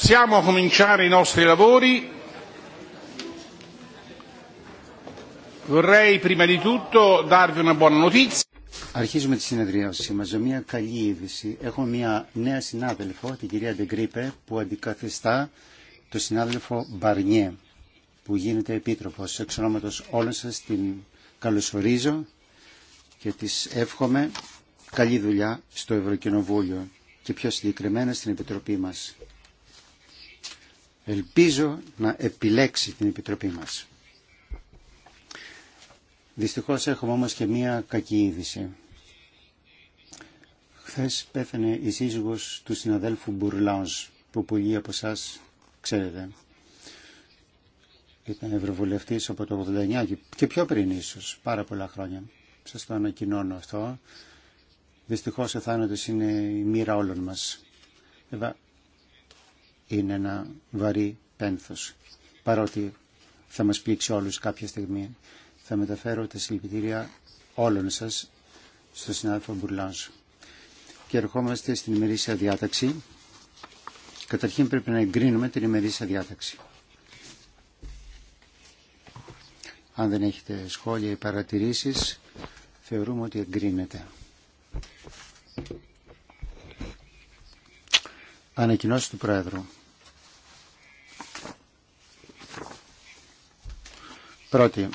Possiamo cominciare i nostri lavori. Vorrei prima di tutto darvi una buona notizia. Αρχίζουμε τη συνεδρίαση μας με μια καλή είδηση. Έχω μια νέα συνάδελφο, την κυρία Ντεγκρίπε, που αντικαθιστά το συνάδελφο Μπαρνιέ, που γίνεται επίτροπος. Εξ ονόματος όλων σας την καλωσορίζω και της εύχομαι καλή δουλειά στο Ευρωκοινοβούλιο και πιο συγκεκριμένα στην Επιτροπή μας. Ελπίζω να επιλέξει την Επιτροπή μας. Δυστυχώς έχουμε όμως και μία κακή είδηση. Χθες πέθανε η σύζυγος του συναδέλφου Μπουρλάνζ, που πολλοί από εσά ξέρετε. Ήταν ευρωβουλευτής από το 89 και πιο πριν ίσως, πάρα πολλά χρόνια. Σας το ανακοινώνω αυτό. Δυστυχώς ο θάνατος είναι η μοίρα όλων μας είναι ένα βαρύ πένθος. Παρότι θα μας πλήξει όλους κάποια στιγμή, θα μεταφέρω τα συλληπιτήρια όλων σας στο συνάδελφο Μπουρλάζ. Και ερχόμαστε στην ημερήσια διάταξη. Καταρχήν πρέπει να εγκρίνουμε την ημερήσια διάταξη. Αν δεν έχετε σχόλια ή παρατηρήσεις, θεωρούμε ότι εγκρίνεται. Ανακοινώσει του Πρόεδρου. Πρώτη,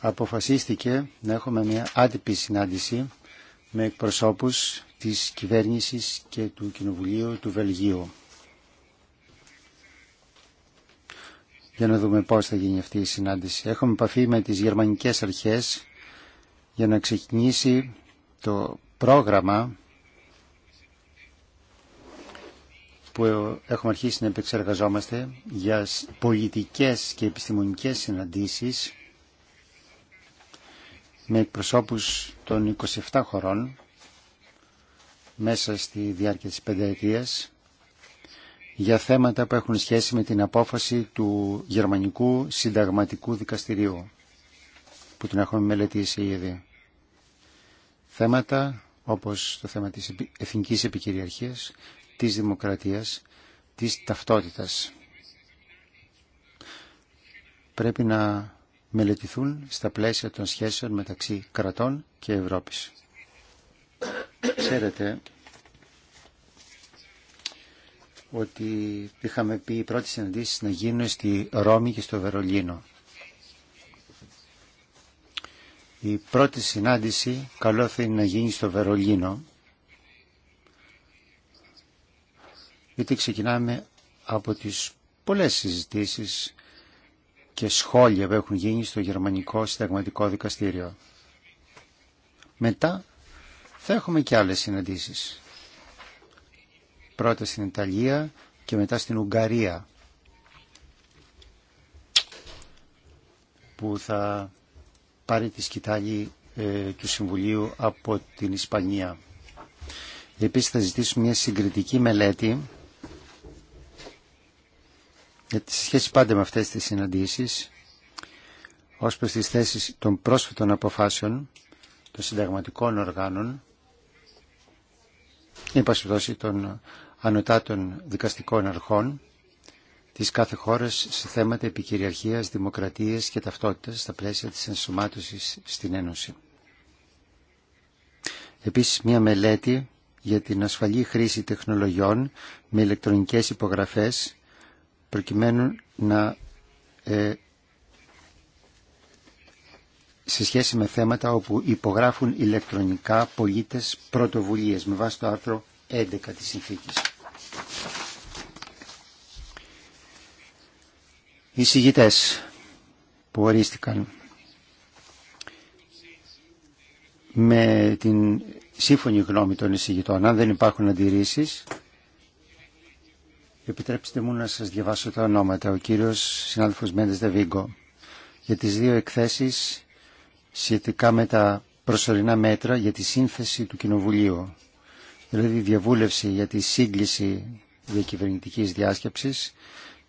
αποφασίστηκε να έχουμε μια άτυπη συνάντηση με εκπροσώπους της κυβέρνησης και του Κοινοβουλίου του Βελγίου. Για να δούμε πώς θα γίνει αυτή η συνάντηση. Έχουμε επαφή με τις γερμανικές αρχές για να ξεκινήσει το πρόγραμμα που έχουμε αρχίσει να επεξεργαζόμαστε για πολιτικές και επιστημονικές συναντήσεις με εκπροσώπους των 27 χωρών μέσα στη διάρκεια της πενταετίας για θέματα που έχουν σχέση με την απόφαση του Γερμανικού Συνταγματικού Δικαστηρίου που την έχουμε μελετήσει ήδη. Θέματα όπως το θέμα της εθνικής επικυριαρχίας της δημοκρατίας, της ταυτότητας. Πρέπει να μελετηθούν στα πλαίσια των σχέσεων μεταξύ κρατών και Ευρώπης. Ξέρετε ότι είχαμε πει οι πρώτες συναντήσεις να γίνουν στη Ρώμη και στο Βερολίνο. Η πρώτη συνάντηση καλό θα είναι να γίνει στο Βερολίνο γιατί ξεκινάμε από τις πολλές συζητήσεις και σχόλια που έχουν γίνει στο Γερμανικό Συνταγματικό Δικαστήριο. Μετά θα έχουμε και άλλες συναντήσεις. Πρώτα στην Ιταλία και μετά στην Ουγγαρία που θα πάρει τη σκητάλη ε, του Συμβουλίου από την Ισπανία. Επίσης θα ζητήσουμε μια συγκριτική μελέτη γιατί σε σχέση πάντα με αυτές τις συναντήσεις ως προς τις θέσεις των πρόσφατων αποφάσεων των συνταγματικών οργάνων η πάση των ανωτάτων δικαστικών αρχών της κάθε χώρας σε θέματα επικυριαρχίας, δημοκρατίας και ταυτότητας στα πλαίσια της ενσωμάτωσης στην Ένωση. Επίσης μια μελέτη για την ασφαλή χρήση τεχνολογιών με ηλεκτρονικές υπογραφές προκειμένου να ε, σε σχέση με θέματα όπου υπογράφουν ηλεκτρονικά πολίτες πρωτοβουλίες με βάση το άρθρο 11 της συνθήκης. Οι συγητές που ορίστηκαν με την σύμφωνη γνώμη των εισηγητών, αν δεν υπάρχουν αντιρρήσεις, Επιτρέψτε μου να σας διαβάσω τα ονόματα. Ο κύριος συνάδελφος Μέντες Δεβίγκο για τις δύο εκθέσεις σχετικά με τα προσωρινά μέτρα για τη σύνθεση του Κοινοβουλίου. Δηλαδή διαβούλευση για τη σύγκληση διακυβερνητικής διάσκεψης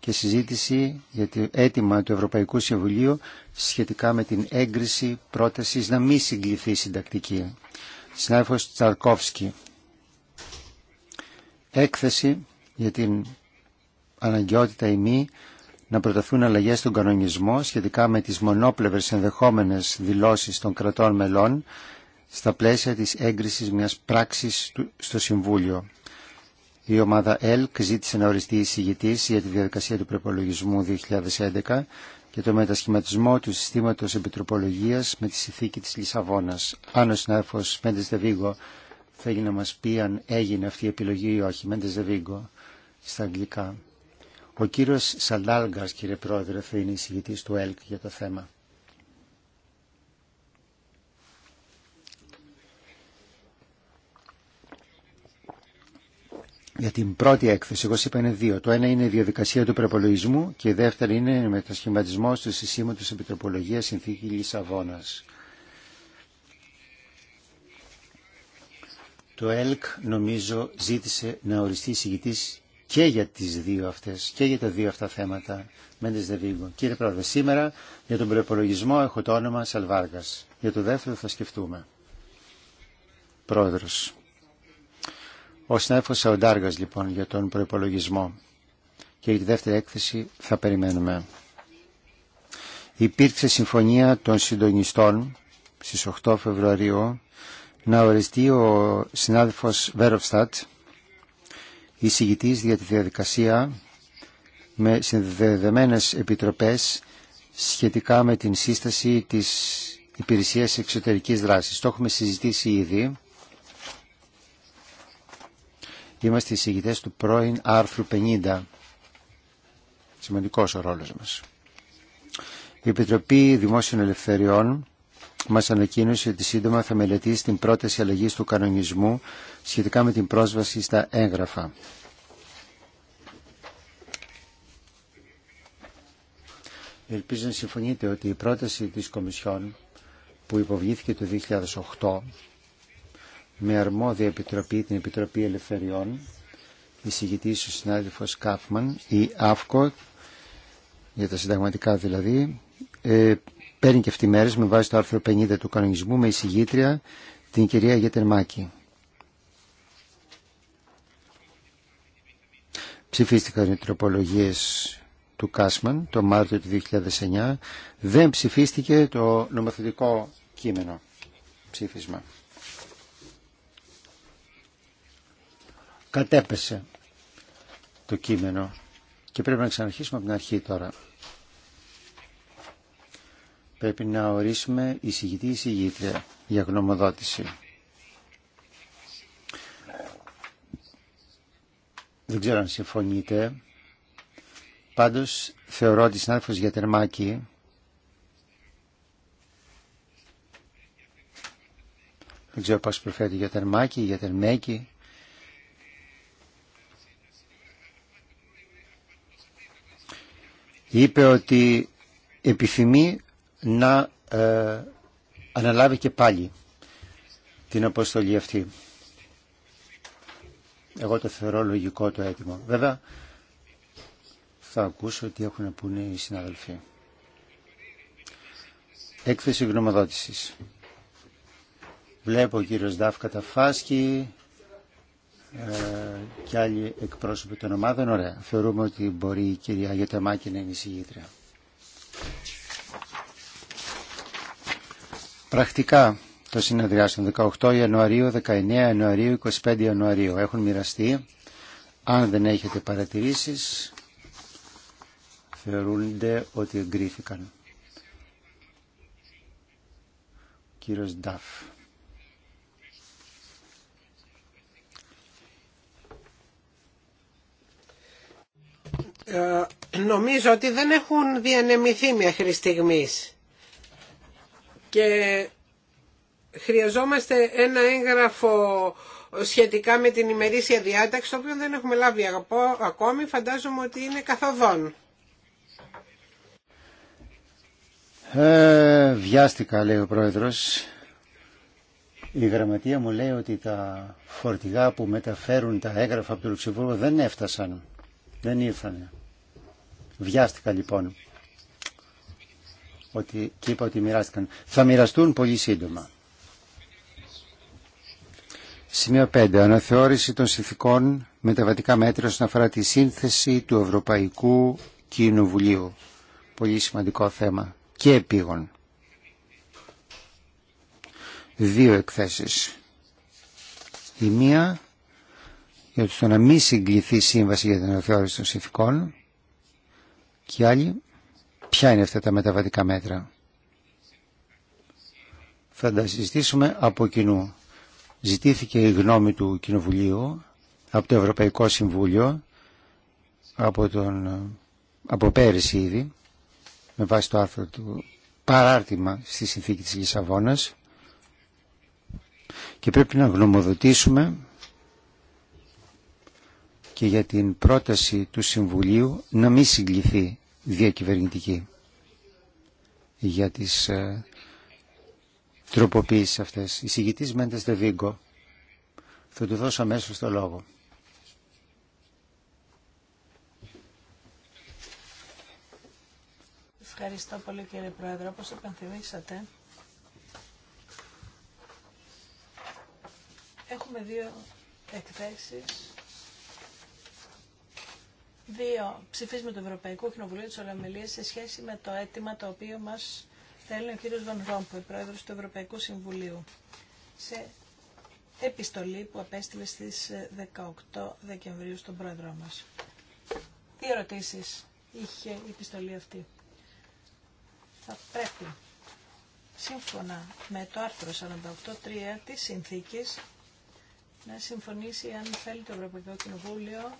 και συζήτηση για το αίτημα του Ευρωπαϊκού Συμβουλίου σχετικά με την έγκριση πρότασης να μη συγκληθεί συντακτική. Συνάδελφος Τσαρκόφσκι. Έκθεση για την αναγκαιότητα ή μη να προταθούν αλλαγές στον κανονισμό σχετικά με τις μονόπλευρες ενδεχόμενες δηλώσεις των κρατών μελών στα πλαίσια της έγκρισης μιας πράξης στο Συμβούλιο. Η ομάδα ΕΛΚ ζήτησε να οριστεί εισηγητής για τη διαδικασία του προπολογισμού 2011 και το μετασχηματισμό του συστήματο επιτροπολογία με τη συνθήκη της Λισαβόνας. Αν ο συνάδελφο Μέντε Δεβίγκο θέλει να μα πει αν έγινε αυτή η επιλογή ή όχι. Μέντε Δεβίγκο στα αγγλικά. Ο κύριος Σαντάλγκας, κύριε Πρόεδρε, θα είναι εισηγητής του ΕΛΚ για το θέμα. Για την πρώτη έκθεση, εγώ είπα είναι δύο. Το ένα είναι η διαδικασία του προπολογισμού και η δεύτερη είναι μετασχηματισμό του της επιτροπολογία συνθήκη Λισαβόνα. Το ΕΛΚ νομίζω ζήτησε να οριστεί εισηγητής και για τις δύο αυτές, και για τα δύο αυτά θέματα Μέντες Δεβίγκο. Κύριε Πρόεδρε, σήμερα για τον προπολογισμό έχω το όνομα Σαλβάργας. Για το δεύτερο θα σκεφτούμε. Πρόεδρος. Ο συνάδελφος Σαοντάργας λοιπόν για τον προπολογισμό και για τη δεύτερη έκθεση θα περιμένουμε. Υπήρξε συμφωνία των συντονιστών στις 8 Φεβρουαρίου να οριστεί ο συνάδελφος Βέροφστατ εισηγητής για τη διαδικασία με συνδεδεμένες επιτροπές σχετικά με την σύσταση της υπηρεσίας εξωτερικής δράσης. Το έχουμε συζητήσει ήδη. Είμαστε εισηγητές του πρώην άρθρου 50. Σημαντικός ο ρόλος μας. Η Επιτροπή Δημόσιων Ελευθεριών Μα ανακοίνωσε ότι σύντομα θα μελετήσει την πρόταση αλλαγή του κανονισμού σχετικά με την πρόσβαση στα έγγραφα. Ελπίζω να συμφωνείτε ότι η πρόταση της Κομισιόν που υποβλήθηκε το 2008 με αρμόδια επιτροπή, την Επιτροπή Ελευθεριών, εισηγητής ο συνάδελφος Κάφμαν, η ΑΦΚΟ, για τα συνταγματικά δηλαδή, ε, παίρνει και αυτή με βάση το άρθρο 50 του κανονισμού με εισηγήτρια την κυρία Γετερμάκη. Ψηφίστηκαν οι τροπολογίες του Κάσμαν το Μάρτιο του 2009. Δεν ψηφίστηκε το νομοθετικό κείμενο ψήφισμα. Κατέπεσε το κείμενο και πρέπει να ξαναρχίσουμε από την αρχή τώρα πρέπει να ορίσουμε εισηγητή ή εισηγήτρια για γνωμοδότηση. Δεν ξέρω αν συμφωνείτε. Πάντως θεωρώ ότι συνάδελφος για τερμάκι δεν ξέρω πώς προφέρει για τερμάκι, για τερμέκι είπε ότι επιθυμεί να ε, αναλάβει και πάλι την αποστολή αυτή. Εγώ το θεωρώ λογικό το έτοιμο. Βέβαια, θα ακούσω τι έχουν να πούνε οι συναδελφοί. Έκθεση γνωμοδότησης. Βλέπω ο κύριος Ντάφ Καταφάσκη ε, και άλλοι εκπρόσωποι των ομάδων. Ωραία. Θεωρούμε ότι μπορεί η κυρία Αγιωταμάκη να είναι η Πρακτικά το συνεδριάσεων 18 Ιανουαρίου, 19 Ιανουαρίου, 25 Ιανουαρίου έχουν μοιραστεί. Αν δεν έχετε παρατηρήσεις, θεωρούνται ότι εγκρίθηκαν. κύριος Νταφ. Ε, νομίζω ότι δεν έχουν διανεμηθεί μέχρι στιγμής και χρειαζόμαστε ένα έγγραφο σχετικά με την ημερήσια διάταξη, το οποίο δεν έχουμε λάβει ακόμη, φαντάζομαι ότι είναι καθοδόν. Ε, βιάστηκα, λέει ο πρόεδρος. Η γραμματεία μου λέει ότι τα φορτηγά που μεταφέρουν τα έγγραφα από το Λουξεμβούργο δεν έφτασαν. Δεν ήρθαν. Βιάστηκα λοιπόν ότι, και είπα ότι μοιράστηκαν. Θα μοιραστούν πολύ σύντομα. Σημείο 5. Αναθεώρηση των συνθηκών με τα βατικά μέτρα όσον αφορά τη σύνθεση του Ευρωπαϊκού Κοινοβουλίου. Πολύ σημαντικό θέμα και επίγον. Δύο εκθέσεις. Η μία για το να μην συγκληθεί σύμβαση για την αναθεώρηση των συνθηκών και η άλλη ποια είναι αυτά τα μεταβατικά μέτρα. Θα τα συζητήσουμε από κοινού. Ζητήθηκε η γνώμη του Κοινοβουλίου από το Ευρωπαϊκό Συμβούλιο από, τον, από πέρυσι ήδη με βάση το άρθρο του παράρτημα στη συνθήκη της Λισαβόνας και πρέπει να γνωμοδοτήσουμε και για την πρόταση του Συμβουλίου να μην συγκληθεί διακυβερνητική για τις ε, τροποποίησεις αυτές. Η συγητής Μέντες Δεβίγκο θα του δώσω αμέσως το λόγο. Ευχαριστώ πολύ κύριε Πρόεδρε. Όπως επενθυμίσατε, έχουμε δύο εκθέσεις δύο ψηφίσματα το ευρωπαϊκό κοινοβούλιο τη Ολομελίας σε σχέση με το αίτημα το οποίο μας θέλει ο κύριος Βαν Ρόμπου, πρόεδρος του Ευρωπαϊκού Συμβουλίου, σε επιστολή που απέστειλε στις 18 ε, Δεκεμβρίου στον πρόεδρό μας. Τι ερωτήσει είχε η επιστολή αυτή. Θα πρέπει, σύμφωνα με το άρθρο 48.3 της Συνθήκης, να συμφωνήσει αν θέλει το Ευρωπαϊκό Κοινοβούλιο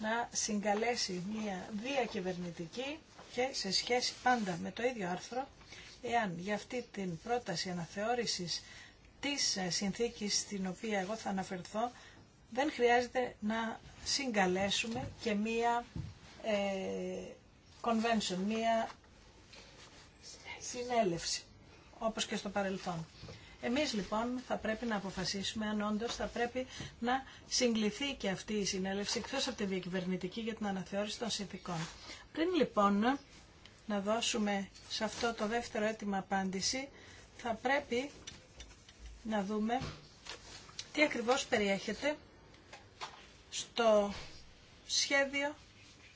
να συγκαλέσει μια διακυβερνητική και σε σχέση πάντα με το ίδιο άρθρο, εάν για αυτή την πρόταση αναθεώρησης της ε, συνθήκης στην οποία εγώ θα αναφερθώ, δεν χρειάζεται να συγκαλέσουμε και μία ε, convention, μία συνέλευση, όπως και στο παρελθόν. Εμείς λοιπόν θα πρέπει να αποφασίσουμε αν όντω θα πρέπει να συγκληθεί και αυτή η συνέλευση εκτός από τη διακυβερνητική για την αναθεώρηση των συνθήκων. Πριν λοιπόν να δώσουμε σε αυτό το δεύτερο έτοιμο απάντηση, θα πρέπει να δούμε τι ακριβώς περιέχεται στο σχέδιο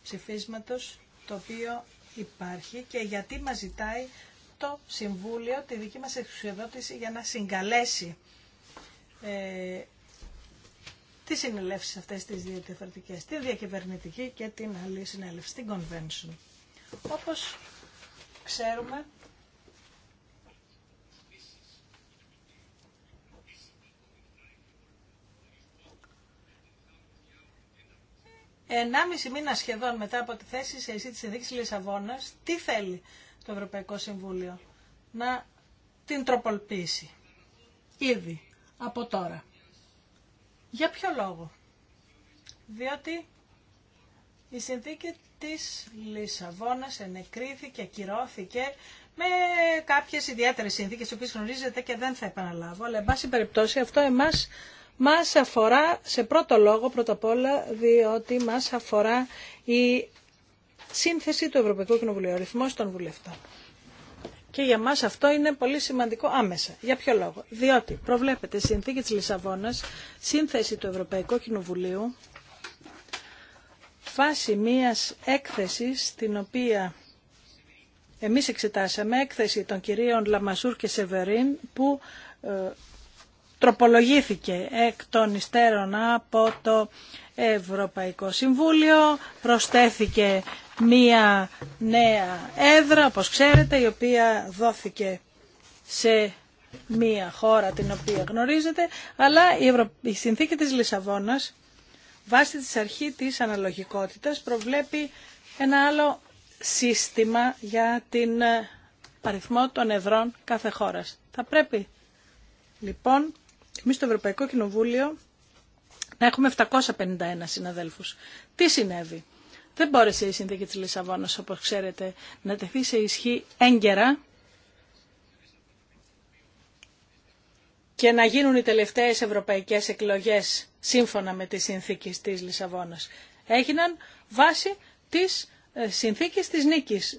ψηφίσματος το οποίο υπάρχει και γιατί μας ζητάει το Συμβούλιο τη δική μας εξουσιοδότηση για να συγκαλέσει ε, συνελεύσει συνελεύσεις αυτές τις δύο διαφορετικές, διακυβερνητική και την άλλη συνέλευση, την Convention. Όπως ξέρουμε, Ενάμιση μήνα σχεδόν μετά από τη θέση σε εσύ της Ειδικής Λισαβόνας, τι θέλει το Ευρωπαϊκό Συμβούλιο να την τροπολπίσει. Ήδη, από τώρα. Για ποιο λόγο. Διότι η συνθήκη της Λισαβόνας ενεκρίθηκε, ακυρώθηκε με κάποιες ιδιαίτερες συνθήκες, τις οποίες γνωρίζετε και δεν θα επαναλάβω, αλλά εν πάση περιπτώσει αυτό εμάς μας αφορά σε πρώτο λόγο, πρώτα απ' όλα, διότι μας αφορά η σύνθεση του Ευρωπαϊκού Κοινοβουλίου, ο ρυθμός των βουλευτών. Και για μας αυτό είναι πολύ σημαντικό άμεσα. Για ποιο λόγο. Διότι προβλέπεται συνθήκη της Λισαβόνας, σύνθεση του Ευρωπαϊκού Κοινοβουλίου, φάση μιας έκθεσης την οποία εμείς εξετάσαμε, έκθεση των κυρίων Λαμασούρ και Σεβερίν που ε, τροπολογήθηκε εκ των υστέρων από το Ευρωπαϊκό Συμβούλιο, προστέθηκε μία νέα έδρα, όπως ξέρετε, η οποία δόθηκε σε μία χώρα την οποία γνωρίζετε, αλλά η, συνθήκη της Λισαβόνας, βάσει της αρχή της αναλογικότητας, προβλέπει ένα άλλο σύστημα για την ε, αριθμό των εδρών κάθε χώρας. Θα πρέπει, λοιπόν, εμείς στο Ευρωπαϊκό Κοινοβούλιο να έχουμε 751 συναδέλφους. Τι συνέβη. Δεν μπόρεσε η συνθήκη της Λισαβόνας, όπως ξέρετε, να τεθεί σε ισχύ έγκαιρα και να γίνουν οι τελευταίες ευρωπαϊκές εκλογές σύμφωνα με τις συνθήκες της Λισαβόνας. Έγιναν βάση της ε, συνθήκης της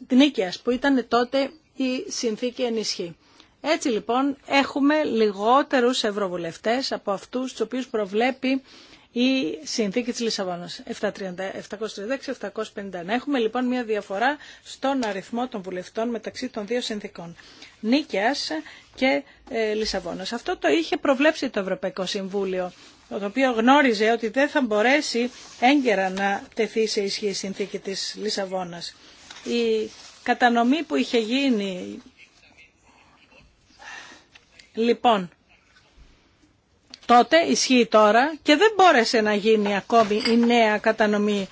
νίκης, που ήταν τότε η συνθήκη ισχύ. Έτσι λοιπόν έχουμε λιγότερους ευρωβουλευτές από αυτούς τους οποίους προβλέπει η συνθήκη της Λισαβόνας. 736-751. Έχουμε λοιπόν μια διαφορά στον αριθμό των βουλευτών μεταξύ των δύο συνθήκων. Νίκαιας και ε, Λισαβόνας. Αυτό το είχε προβλέψει το Ευρωπαϊκό Συμβούλιο το οποίο γνώριζε ότι δεν θα μπορέσει έγκαιρα να τεθεί σε ισχύ η συνθήκη της Λισαβόνας. Η κατανομή που είχε γίνει Λοιπόν, τότε, ισχύει τώρα και δεν μπόρεσε να γίνει ακόμη η νέα κατανομή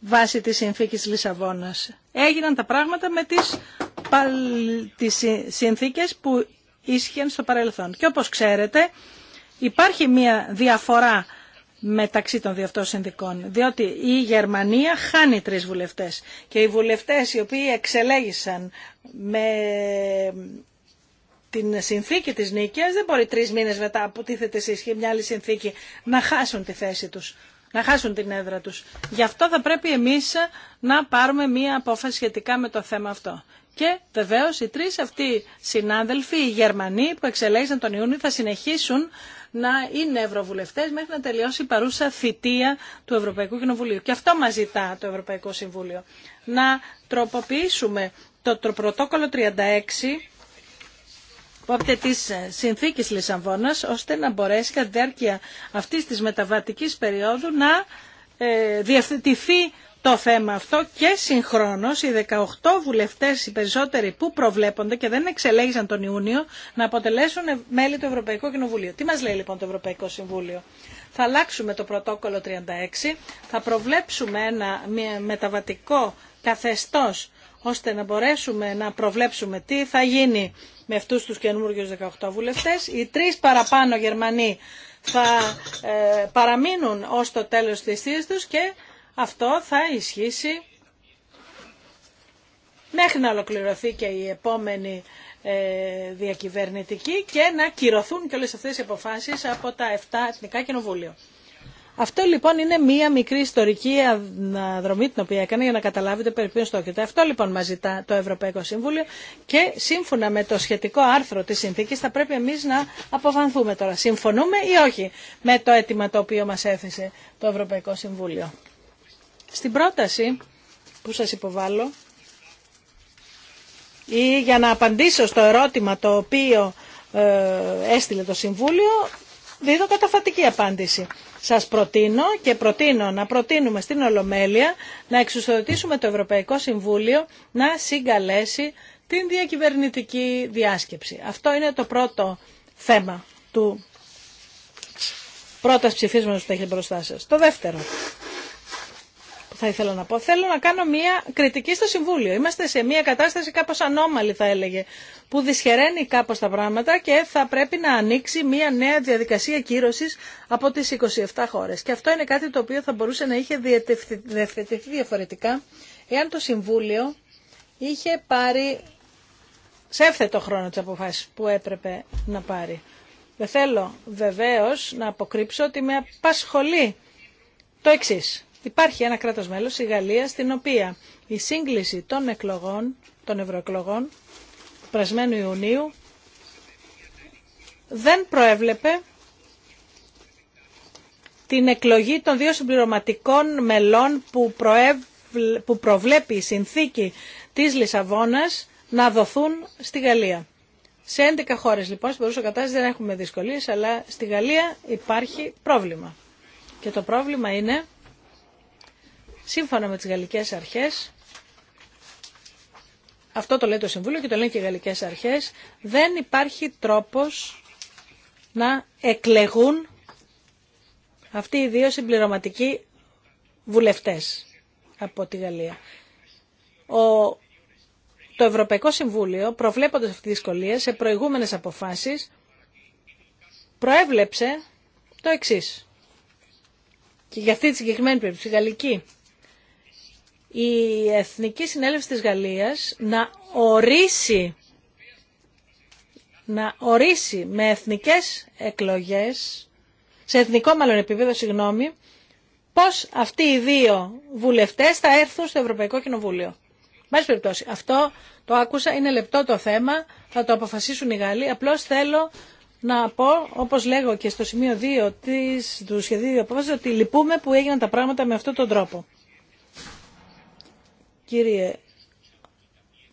βάσει της συνθήκης Λισαβόνας. Έγιναν τα πράγματα με τις, παλ... συνθήκες που ίσχυαν στο παρελθόν. Και όπως ξέρετε υπάρχει μια διαφορά μεταξύ των δύο συνδικών, διότι η Γερμανία χάνει τρεις βουλευτές και οι βουλευτές οι οποίοι εξελέγησαν με την συνθήκη της νίκαιας, δεν μπορεί τρεις μήνες μετά που τίθεται σε ισχύ μια άλλη συνθήκη να χάσουν τη θέση τους, να χάσουν την έδρα τους. Γι' αυτό θα πρέπει εμείς να πάρουμε μια απόφαση σχετικά με το θέμα αυτό. Και βεβαίως οι τρεις αυτοί συνάδελφοι, οι Γερμανοί που εξελέγησαν τον Ιούνιο, θα συνεχίσουν να είναι ευρωβουλευτέ μέχρι να τελειώσει η παρούσα θητεία του Ευρωπαϊκού Κοινοβουλίου. Και αυτό μα ζητά το Ευρωπαϊκό Συμβούλιο. Να τροποποιήσουμε το πρωτόκολλο 36 υπόπτε τη ε, συνθήκη Λισαβόνα, ώστε να μπορέσει κατά τη διάρκεια αυτής της μεταβατικής περίοδου να ε, διευθετηθεί το θέμα αυτό και συγχρόνως οι 18 βουλευτές οι περισσότεροι που προβλέπονται και δεν εξελέγησαν τον Ιούνιο να αποτελέσουν μέλη του Ευρωπαϊκού Κοινοβουλίου. Τι μας λέει λοιπόν το Ευρωπαϊκό Συμβούλιο. Θα αλλάξουμε το πρωτόκολλο 36, θα προβλέψουμε ένα μεταβατικό καθεστώς ώστε να μπορέσουμε να προβλέψουμε τι θα γίνει με αυτούς τους καινούργιους 18 βουλευτές. Οι τρεις παραπάνω Γερμανοί θα ε, παραμείνουν ως το τέλος της θύρας τους και αυτό θα ισχύσει μέχρι να ολοκληρωθεί και η επόμενη ε, διακυβερνητική και να κυρωθούν και όλες αυτές οι αποφάσεις από τα 7 Εθνικά Κοινοβούλια. Αυτό λοιπόν είναι μία μικρή ιστορική αναδρομή την οποία έκανα για να καταλάβετε περί ποιον στόχεται. Αυτό λοιπόν μα ζητά το Ευρωπαϊκό Συμβούλιο και σύμφωνα με το σχετικό άρθρο τη συνθήκη, θα πρέπει εμεί να αποφανθούμε τώρα. Συμφωνούμε ή όχι με το αίτημα το οποίο μα έθεσε το Ευρωπαϊκό Συμβούλιο. Στην πρόταση που σας υποβάλλω ή για να απαντήσω στο ερώτημα το οποίο ε, έστειλε το Συμβούλιο, δίδω καταφατική απάντηση. Σας προτείνω και προτείνω να προτείνουμε στην Ολομέλεια να εξουσιοδοτήσουμε το Ευρωπαϊκό Συμβούλιο να συγκαλέσει την διακυβερνητική διάσκεψη. Αυτό είναι το πρώτο θέμα του πρώτας ψηφίσματος που έχει μπροστά σας. Το δεύτερο θα ήθελα να πω. Θέλω να κάνω μια κριτική στο Συμβούλιο. Είμαστε σε μια κατάσταση κάπως ανώμαλη θα έλεγε, που δυσχεραίνει κάπω τα πράγματα και θα πρέπει να ανοίξει μια νέα διαδικασία κύρωση από τις 27 χώρε. Και αυτό είναι κάτι το οποίο θα μπορούσε να είχε διευθετηθεί διαφορετικά εάν το Συμβούλιο είχε πάρει σε εύθετο χρόνο τι αποφάσει που έπρεπε να πάρει. Δεν θέλω βεβαίω να αποκρύψω ότι με απασχολεί το εξής. Υπάρχει ένα κράτος μέλος, η Γαλλία, στην οποία η σύγκληση των εκλογών, των ευρωεκλογών, του πρασμένου Ιουνίου, δεν προέβλεπε την εκλογή των δύο συμπληρωματικών μελών που, προβλέπει η συνθήκη της Λισαβόνας να δοθούν στη Γαλλία. Σε 11 χώρες λοιπόν, στην παρούσα κατάσταση δεν έχουμε δυσκολίες, αλλά στη Γαλλία υπάρχει πρόβλημα. Και το πρόβλημα είναι Σύμφωνα με τις γαλλικές αρχές, αυτό το λέει το Συμβούλιο και το λένε και οι γαλλικές αρχές, δεν υπάρχει τρόπος να εκλεγούν αυτοί οι δύο συμπληρωματικοί βουλευτές από τη Γαλλία. Ο, το Ευρωπαϊκό Συμβούλιο, προβλέποντας αυτή τη δυσκολία, σε προηγούμενες αποφάσεις, προέβλεψε το εξής. Και για αυτή τη συγκεκριμένη περίπτωση, η γαλλική η Εθνική Συνέλευση της Γαλλίας να ορίσει, να ορίσει με εθνικές εκλογές, σε εθνικό μάλλον επίπεδο, συγγνώμη, πώς αυτοί οι δύο βουλευτές θα έρθουν στο Ευρωπαϊκό Κοινοβούλιο. Μάλιστα περιπτώσει, αυτό το άκουσα, είναι λεπτό το θέμα, θα το αποφασίσουν οι Γάλλοι. Απλώς θέλω να πω, όπως λέγω και στο σημείο 2 του σχεδίου απόφασης, ότι λυπούμε που έγιναν τα πράγματα με αυτόν τον τρόπο. Κύριε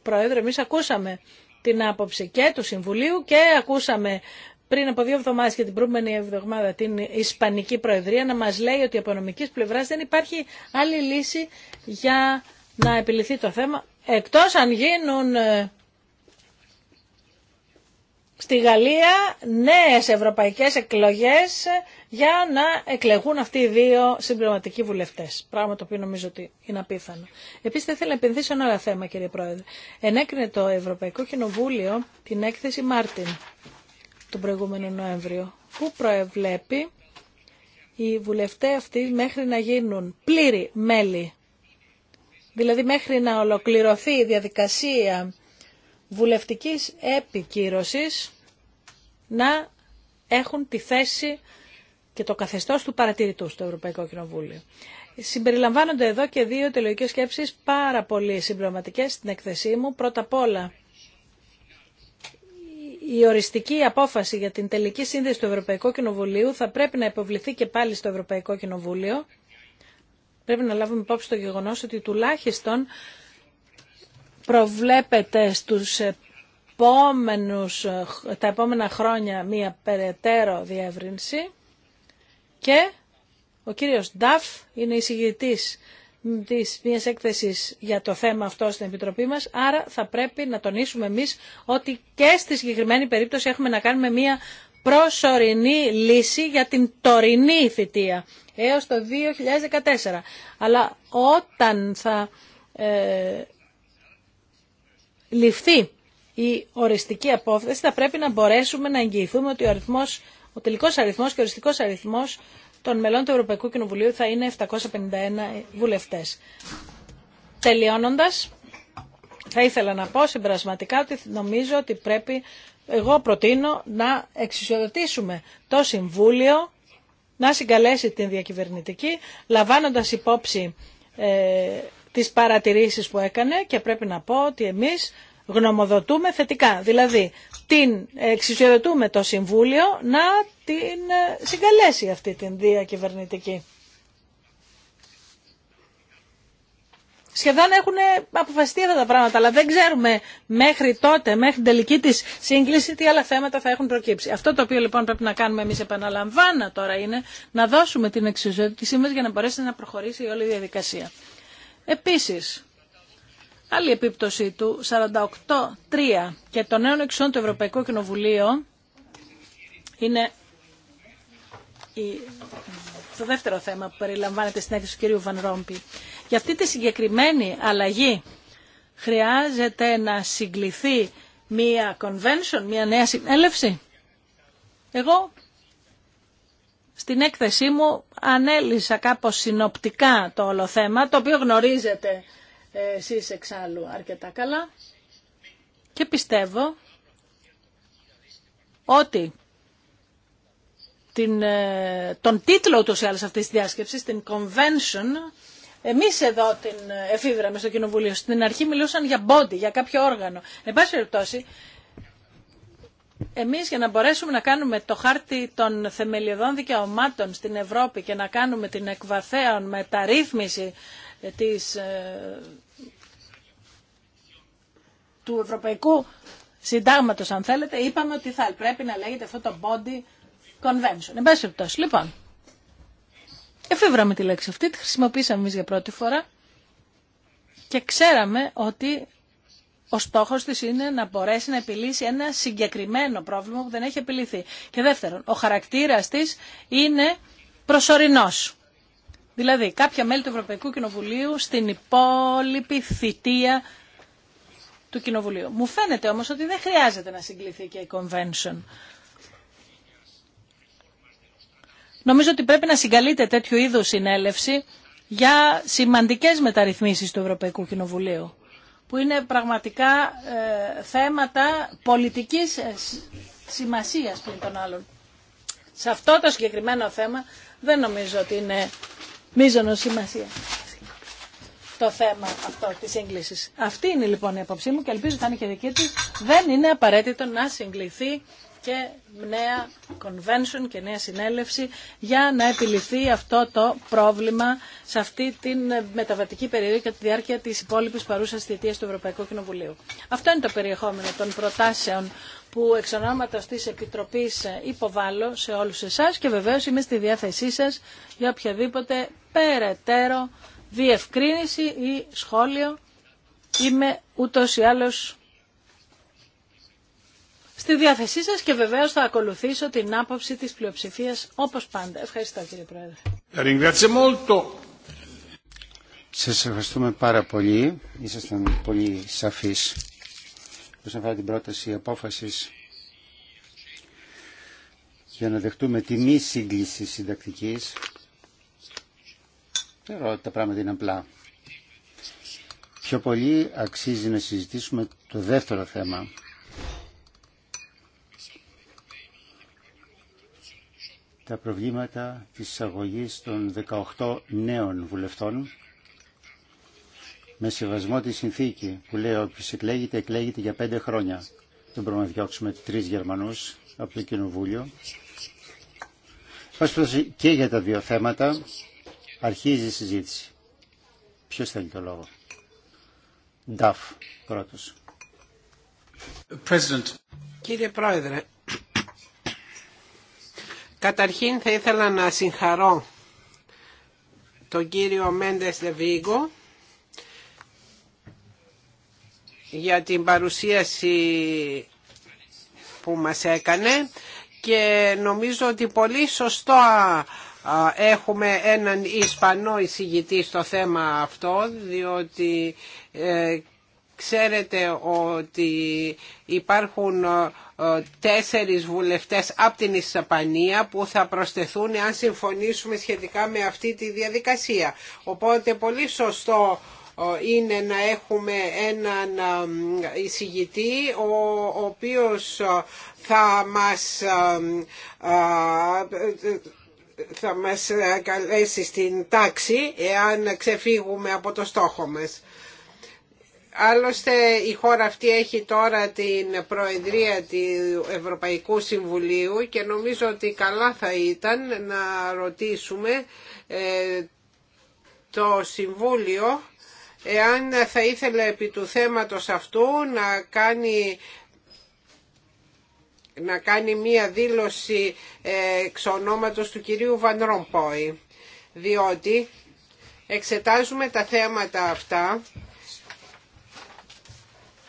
Πρόεδρε, εμεί ακούσαμε την άποψη και του Συμβουλίου και ακούσαμε πριν από δύο εβδομάδες και την προηγούμενη εβδομάδα την Ισπανική Προεδρία να μας λέει ότι από νομικής πλευράς δεν υπάρχει άλλη λύση για να επιληθεί το θέμα εκτός αν γίνουν ε, στη Γαλλία νέες ευρωπαϊκές εκλογές για να εκλεγούν αυτοί οι δύο συμπληρωματικοί βουλευτές. Πράγμα το οποίο νομίζω ότι είναι απίθανο. Επίσης θα ήθελα να επενδύσω ένα άλλο θέμα κύριε Πρόεδρε. Ενέκρινε το Ευρωπαϊκό Κοινοβούλιο την έκθεση Μάρτιν τον προηγούμενο Νοέμβριο που προεβλέπει οι βουλευτές αυτοί μέχρι να γίνουν πλήρη μέλη. Δηλαδή μέχρι να ολοκληρωθεί η διαδικασία βουλευτικής επικύρωσης να έχουν τη θέση και το καθεστώς του παρατηρητού στο Ευρωπαϊκό Κοινοβούλιο. Συμπεριλαμβάνονται εδώ και δύο τελειωτικές σκέψεις πάρα πολύ συμπληρωματικέ στην εκθεσή μου. Πρώτα απ' όλα, η οριστική απόφαση για την τελική σύνδεση του Ευρωπαϊκού Κοινοβουλίου θα πρέπει να υποβληθεί και πάλι στο Ευρωπαϊκό Κοινοβούλιο. Πρέπει να λάβουμε υπόψη το γεγονός ότι τουλάχιστον προβλέπεται στους επόμενους, τα επόμενα χρόνια μία περαιτέρω διεύρυνση και ο κύριος Νταφ είναι εισηγητής της μιας έκθεσης για το θέμα αυτό στην Επιτροπή μας, άρα θα πρέπει να τονίσουμε εμείς ότι και στη συγκεκριμένη περίπτωση έχουμε να κάνουμε μία προσωρινή λύση για την τωρινή θητεία έως το 2014. Αλλά όταν θα ε, ληφθεί η οριστική απόφαση, θα πρέπει να μπορέσουμε να εγγυηθούμε ότι ο, αριθμός, ο τελικός αριθμός και ο οριστικός αριθμός των μελών του Ευρωπαϊκού Κοινοβουλίου θα είναι 751 βουλευτές. Τελειώνοντας, θα ήθελα να πω συμπερασματικά ότι νομίζω ότι πρέπει, εγώ προτείνω να εξισοδοτήσουμε το Συμβούλιο να συγκαλέσει την διακυβερνητική, λαμβάνοντας υπόψη ε, τις παρατηρήσεις που έκανε και πρέπει να πω ότι εμείς γνωμοδοτούμε θετικά. Δηλαδή, την εξουσιοδοτούμε το Συμβούλιο να την ε, συγκαλέσει αυτή την διακυβερνητική. Σχεδόν έχουν αποφασιστεί αυτά τα πράγματα, αλλά δεν ξέρουμε μέχρι τότε, μέχρι την τελική της σύγκληση, τι άλλα θέματα θα έχουν προκύψει. Αυτό το οποίο λοιπόν πρέπει να κάνουμε εμείς επαναλαμβάνω τώρα είναι να δώσουμε την εξουσιοδότησή μας για να μπορέσει να προχωρήσει η όλη η διαδικασία. Επίσης, άλλη επίπτωση του 48.3 και των νέων εξών του Ευρωπαϊκού Κοινοβουλίου είναι το δεύτερο θέμα που περιλαμβάνεται στην έκθεση του κυρίου Βαν Ρόμπη. Για αυτή τη συγκεκριμένη αλλαγή χρειάζεται να συγκληθεί μία convention, μία νέα συνέλευση. Εγώ στην έκθεσή μου ανέλησα κάπως συνοπτικά το όλο θέμα, το οποίο γνωρίζετε ε, εσείς εξάλλου αρκετά καλά και πιστεύω ότι την, ε, τον τίτλο του σε άλλες αυτής της διάσκεψης, την Convention, εμείς εδώ την ε, εφήβραμε στο Κοινοβούλιο. Στην αρχή μιλούσαν για body, για κάποιο όργανο. Εν πάση περιπτώσει, εμείς για να μπορέσουμε να κάνουμε το χάρτη των θεμελιωδών δικαιωμάτων στην Ευρώπη και να κάνουμε την εκβαθέων μεταρρύθμιση ε, της, ε, του Ευρωπαϊκού Συντάγματος, αν θέλετε, είπαμε ότι θα πρέπει να λέγεται αυτό το body convention. Εν λοιπόν, εφεύραμε τη λέξη αυτή, τη χρησιμοποίησαμε εμείς για πρώτη φορά και ξέραμε ότι ο στόχο τη είναι να μπορέσει να επιλύσει ένα συγκεκριμένο πρόβλημα που δεν έχει επιλυθεί. Και δεύτερον, ο χαρακτήρα τη είναι προσωρινό. Δηλαδή, κάποια μέλη του Ευρωπαϊκού Κοινοβουλίου στην υπόλοιπη θητεία του Κοινοβουλίου. Μου φαίνεται όμως ότι δεν χρειάζεται να συγκληθεί και η Convention. Νομίζω ότι πρέπει να συγκαλείται τέτοιου είδους συνέλευση για σημαντικές μεταρρυθμίσεις του Ευρωπαϊκού Κοινοβουλίου που είναι πραγματικά ε, θέματα πολιτικής ε, σημασίας πλην των άλλων. Σε αυτό το συγκεκριμένο θέμα δεν νομίζω ότι είναι μίζωνο σημασία το θέμα αυτό της σύγκλησης. Αυτή είναι λοιπόν η απόψή μου και ελπίζω θα είναι και δική της. Δεν είναι απαραίτητο να συγκληθεί και νέα convention και νέα συνέλευση για να επιληθεί αυτό το πρόβλημα σε αυτή την μεταβατική περίοδο και τη διάρκεια της υπόλοιπης παρούσας θητείας του Ευρωπαϊκού Κοινοβουλίου. Αυτό είναι το περιεχόμενο των προτάσεων που εξ ονόματος της Επιτροπής υποβάλλω σε όλους εσάς και βεβαίως είμαι στη διάθεσή σας για οποιαδήποτε περαιτέρω διευκρίνηση ή σχόλιο. Είμαι ούτως ή άλλως στη διάθεσή σας και βεβαίως θα ακολουθήσω την άποψη της πλειοψηφίας όπως πάντα. Ευχαριστώ κύριε Πρόεδρε. Σας ευχαριστούμε πάρα πολύ. Ήσασταν πολύ σαφείς. Όσον αφορά την πρόταση απόφασης για να δεχτούμε τη μη σύγκληση συντακτικής, θεωρώ ότι τα πράγματα είναι απλά. Πιο πολύ αξίζει να συζητήσουμε το δεύτερο θέμα τα προβλήματα της εισαγωγής των 18 νέων βουλευτών με σεβασμό τη συνθήκη που λέει όποιος εκλέγεται, εκλέγεται για πέντε χρόνια. Δεν μπορούμε να διώξουμε τρει Γερμανού από το Κοινοβούλιο. Πάσπως και για τα δύο θέματα αρχίζει η συζήτηση. Ποιος θέλει το λόγο. Νταφ πρώτος. Κύριε Πρόεδρε, Καταρχήν θα ήθελα να συγχαρώ τον κύριο Μέντες Λεβίγκο για την παρουσίαση που μας έκανε και νομίζω ότι πολύ σωστό έχουμε έναν Ισπανό εισηγητή στο θέμα αυτό διότι ε, Ξέρετε ότι υπάρχουν ε, τέσσερις βουλευτές από την Ισαπανία που θα προσθεθούν αν συμφωνήσουμε σχετικά με αυτή τη διαδικασία. Οπότε πολύ σωστό ε, είναι να έχουμε έναν ε, εισηγητή ο οποίος θα μας θα μας καλέσει στην τάξη εάν ξεφύγουμε από το στόχο μας. Άλλωστε η χώρα αυτή έχει τώρα την Προεδρία του Ευρωπαϊκού Συμβουλίου και νομίζω ότι καλά θα ήταν να ρωτήσουμε ε, το Συμβούλιο εάν θα ήθελε επί του θέματος αυτού να κάνει να κάνει μία δήλωση ε, εξ ονόματος του κυρίου Βαν Ρομπόη, διότι εξετάζουμε τα θέματα αυτά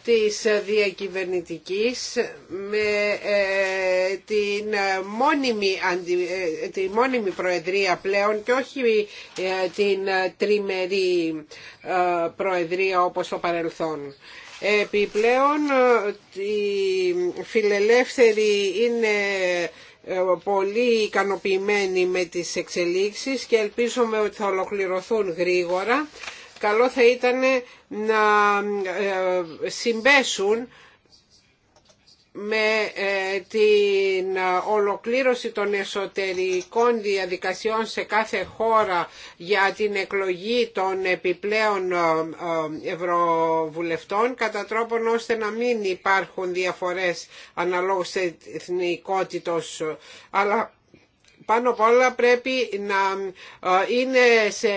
της διακυβερνητικής με ε, την, μόνιμη, ε, τη μόνιμη προεδρία πλέον και όχι ε, την τριμερή προεδρία όπως στο παρελθόν. Επιπλέον, οι φιλελεύθεροι είναι πολύ ικανοποιημένοι με τις εξελίξεις και ελπίζουμε ότι θα ολοκληρωθούν γρήγορα καλό θα ήταν να ε, συμπέσουν με ε, την ολοκλήρωση των εσωτερικών διαδικασιών σε κάθε χώρα για την εκλογή των επιπλέον ε, ευρωβουλευτών κατά τρόπον ώστε να μην υπάρχουν διαφορές αναλόγως εθνικότητος αλλά πάνω απ' όλα πρέπει να ε, είναι σε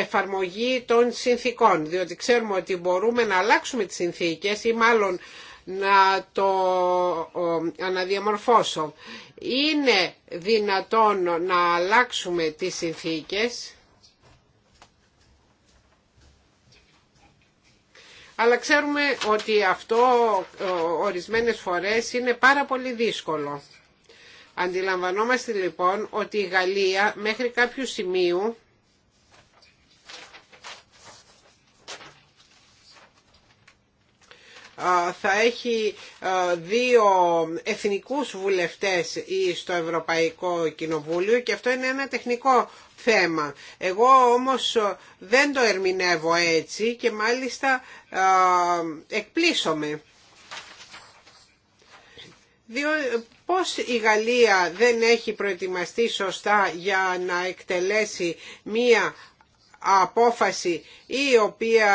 εφαρμογή των συνθήκων, διότι ξέρουμε ότι μπορούμε να αλλάξουμε τις συνθήκες ή μάλλον να το αναδιαμορφώσω. Είναι δυνατόν να αλλάξουμε τις συνθήκες, αλλά ξέρουμε ότι αυτό ε, ορισμένες φορές είναι πάρα πολύ δύσκολο. Αντιλαμβανόμαστε λοιπόν ότι η Γαλλία μέχρι κάποιου σημείου θα έχει δύο εθνικούς βουλευτές στο Ευρωπαϊκό Κοινοβούλιο και αυτό είναι ένα τεχνικό θέμα. Εγώ όμως δεν το ερμηνεύω έτσι και μάλιστα εκπλήσωμαι. Πώς η Γαλλία δεν έχει προετοιμαστεί σωστά για να εκτελέσει μία απόφαση η οποία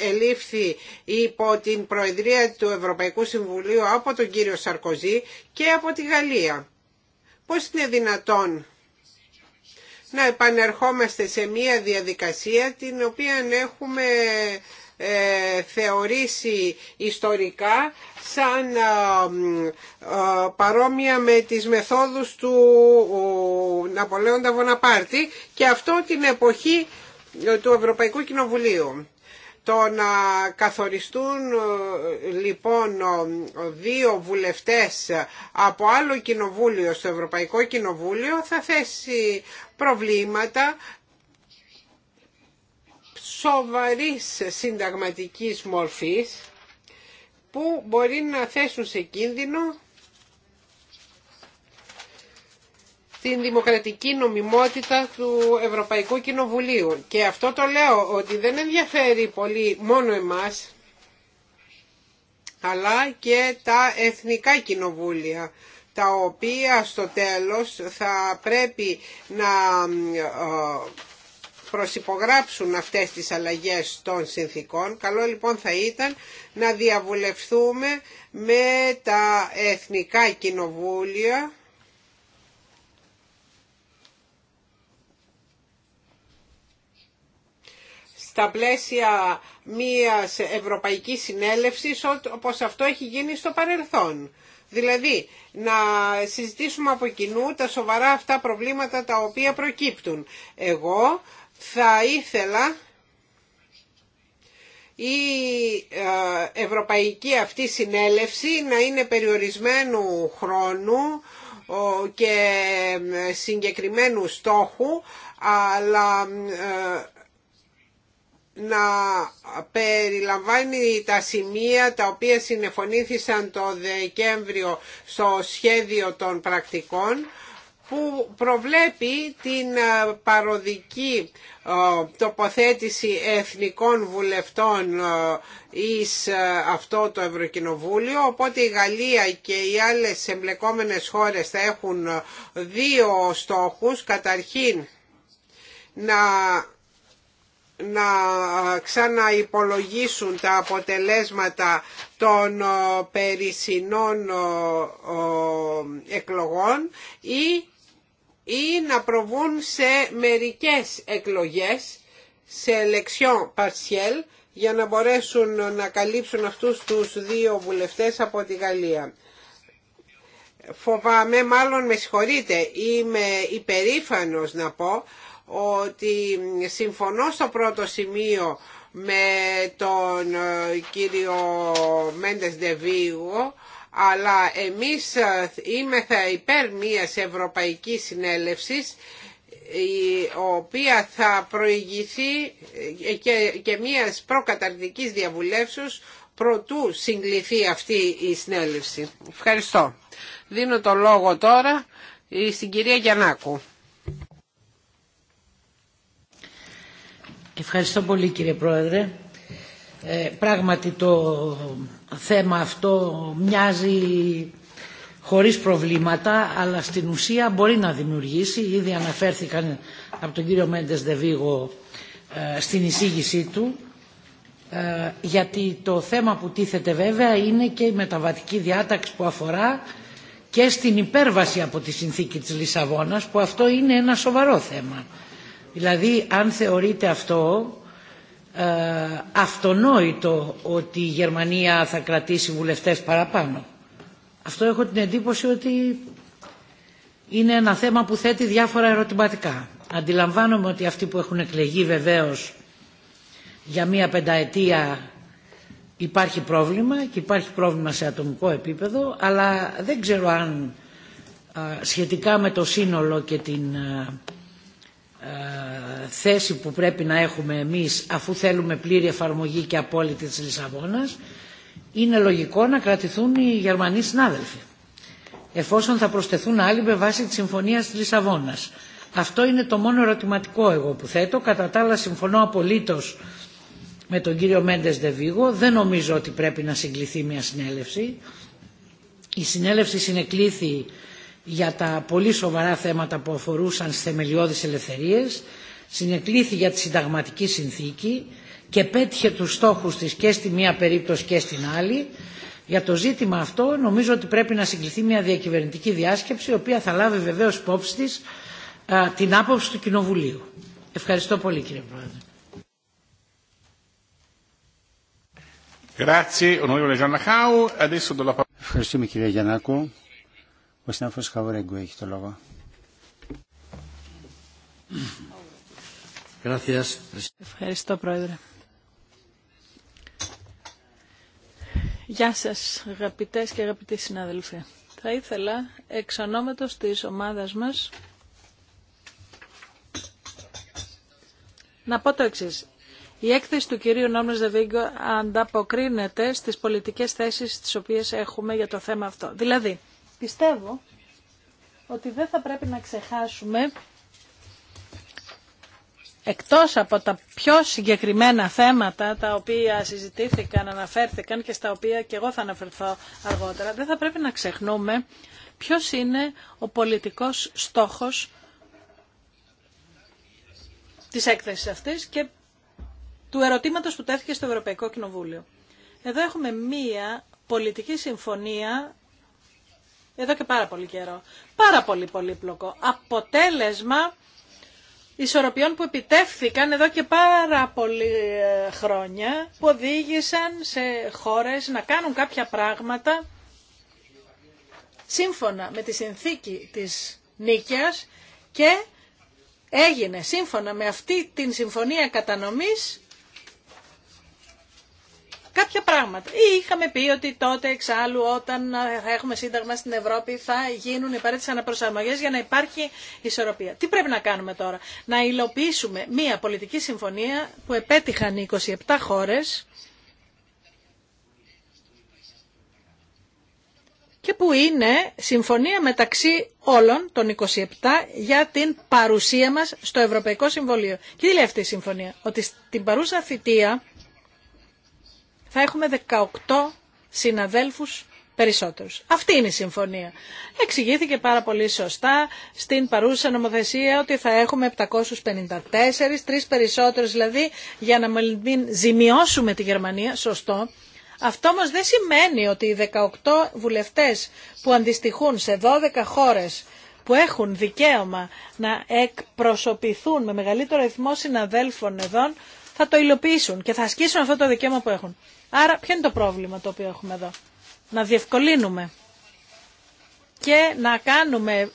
ελήφθη υπό την Προεδρία του Ευρωπαϊκού Συμβουλίου από τον κύριο Σαρκοζή και από τη Γαλλία. Πώς είναι δυνατόν να επανερχόμαστε σε μία διαδικασία την οποία έχουμε ε, θεωρήσει ιστορικά σαν ε, ε, παρόμοια με τις μεθόδους του Ναπολέοντα Βοναπάρτη και αυτό την εποχή του Ευρωπαϊκού Κοινοβουλίου. Το να καθοριστούν λοιπόν δύο βουλευτές από άλλο κοινοβούλιο στο Ευρωπαϊκό Κοινοβούλιο θα θέσει προβλήματα σοβαρής συνταγματικής μορφής που μπορεί να θέσουν σε κίνδυνο την δημοκρατική νομιμότητα του Ευρωπαϊκού Κοινοβουλίου. Και αυτό το λέω ότι δεν ενδιαφέρει πολύ μόνο εμάς, αλλά και τα εθνικά κοινοβούλια τα οποία στο τέλος θα πρέπει να ε, προσυπογράψουν αυτές τις αλλαγές των συνθήκων. Καλό λοιπόν θα ήταν να διαβουλευθούμε με τα εθνικά κοινοβούλια στα πλαίσια μιας ευρωπαϊκής συνέλευσης όπως αυτό έχει γίνει στο παρελθόν. Δηλαδή να συζητήσουμε από κοινού τα σοβαρά αυτά προβλήματα τα οποία προκύπτουν. Εγώ θα ήθελα η ε, ευρωπαϊκή αυτή συνέλευση να είναι περιορισμένου χρόνου και ε, συγκεκριμένου στόχου αλλά ε, να περιλαμβάνει τα σημεία τα οποία συνεφωνήθησαν το Δεκέμβριο στο σχέδιο των πρακτικών που προβλέπει την ε, παροδική ε, τοποθέτηση εθνικών βουλευτών ε, εις αυτό το Ευρωκοινοβούλιο οπότε η Γαλλία και οι άλλες εμπλεκόμενες χώρες θα έχουν δύο στόχους καταρχήν να να ξαναυπολογίσουν τα αποτελέσματα των περισσινών εκλογών ή ή να προβούν σε μερικές εκλογές, σε election παρσιέλ, για να μπορέσουν να καλύψουν αυτούς τους δύο βουλευτές από τη Γαλλία. Φοβάμαι, μάλλον με συγχωρείτε, είμαι υπερήφανος να πω ότι συμφωνώ στο πρώτο σημείο με τον ε, κύριο Μέντες Ντεβίγο αλλά εμείς ε, είμεθα υπέρ μιας ευρωπαϊκής συνέλευσης η οποία θα προηγηθεί ε, και, και μιας προκαταρκτικής διαβουλεύσεως προτού συγκληθεί αυτή η συνέλευση. Ευχαριστώ. Δίνω το λόγο τώρα ε, στην κυρία Γιαννάκου. Ευχαριστώ πολύ κύριε Πρόεδρε. Ε, πράγματι το θέμα αυτό μοιάζει χωρίς προβλήματα, αλλά στην ουσία μπορεί να δημιουργήσει. Ήδη αναφέρθηκαν από τον κύριο Μέντες Δεβίγο ε, στην εισήγησή του, ε, γιατί το θέμα που τίθεται βέβαια είναι και η μεταβατική διάταξη που αφορά και στην υπέρβαση από τη συνθήκη της Λισαβόνας, που αυτό είναι ένα σοβαρό θέμα. Δηλαδή, αν θεωρείται αυτό ε, αυτονόητο ότι η Γερμανία θα κρατήσει βουλευτές παραπάνω. Αυτό έχω την εντύπωση ότι είναι ένα θέμα που θέτει διάφορα ερωτηματικά. Αντιλαμβάνομαι ότι αυτοί που έχουν εκλεγεί βεβαίως για μία πενταετία υπάρχει πρόβλημα και υπάρχει πρόβλημα σε ατομικό επίπεδο αλλά δεν ξέρω αν ε, σχετικά με το σύνολο και την ε, ε, θέση που πρέπει να έχουμε εμείς αφού θέλουμε πλήρη εφαρμογή και απόλυτη της Λισαβόνας είναι λογικό να κρατηθούν οι Γερμανοί συνάδελφοι εφόσον θα προσθεθούν άλλοι με βάση τη Συμφωνία της Λισαβόνας. Αυτό είναι το μόνο ερωτηματικό εγώ που θέτω. Κατά τα άλλα συμφωνώ απολύτως με τον κύριο Μέντες Δεβίγο. Δεν νομίζω ότι πρέπει να συγκληθεί μια συνέλευση. Η συνέλευση συνεκλήθη για τα πολύ σοβαρά θέματα που αφορούσαν στις θεμελιώδεις ελευθερίες, συνεκλήθη για τη συνταγματική συνθήκη και πέτυχε τους στόχους της και στη μία περίπτωση και στην άλλη. Για το ζήτημα αυτό νομίζω ότι πρέπει να συγκληθεί μια διακυβερνητική διάσκεψη η οποία θα λάβει βεβαίως υπόψη την άποψη του Κοινοβουλίου. Ευχαριστώ πολύ κύριε Πρόεδρε. Ευχαριστούμε κυρία Γιαννάκο. Ο έχει το Ευχαριστώ, Πρόεδρε. Γεια σας, αγαπητές και αγαπητοί συνάδελφοι. Θα ήθελα, εξ ονόματος της ομάδας μας, να πω το εξής. Η έκθεση του κυρίου Νόμνες Δεβίγκο ανταποκρίνεται στις πολιτικές θέσεις τις οποίες έχουμε για το θέμα αυτό. Δηλαδή, Πιστεύω ότι δεν θα πρέπει να ξεχάσουμε εκτός από τα πιο συγκεκριμένα θέματα τα οποία συζητήθηκαν, αναφέρθηκαν και στα οποία και εγώ θα αναφερθώ αργότερα, δεν θα πρέπει να ξεχνούμε ποιος είναι ο πολιτικός στόχος της έκθεσης αυτής και του ερωτήματος που τέθηκε στο Ευρωπαϊκό Κοινοβούλιο. Εδώ έχουμε μία πολιτική συμφωνία εδώ και πάρα πολύ καιρό. Πάρα πολύ πολύπλοκο. Αποτέλεσμα ισορροπιών που επιτεύθηκαν εδώ και πάρα πολύ ε, χρόνια που οδήγησαν σε χώρες να κάνουν κάποια πράγματα σύμφωνα με τη συνθήκη της νίκαιας και έγινε σύμφωνα με αυτή την συμφωνία κατανομής κάποια πράγματα. Ή είχαμε πει ότι τότε εξάλλου όταν θα έχουμε σύνταγμα στην Ευρώπη θα γίνουν οι απαραίτητε για να υπάρχει ισορροπία. Τι πρέπει να κάνουμε τώρα. Να υλοποιήσουμε μία πολιτική συμφωνία που επέτυχαν οι 27 χώρες και που είναι συμφωνία μεταξύ όλων των 27 για την παρουσία μας στο Ευρωπαϊκό Συμβολίο. Και τι λέει αυτή η συμφωνία, ότι στην παρούσα θητεία θα έχουμε 18 συναδέλφους περισσότερους. Αυτή είναι η συμφωνία. Εξηγήθηκε πάρα πολύ σωστά στην παρούσα νομοθεσία ότι θα έχουμε 754, τρεις περισσότερους δηλαδή, για να μην ζημιώσουμε τη Γερμανία, σωστό. Αυτό όμως δεν σημαίνει ότι οι 18 βουλευτές που αντιστοιχούν σε 12 χώρες που έχουν δικαίωμα να εκπροσωπηθούν με μεγαλύτερο αριθμό συναδέλφων εδώ, θα το υλοποιήσουν και θα ασκήσουν αυτό το δικαίωμα που έχουν. Άρα ποιο είναι το πρόβλημα το οποίο έχουμε εδώ. Να διευκολύνουμε και να κάνουμε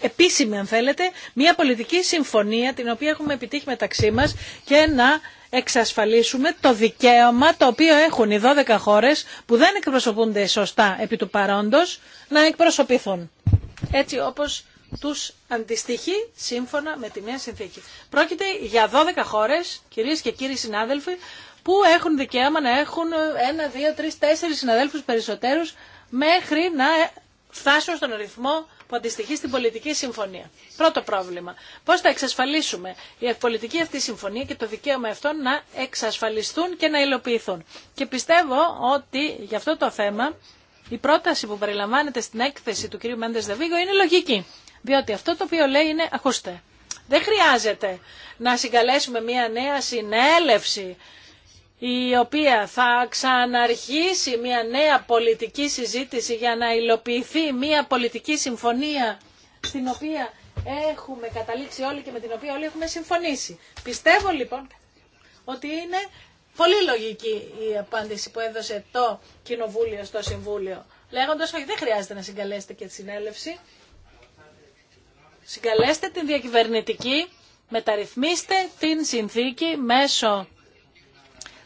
επίσημη αν θέλετε μια πολιτική συμφωνία την οποία έχουμε επιτύχει μεταξύ μας και να εξασφαλίσουμε το δικαίωμα το οποίο έχουν οι 12 χώρες που δεν εκπροσωπούνται σωστά επί του παρόντος να εκπροσωπηθούν. Έτσι όπως τους αντιστοιχεί σύμφωνα με τη μία συνθήκη. Πρόκειται για 12 χώρες, κυρίες και κύριοι συνάδελφοι, που έχουν δικαίωμα να έχουν ένα, δύο, τρει, τέσσερι συναδέλφου περισσότερου μέχρι να φτάσουν στον ρυθμό που αντιστοιχεί στην πολιτική συμφωνία. Πρώτο πρόβλημα. Πώ θα εξασφαλίσουμε η πολιτική αυτή συμφωνία και το δικαίωμα αυτό να εξασφαλιστούν και να υλοποιηθούν. Και πιστεύω ότι για αυτό το θέμα η πρόταση που περιλαμβάνεται στην έκθεση του κ. Μέντε Δεβίγκο είναι λογική. Διότι αυτό το οποίο λέει είναι, ακούστε, δεν χρειάζεται να συγκαλέσουμε μια νέα συνέλευση η οποία θα ξαναρχίσει μια νέα πολιτική συζήτηση για να υλοποιηθεί μια πολιτική συμφωνία στην οποία έχουμε καταλήξει όλοι και με την οποία όλοι έχουμε συμφωνήσει. Πιστεύω λοιπόν ότι είναι πολύ λογική η απάντηση που έδωσε το Κοινοβούλιο στο Συμβούλιο λέγοντας ότι δεν χρειάζεται να συγκαλέσετε και τη συνέλευση. Συγκαλέστε την διακυβερνητική, μεταρρυθμίστε την συνθήκη μέσω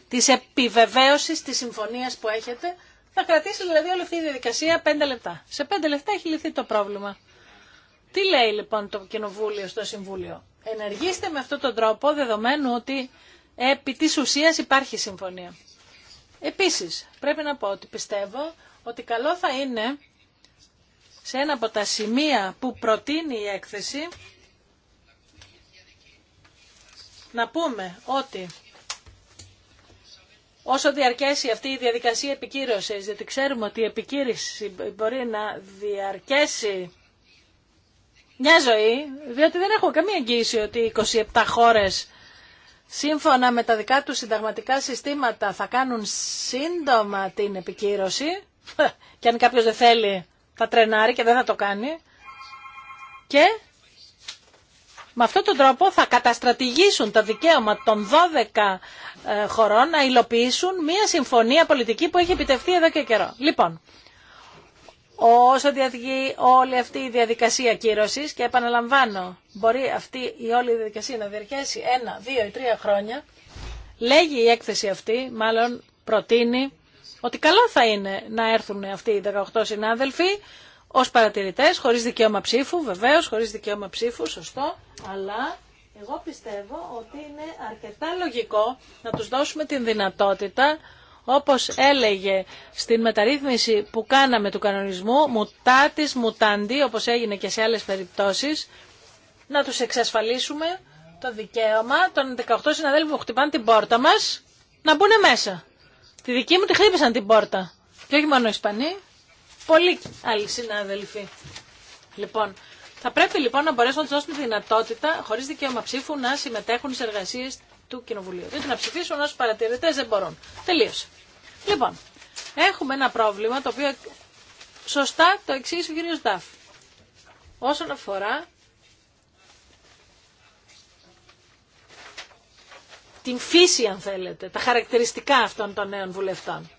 της επιβεβαίωσης της συμφωνίας που έχετε. Θα κρατήσει δηλαδή όλη αυτή η διαδικασία 5 λεπτά. Σε 5 λεπτά έχει λυθεί το πρόβλημα. Τι λέει λοιπόν το Κοινοβούλιο στο Συμβούλιο. Ενεργήστε με αυτόν τον τρόπο δεδομένου ότι επί τη ουσίας υπάρχει συμφωνία. Επίσης πρέπει να πω ότι πιστεύω ότι καλό θα είναι σε ένα από τα σημεία που προτείνει η έκθεση να πούμε ότι όσο διαρκέσει αυτή η διαδικασία επικύρωσης, γιατί ξέρουμε ότι η επικύρωση μπορεί να διαρκέσει μια ζωή, διότι δεν έχω καμία εγγύηση ότι 27 χώρες σύμφωνα με τα δικά του συνταγματικά συστήματα θα κάνουν σύντομα την επικύρωση και αν κάποιος δεν θέλει θα τρενάρει και δεν θα το κάνει και με αυτόν τον τρόπο θα καταστρατηγήσουν το δικαίωμα των 12 ε, χωρών να υλοποιήσουν μια συμφωνία πολιτική που έχει επιτευχθεί εδώ και καιρό. Λοιπόν, όσο διαδικεί όλη αυτή η διαδικασία κύρωση, και επαναλαμβάνω, μπορεί αυτή η όλη διαδικασία να διαρκέσει ένα, δύο ή τρία χρόνια, λέγει η έκθεση αυτή, μάλλον προτείνει, ότι καλό θα είναι να έρθουν αυτοί οι 18 συνάδελφοι Ω παρατηρητέ, χωρί δικαίωμα ψήφου, βεβαίω, χωρί δικαίωμα ψήφου, σωστό, αλλά εγώ πιστεύω ότι είναι αρκετά λογικό να τους δώσουμε την δυνατότητα, όπως έλεγε στην μεταρρύθμιση που κάναμε του κανονισμού, μουτάτης, μουτάντη, όπως έγινε και σε άλλες περιπτώσεις, να τους εξασφαλίσουμε το δικαίωμα των 18 συναδέλφων που χτυπάνε την πόρτα μας να μπουν μέσα. Τη δική μου τη χτύπησαν την πόρτα. Και όχι μόνο οι Ισπανοί, πολύ άλλοι συνάδελφοι. Λοιπόν, θα πρέπει λοιπόν να μπορέσουμε να του δώσουμε τη δυνατότητα, χωρί δικαίωμα ψήφου, να συμμετέχουν στι εργασίε του Κοινοβουλίου. Διότι να ψηφίσουν ω παρατηρητέ δεν μπορούν. Τελείωσε. Λοιπόν, έχουμε ένα πρόβλημα το οποίο σωστά το εξήγησε ο κ. Νταφ. Όσον αφορά την φύση, αν θέλετε, τα χαρακτηριστικά αυτών των νέων βουλευτών.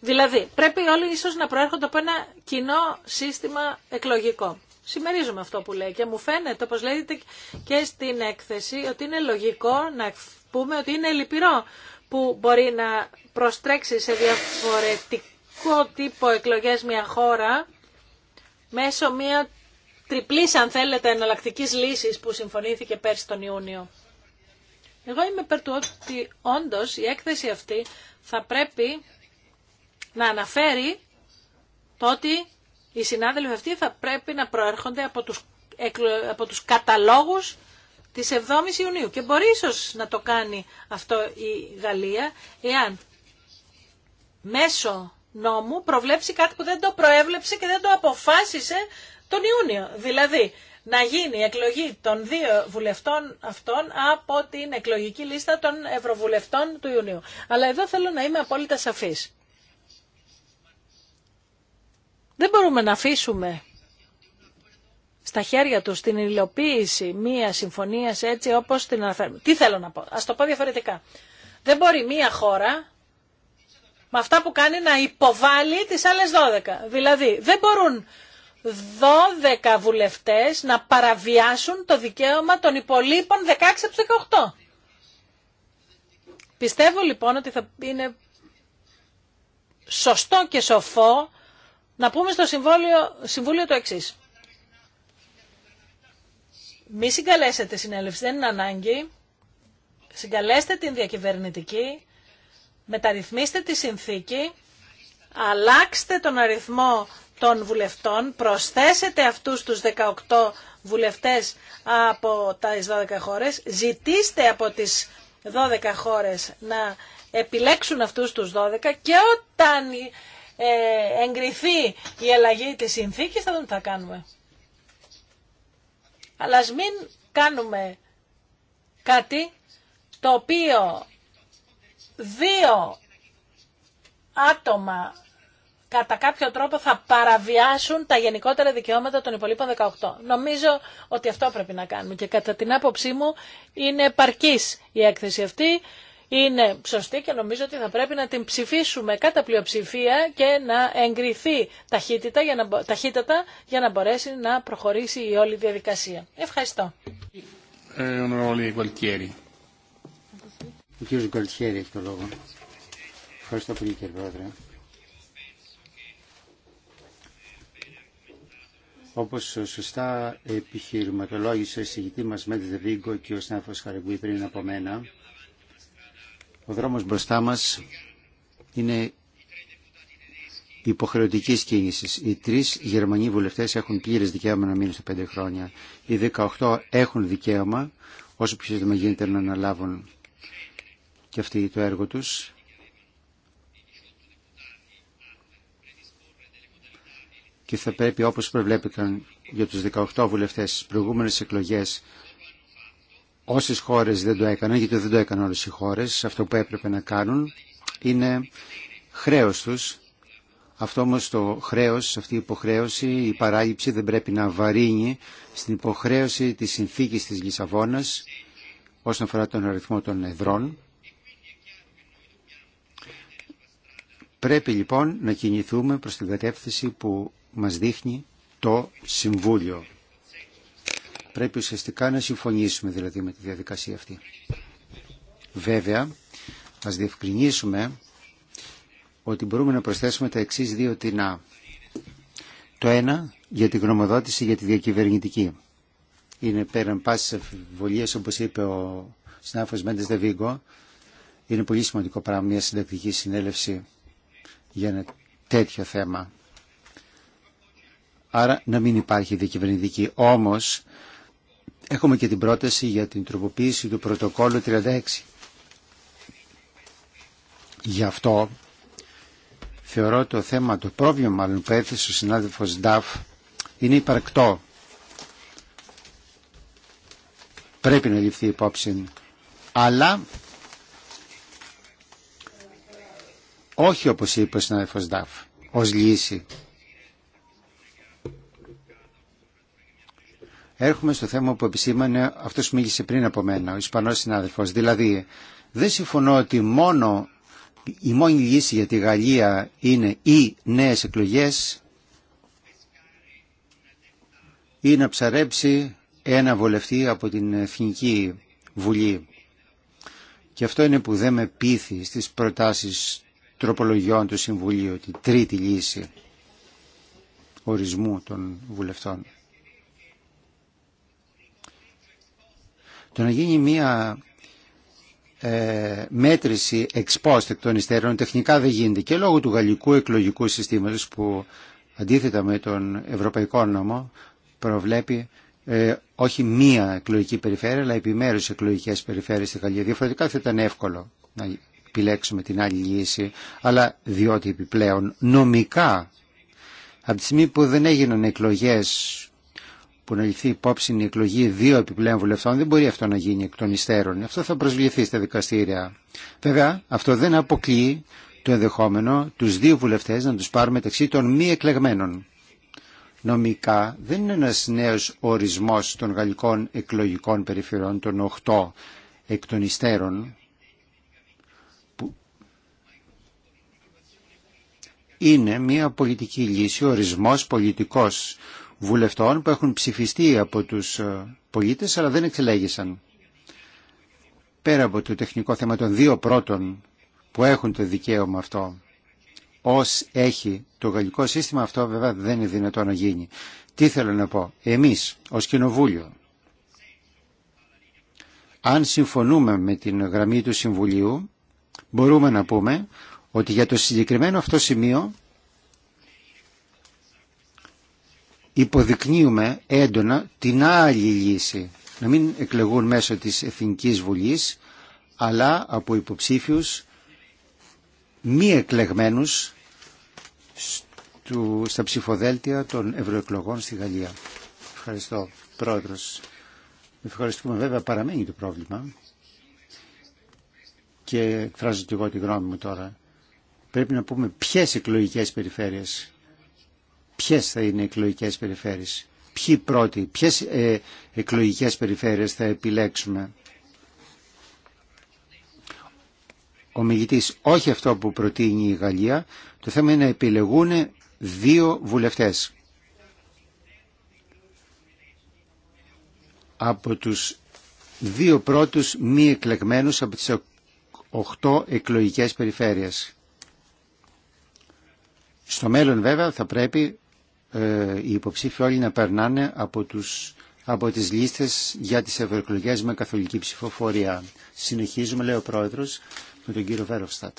Δηλαδή, πρέπει όλοι ίσως να προέρχονται από ένα κοινό σύστημα εκλογικό. Συμμερίζομαι αυτό που λέει και μου φαίνεται, όπως λέγεται και στην έκθεση, ότι είναι λογικό να πούμε ότι είναι λυπηρό που μπορεί να προστρέξει σε διαφορετικό τύπο εκλογές μια χώρα μέσω μια τριπλής, αν θέλετε, εναλλακτική λύσης που συμφωνήθηκε πέρσι τον Ιούνιο. Εγώ είμαι υπέρ ότι όντως η έκθεση αυτή θα πρέπει να αναφέρει το ότι οι συνάδελφοι αυτοί θα πρέπει να προέρχονται από τους, από τους καταλόγους της 7ης Ιουνίου. Και μπορεί ίσω να το κάνει αυτό η Γαλλία, εάν μέσω νόμου προβλέψει κάτι που δεν το προέβλεψε και δεν το αποφάσισε τον Ιούνιο. Δηλαδή, να γίνει η εκλογή των δύο βουλευτών αυτών από την εκλογική λίστα των ευρωβουλευτών του Ιουνίου. Αλλά εδώ θέλω να είμαι απόλυτα σαφής. Δεν μπορούμε να αφήσουμε στα χέρια τους την υλοποίηση μία συμφωνίας έτσι όπως την αναφέρουμε. Τι θέλω να πω, ας το πω διαφορετικά. Δεν μπορεί μία χώρα με αυτά που κάνει να υποβάλει τις άλλες 12. Δηλαδή δεν μπορούν 12 βουλευτές να παραβιάσουν το δικαίωμα των υπολείπων 16 από 18. Πιστεύω λοιπόν ότι θα είναι σωστό και σοφό να πούμε στο συμβόλιο, Συμβούλιο το εξή. Μη συγκαλέσετε συνέλευση, δεν είναι ανάγκη. Συγκαλέστε την διακυβερνητική, μεταρρυθμίστε τη συνθήκη, αλλάξτε τον αριθμό των βουλευτών, προσθέσετε αυτούς τους 18 βουλευτές από τα 12 χώρες, ζητήστε από τις 12 χώρες να επιλέξουν αυτούς τους 12 και όταν ε, εγκριθεί η αλλαγή της συνθήκης, θα δούμε τι θα κάνουμε. Αλλά ας μην κάνουμε κάτι το οποίο δύο άτομα κατά κάποιο τρόπο θα παραβιάσουν τα γενικότερα δικαιώματα των υπολείπων 18. Νομίζω ότι αυτό πρέπει να κάνουμε και κατά την άποψή μου είναι παρκής η έκθεση αυτή είναι σωστή και νομίζω ότι θα πρέπει να την ψηφίσουμε κατά πλειοψηφία και να εγκριθεί ταχύτητα για να, ταχύτατα για να μπορέσει να προχωρήσει η όλη διαδικασία. Ευχαριστώ. Ε, Όπω ο έχει το λόγο. Ευχαριστώ πολύ κύριε Πρόεδρε. Όπως σωστά επιχειρηματολόγησε ο συγητή μας Μέντε Δεβίγκο και ο Σνάφος Χαρεγκούι πριν από μένα, ο δρόμος μπροστά μας είναι υποχρεωτική κίνηση. Οι τρει Γερμανοί βουλευτέ έχουν πλήρε δικαίωμα να μείνουν στα πέντε χρόνια. Οι 18 έχουν δικαίωμα, όσο πιο σύντομα γίνεται, να αναλάβουν και αυτοί το έργο του. Και θα πρέπει, όπως προβλέπηκαν για τους 18 βουλευτές στις προηγούμενες εκλογές, Όσες χώρες δεν το έκαναν, γιατί δεν το έκαναν όλε οι χώρες, αυτό που έπρεπε να κάνουν είναι χρέο τους. Αυτό όμω το χρέος, αυτή η υποχρέωση, η παράγυψη δεν πρέπει να βαρύνει στην υποχρέωση της συνθήκης της Λισαβόνας όσον αφορά τον αριθμό των εδρών. Πρέπει λοιπόν να κινηθούμε προς την κατεύθυνση που μας δείχνει το Συμβούλιο. Πρέπει ουσιαστικά να συμφωνήσουμε δηλαδή με τη διαδικασία αυτή. Βέβαια, ας διευκρινίσουμε ότι μπορούμε να προσθέσουμε τα εξής δύο τεινά. Το ένα για τη γνωμοδότηση για τη διακυβερνητική. Είναι πέραν πάσης αμφιβολίας όπως είπε ο συνάφος Μέντες Δεβίγκο. Είναι πολύ σημαντικό πράγμα μια συντακτική συνέλευση για ένα τέτοιο θέμα. Άρα να μην υπάρχει διακυβερνητική. Όμως Έχουμε και την πρόταση για την τροποποίηση του πρωτοκόλλου 36. Γι' αυτό θεωρώ το θέμα, το πρόβλημα μάλλον που έθεσε ο συνάδελφος Νταφ είναι υπαρκτό. Πρέπει να ληφθεί υπόψη. Αλλά όχι όπως είπε ο συνάδελφος Νταφ, ως λύση. Έρχομαι στο θέμα που επισήμανε αυτός που μίλησε πριν από μένα, ο Ισπανός συνάδελφος. Δηλαδή, δεν συμφωνώ ότι μόνο η μόνη λύση για τη Γαλλία είναι ή νέε εκλογέ ή να ψαρέψει ένα βουλευτή από την Εθνική Βουλή. Και αυτό είναι που δεν με πείθει στις προτάσεις τροπολογιών του Συμβουλίου, τη τρίτη λύση ορισμού των βουλευτών. Το να γίνει μια ε, μέτρηση εξπόστ εκ των υστέρων τεχνικά δεν γίνεται και λόγω του γαλλικού εκλογικού συστήματος που αντίθετα με τον ευρωπαϊκό νόμο προβλέπει ε, όχι μία εκλογική περιφέρεια αλλά επιμέρους εκλογικές περιφέρειες στη Γαλλία. Διαφορετικά θα ήταν εύκολο να επιλέξουμε την άλλη λύση αλλά διότι επιπλέον νομικά από τη στιγμή που δεν έγιναν εκλογές που να ληφθεί υπόψη η εκλογή δύο επιπλέον βουλευτών, δεν μπορεί αυτό να γίνει εκ των υστέρων. Αυτό θα προσβληθεί στα δικαστήρια. Βέβαια, αυτό δεν αποκλείει το ενδεχόμενο τους δύο βουλευτές να τους πάρουμε μεταξύ των μη εκλεγμένων. Νομικά δεν είναι ένας νέος ορισμός των γαλλικών εκλογικών περιφερειών των 8 εκ των υστέρων είναι μια πολιτική λύση, ορισμός πολιτικός βουλευτών που έχουν ψηφιστεί από τους ε, πολίτες αλλά δεν εξελέγησαν. Πέρα από το τεχνικό θέμα των δύο πρώτων που έχουν το δικαίωμα αυτό, ως έχει το γαλλικό σύστημα αυτό βέβαια δεν είναι δυνατό να γίνει. Τι θέλω να πω, εμείς ως Κοινοβούλιο, αν συμφωνούμε με την γραμμή του Συμβουλίου, μπορούμε να πούμε ότι για το συγκεκριμένο αυτό σημείο υποδεικνύουμε έντονα την άλλη λύση. Να μην εκλεγούν μέσω της Εθνικής Βουλής, αλλά από υποψήφιους μη εκλεγμένους στα ψηφοδέλτια των ευρωεκλογών στη Γαλλία. Ευχαριστώ, Πρόεδρος. Ευχαριστούμε. Βέβαια παραμένει το πρόβλημα και εκφράζω και εγώ τη γνώμη μου τώρα. Πρέπει να πούμε ποιες εκλογικές περιφέρειες ποιες θα είναι οι εκλογικές περιφέρειες, ποιοι πρώτοι, ποιες ε, εκλογικές περιφέρειες θα επιλέξουμε. Ο όχι αυτό που προτείνει η Γαλλία, το θέμα είναι να επιλεγούν δύο βουλευτές. Από τους δύο πρώτους μη εκλεγμένους από τις οχτώ εκλογικές περιφέρειες. Στο μέλλον βέβαια θα πρέπει ε, οι υποψήφοι όλοι να περνάνε από, τους, από τις λίστες για τις ευρωεκλογέ με καθολική ψηφοφορία. Συνεχίζουμε, λέει ο Πρόεδρος, με τον κύριο Βέροφστατ.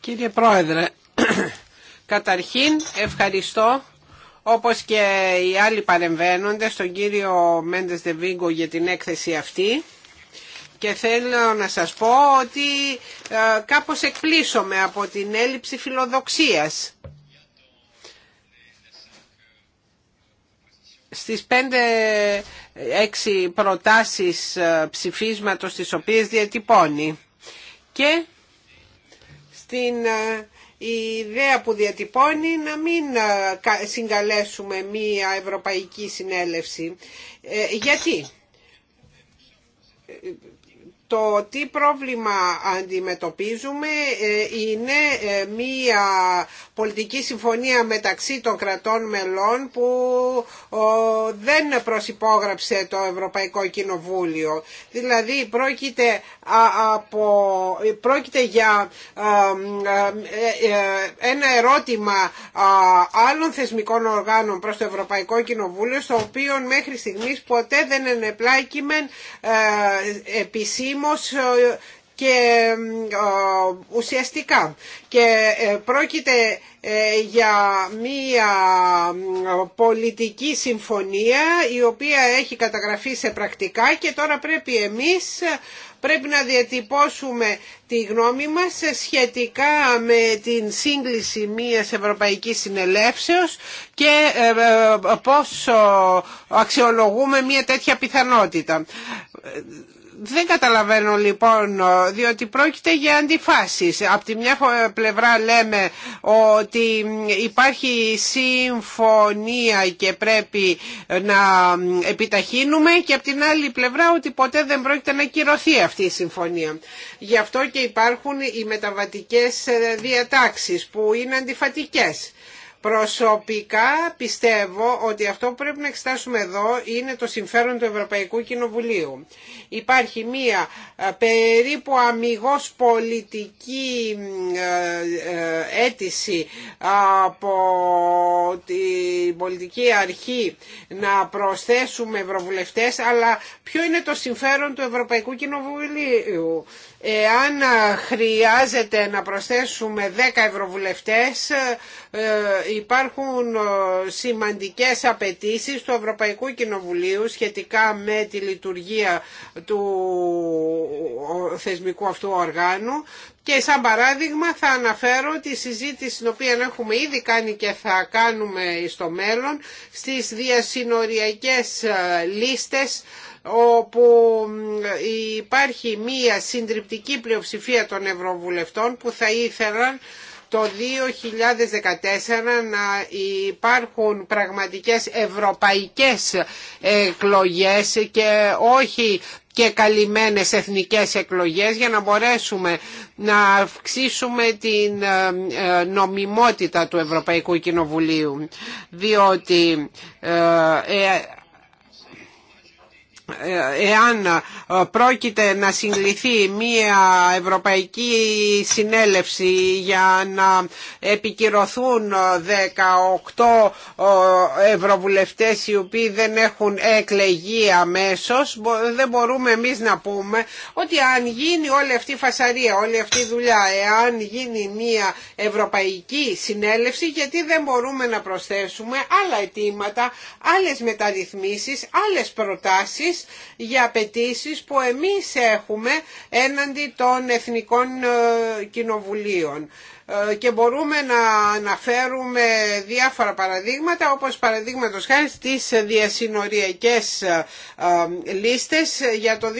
Κύριε Πρόεδρε, καταρχήν ευχαριστώ όπως και οι άλλοι παρεμβαίνονται στον κύριο Μέντες Δεβίγκο για την έκθεση αυτή και θέλω να σας πω ότι ε, κάπως εκπλήσωμαι από την έλλειψη φιλοδοξίας. Στις 5-6 προτάσεις ε, ψηφίσματος τις οποίες διατυπώνει και στην ε, ιδέα που διατυπώνει να μην συγκαλέσουμε μία Ευρωπαϊκή Συνέλευση. Γιατί το τι πρόβλημα αντιμετωπίζουμε ε, είναι ε, μία πολιτική συμφωνία μεταξύ των κρατών μελών που δεν προσυπόγραψε το Ευρωπαϊκό Κοινοβούλιο. Δηλαδή πρόκειται, από, πρόκειται για ε, ένα ερώτημα άλλων θεσμικών οργάνων προς το Ευρωπαϊκό Κοινοβούλιο στο οποίο μέχρι στιγμής ποτέ δεν ενεπλάκημεν επισήμως και ε, ουσιαστικά και ε, πρόκειται ε, για μία πολιτική συμφωνία η οποία έχει καταγραφεί σε πρακτικά και τώρα πρέπει εμείς πρέπει να διατυπώσουμε τη γνώμη μας σχετικά με την σύγκληση μίας Ευρωπαϊκής Συνελεύσεως και πώς αξιολογούμε μία τέτοια πιθανότητα δεν καταλαβαίνω λοιπόν διότι πρόκειται για αντιφάσεις. Από τη μια πλευρά λέμε ότι υπάρχει συμφωνία και πρέπει να επιταχύνουμε και από την άλλη πλευρά ότι ποτέ δεν πρόκειται να κυρωθεί αυτή η συμφωνία. Γι' αυτό και υπάρχουν οι μεταβατικές ε, διατάξεις που είναι αντιφατικές. Προσωπικά πιστεύω ότι αυτό που πρέπει να εξετάσουμε εδώ είναι το συμφέρον του Ευρωπαϊκού Κοινοβουλίου. Υπάρχει μία ε, περίπου αμυγός πολιτική ε, ε, αίτηση από την πολιτική αρχή να προσθέσουμε ευρωβουλευτές, αλλά ποιο είναι το συμφέρον του Ευρωπαϊκού Κοινοβουλίου. Εάν χρειάζεται να προσθέσουμε 10 ευρωβουλευτές ε, υπάρχουν ε, σημαντικές απαιτήσεις του Ευρωπαϊκού Κοινοβουλίου σχετικά με τη λειτουργία του θεσμικού αυτού οργάνου και σαν παράδειγμα θα αναφέρω τη συζήτηση την οποία έχουμε ήδη κάνει και θα κάνουμε στο μέλλον στις διασυνοριακές ε, λίστες όπου υπάρχει μία συντριπτική πλειοψηφία των Ευρωβουλευτών που θα ήθελαν το 2014 να υπάρχουν πραγματικές ευρωπαϊκές εκλογές και όχι και καλυμμένες εθνικές εκλογές για να μπορέσουμε να αυξήσουμε την ε, ε, νομιμότητα του Ευρωπαϊκού Κοινοβουλίου. Διότι ε, εάν ε, πρόκειται να συγκληθεί μία Ευρωπαϊκή Συνέλευση για να επικυρωθούν 18 ε, ευρωβουλευτές οι οποίοι δεν έχουν εκλεγεί αμέσως δεν μπορούμε εμείς να πούμε ότι αν γίνει όλη αυτή η φασαρία, όλη αυτή η δουλειά εάν γίνει μία Ευρωπαϊκή Συνέλευση γιατί δεν μπορούμε να προσθέσουμε άλλα αιτήματα, άλλες μεταρρυθμίσεις, άλλες προτάσεις για απαιτήσει που εμείς έχουμε έναντι των εθνικών ε, κοινοβουλίων ε, και μπορούμε να αναφέρουμε διάφορα παραδείγματα όπως παραδείγματο χάρη στις διασυνοριακές ε, λίστες για το 2014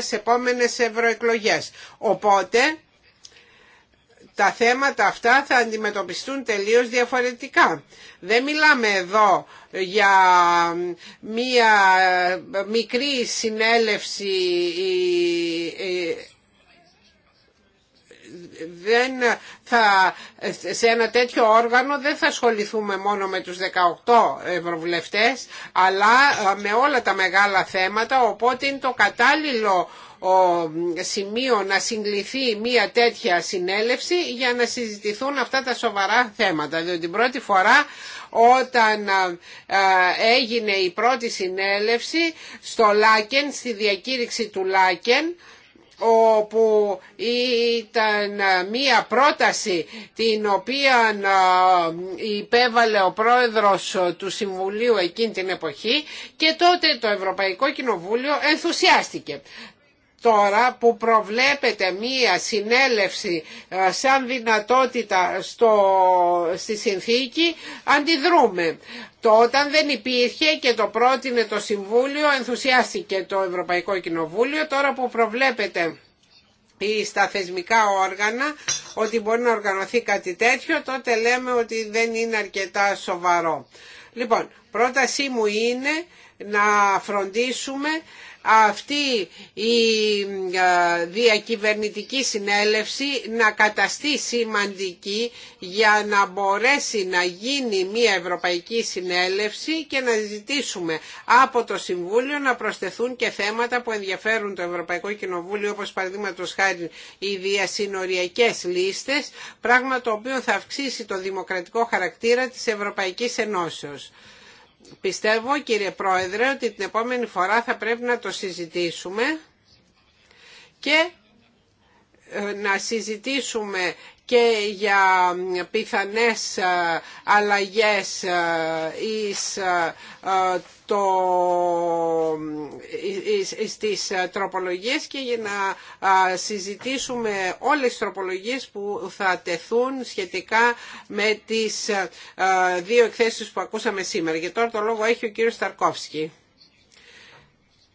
σε επόμενες ευρωεκλογές. Οπότε τα θέματα αυτά θα αντιμετωπιστούν τελείως διαφορετικά. Δεν μιλάμε εδώ για μία μικρή συνέλευση δεν θα, σε ένα τέτοιο όργανο δεν θα ασχοληθούμε μόνο με τους 18 ευρωβουλευτές αλλά με όλα τα μεγάλα θέματα οπότε είναι το κατάλληλο σημείο να συγκληθεί μια τέτοια συνέλευση για να συζητηθούν αυτά τα σοβαρά θέματα. Διότι την πρώτη φορά όταν έγινε η πρώτη συνέλευση στο Λάκεν, στη διακήρυξη του Λάκεν, όπου ήταν μία πρόταση την οποία υπέβαλε ο πρόεδρος του Συμβουλίου εκείνη την εποχή και τότε το Ευρωπαϊκό Κοινοβούλιο ενθουσιάστηκε τώρα που προβλέπεται μία συνέλευση ε, σαν δυνατότητα στο, στη συνθήκη αντιδρούμε. Το όταν δεν υπήρχε και το πρότεινε το Συμβούλιο ενθουσιάστηκε το Ευρωπαϊκό Κοινοβούλιο τώρα που προβλέπεται ή στα θεσμικά όργανα ότι μπορεί να οργανωθεί κάτι τέτοιο τότε λέμε ότι δεν είναι αρκετά σοβαρό. Λοιπόν, πρότασή μου είναι να φροντίσουμε αυτή η διακυβερνητική συνέλευση να καταστεί σημαντική για να μπορέσει να γίνει μια Ευρωπαϊκή Συνέλευση και να ζητήσουμε από το Συμβούλιο να προσθεθούν και θέματα που ενδιαφέρουν το Ευρωπαϊκό Κοινοβούλιο όπως παραδείγματο χάρη οι διασυνοριακές λίστες πράγμα το οποίο θα αυξήσει το δημοκρατικό χαρακτήρα της Ευρωπαϊκής Ενώσεως. Πιστεύω κύριε Πρόεδρε ότι την επόμενη φορά θα πρέπει να το συζητήσουμε και ε, να συζητήσουμε και για πιθανές ε, αλλαγές ε, εις ε, το, στις τροπολογίες και για να συζητήσουμε όλες τις τροπολογίες που θα τεθούν σχετικά με τις δύο εκθέσεις που ακούσαμε σήμερα. Και τώρα το λόγο έχει ο κύριος Σταρκόφσκι.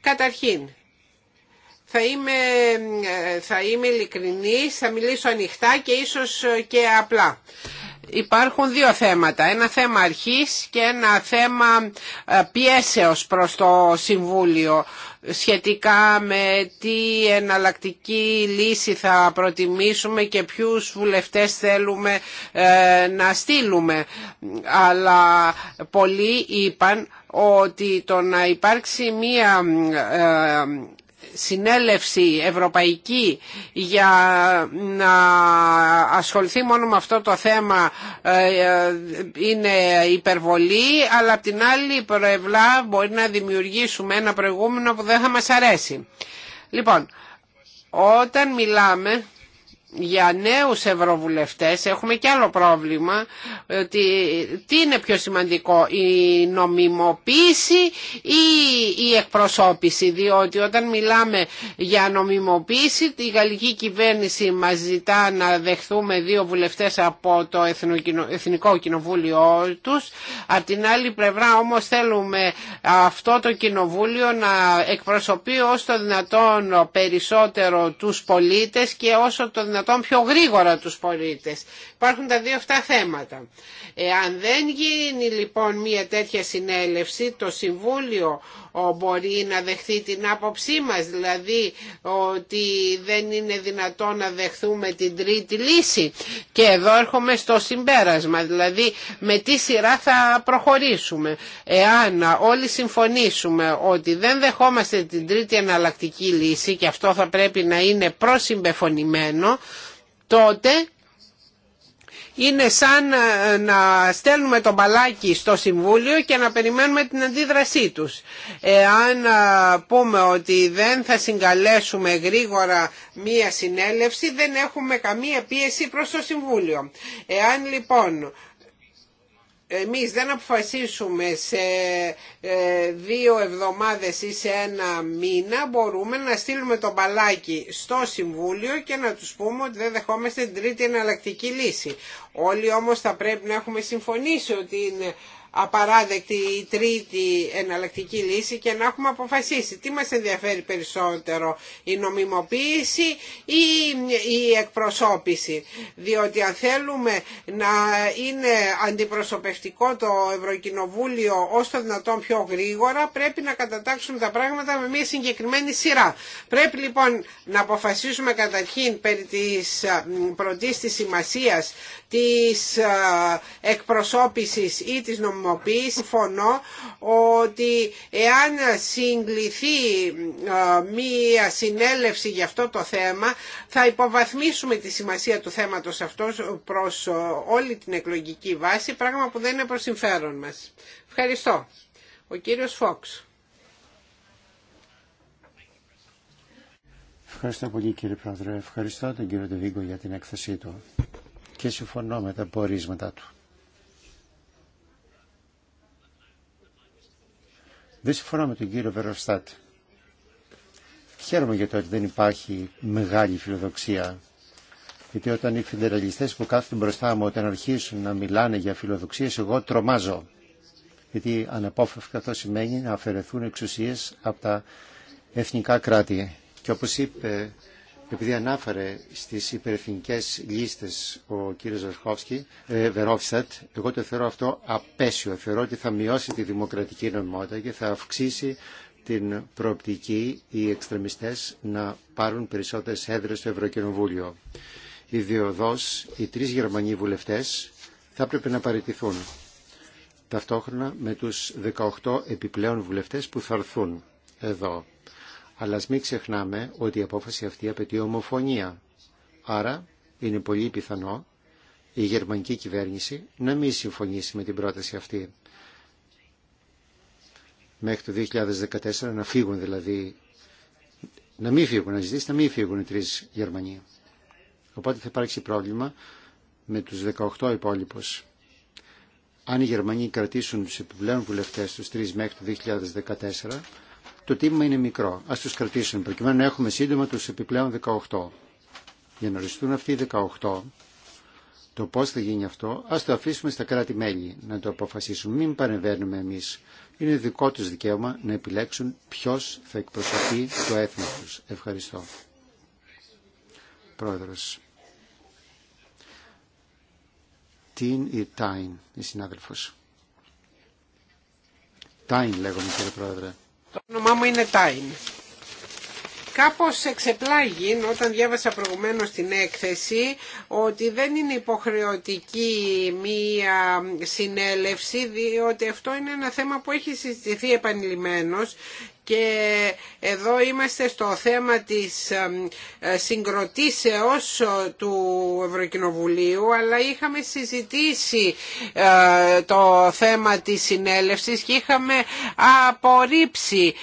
Καταρχήν, θα είμαι, ε, θα είμαι ειλικρινής, θα μιλήσω ανοιχτά και ίσως ε, και απλά. Υπάρχουν δύο θέματα, ένα θέμα αρχής και ένα θέμα ε, πιέσεως προς το Συμβούλιο σχετικά με τι εναλλακτική λύση θα προτιμήσουμε και ποιους βουλευτές θέλουμε να στείλουμε. Αλλά πολλοί είπαν ότι το να υπάρξει μία συνέλευση ευρωπαϊκή για να ασχοληθεί μόνο με αυτό το θέμα ε, ε, είναι υπερβολή αλλά απ' την άλλη προευλά μπορεί να δημιουργήσουμε ένα προηγούμενο που δεν θα μας αρέσει. Λοιπόν, όταν μιλάμε για νέους ευρωβουλευτές έχουμε και άλλο πρόβλημα ότι τι είναι πιο σημαντικό η νομιμοποίηση ή η εκπροσώπηση διότι όταν μιλάμε για νομιμοποίηση η γαλλική κυβέρνηση μας ζητά να δεχθούμε δύο βουλευτές από το Εθνικό Κοινοβούλιο τους από την άλλη πλευρά όμως θέλουμε αυτό το κοινοβούλιο να εκπροσωπεί όσο το δυνατόν περισσότερο τους πολίτες και όσο το δυνατόν δυνατόν πιο γρήγορα τους πολίτες. Υπάρχουν τα δύο αυτά θέματα. Εάν δεν γίνει λοιπόν μια τέτοια συνέλευση, το Συμβούλιο μπορεί να δεχθεί την άποψή μας, δηλαδή ότι δεν είναι δυνατό να δεχθούμε την τρίτη λύση. Και εδώ έρχομαι στο συμπέρασμα, δηλαδή με τι σειρά θα προχωρήσουμε. Εάν όλοι συμφωνήσουμε ότι δεν δεχόμαστε την τρίτη εναλλακτική λύση και αυτό θα πρέπει να είναι προσυμπεφωνημένο, τότε είναι σαν ε, να στέλνουμε το μπαλάκι στο Συμβούλιο και να περιμένουμε την αντίδρασή τους. Εάν ε, πούμε ότι δεν θα συγκαλέσουμε γρήγορα μία συνέλευση, δεν έχουμε καμία πίεση προς το Συμβούλιο. Εάν λοιπόν εμείς δεν αποφασίσουμε σε ε, δύο εβδομάδες ή σε ένα μήνα μπορούμε να στείλουμε το μπαλάκι στο Συμβούλιο και να τους πούμε ότι δεν δεχόμαστε την τρίτη εναλλακτική λύση. Όλοι όμως θα πρέπει να έχουμε συμφωνήσει ότι είναι απαράδεκτη η τρίτη εναλλακτική λύση και να έχουμε αποφασίσει τι μας ενδιαφέρει περισσότερο η νομιμοποίηση ή η εκπροσώπηση διότι αν θέλουμε να είναι αντιπροσωπευτικό το Ευρωκοινοβούλιο ως το δυνατόν πιο γρήγορα πρέπει να κατατάξουμε τα πράγματα με μια συγκεκριμένη σειρά πρέπει λοιπόν να αποφασίσουμε καταρχήν περί της πρωτής της σημασίας της εκπροσώπησης ή της νομιμοποίησης Συμφωνώ ότι εάν συγκληθεί ε, μία συνέλευση για αυτό το θέμα θα υποβαθμίσουμε τη σημασία του θέματος αυτός προς ε, όλη την εκλογική βάση πράγμα που δεν είναι προς συμφέρον μας. Ευχαριστώ. Ο κύριος Φόξ. Ευχαριστώ πολύ κύριε Πρόεδρε. Ευχαριστώ τον κύριο Τεβίγκο για την έκθεσή του και συμφωνώ με τα πορίσματα του. Δεν συμφωνώ με τον κύριο Βεροστάτη. Χαίρομαι για το ότι δεν υπάρχει μεγάλη φιλοδοξία. Γιατί όταν οι φιντεραλιστές που κάθονται μπροστά μου όταν αρχίσουν να μιλάνε για φιλοδοξίες εγώ τρομάζω. Γιατί αναπόφευκτα αυτό σημαίνει να αφαιρεθούν εξουσίες από τα εθνικά κράτη. Και όπως είπε επειδή ανάφερε στις υπερεθνικές λίστες ο κύριος ε, Βερόφστατ, εγώ το θεωρώ αυτό απέσιο. Θεωρώ ότι θα μειώσει τη δημοκρατική νομιμότητα και θα αυξήσει την προοπτική οι εξτρεμιστές να πάρουν περισσότερες έδρες στο Ευρωκοινοβούλιο. διοδός, οι τρεις Γερμανοί βουλευτές θα πρέπει να παραιτηθούν ταυτόχρονα με τους 18 επιπλέον βουλευτές που θα έρθουν εδώ. Αλλά ας μην ξεχνάμε ότι η απόφαση αυτή απαιτεί ομοφωνία. Άρα είναι πολύ πιθανό η γερμανική κυβέρνηση να μην συμφωνήσει με την πρόταση αυτή. Μέχρι το 2014 να φύγουν δηλαδή, να μην φύγουν, να ζητήσει να μην φύγουν οι τρεις Γερμανοί. Οπότε θα υπάρξει πρόβλημα με τους 18 υπόλοιπους. Αν οι Γερμανοί κρατήσουν τους επιπλέον βουλευτές τους τρεις μέχρι το 2014, το τίμημα είναι μικρό. Α του κρατήσουμε προκειμένου να έχουμε σύντομα του επιπλέον 18. Για να οριστούν αυτοί οι 18, το πώ θα γίνει αυτό, α το αφήσουμε στα κράτη-μέλη να το αποφασίσουν. Μην παρεμβαίνουμε εμείς. Είναι δικό τους δικαίωμα να επιλέξουν ποιο θα εκπροσωπεί το έθνο του. Ευχαριστώ. Πρόεδρο. Τιν ή τάιν η συνάδελφος. Τάιν λέγομαι κύριε Πρόεδρε. Το όνομά μου είναι Τάιν. Κάπως εξεπλάγει όταν διάβασα προηγουμένως την έκθεση ότι δεν είναι υποχρεωτική μία συνέλευση διότι αυτό είναι ένα θέμα που έχει συζητηθεί επανειλημμένως και εδώ είμαστε στο θέμα της ε, συγκροτήσεως ε, του Ευρωκοινοβουλίου αλλά είχαμε συζητήσει ε, το θέμα της συνέλευσης και είχαμε απορρίψει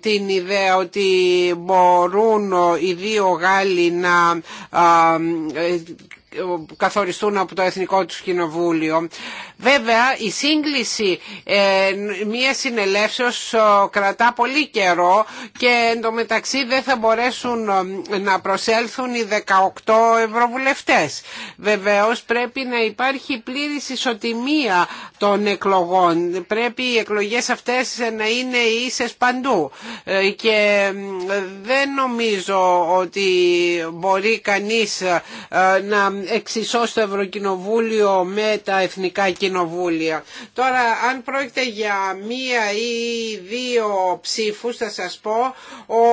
την ιδέα ότι μπορούν οι δύο Γάλλοι να καθοριστούν από το Εθνικό τους Κοινοβούλιο. Βέβαια η σύγκληση ε, μια συνελεύσεως κρατά πολύ καιρό και εντωμεταξύ δεν θα μπορέσουν ε, να προσέλθουν οι 18 ευρωβουλευτές. Βεβαίως πρέπει να υπάρχει πλήρης ισοτιμία των εκλογών. Πρέπει οι εκλογές αυτές να είναι ίσες παντού ε, και δεν νομίζω ότι μπορεί κανείς να εξισώσει το Ευρωκοινοβούλιο με τα εθνικά κοινοβούλια Τώρα αν πρόκειται για μία ή δύο ψήφους θα σας πω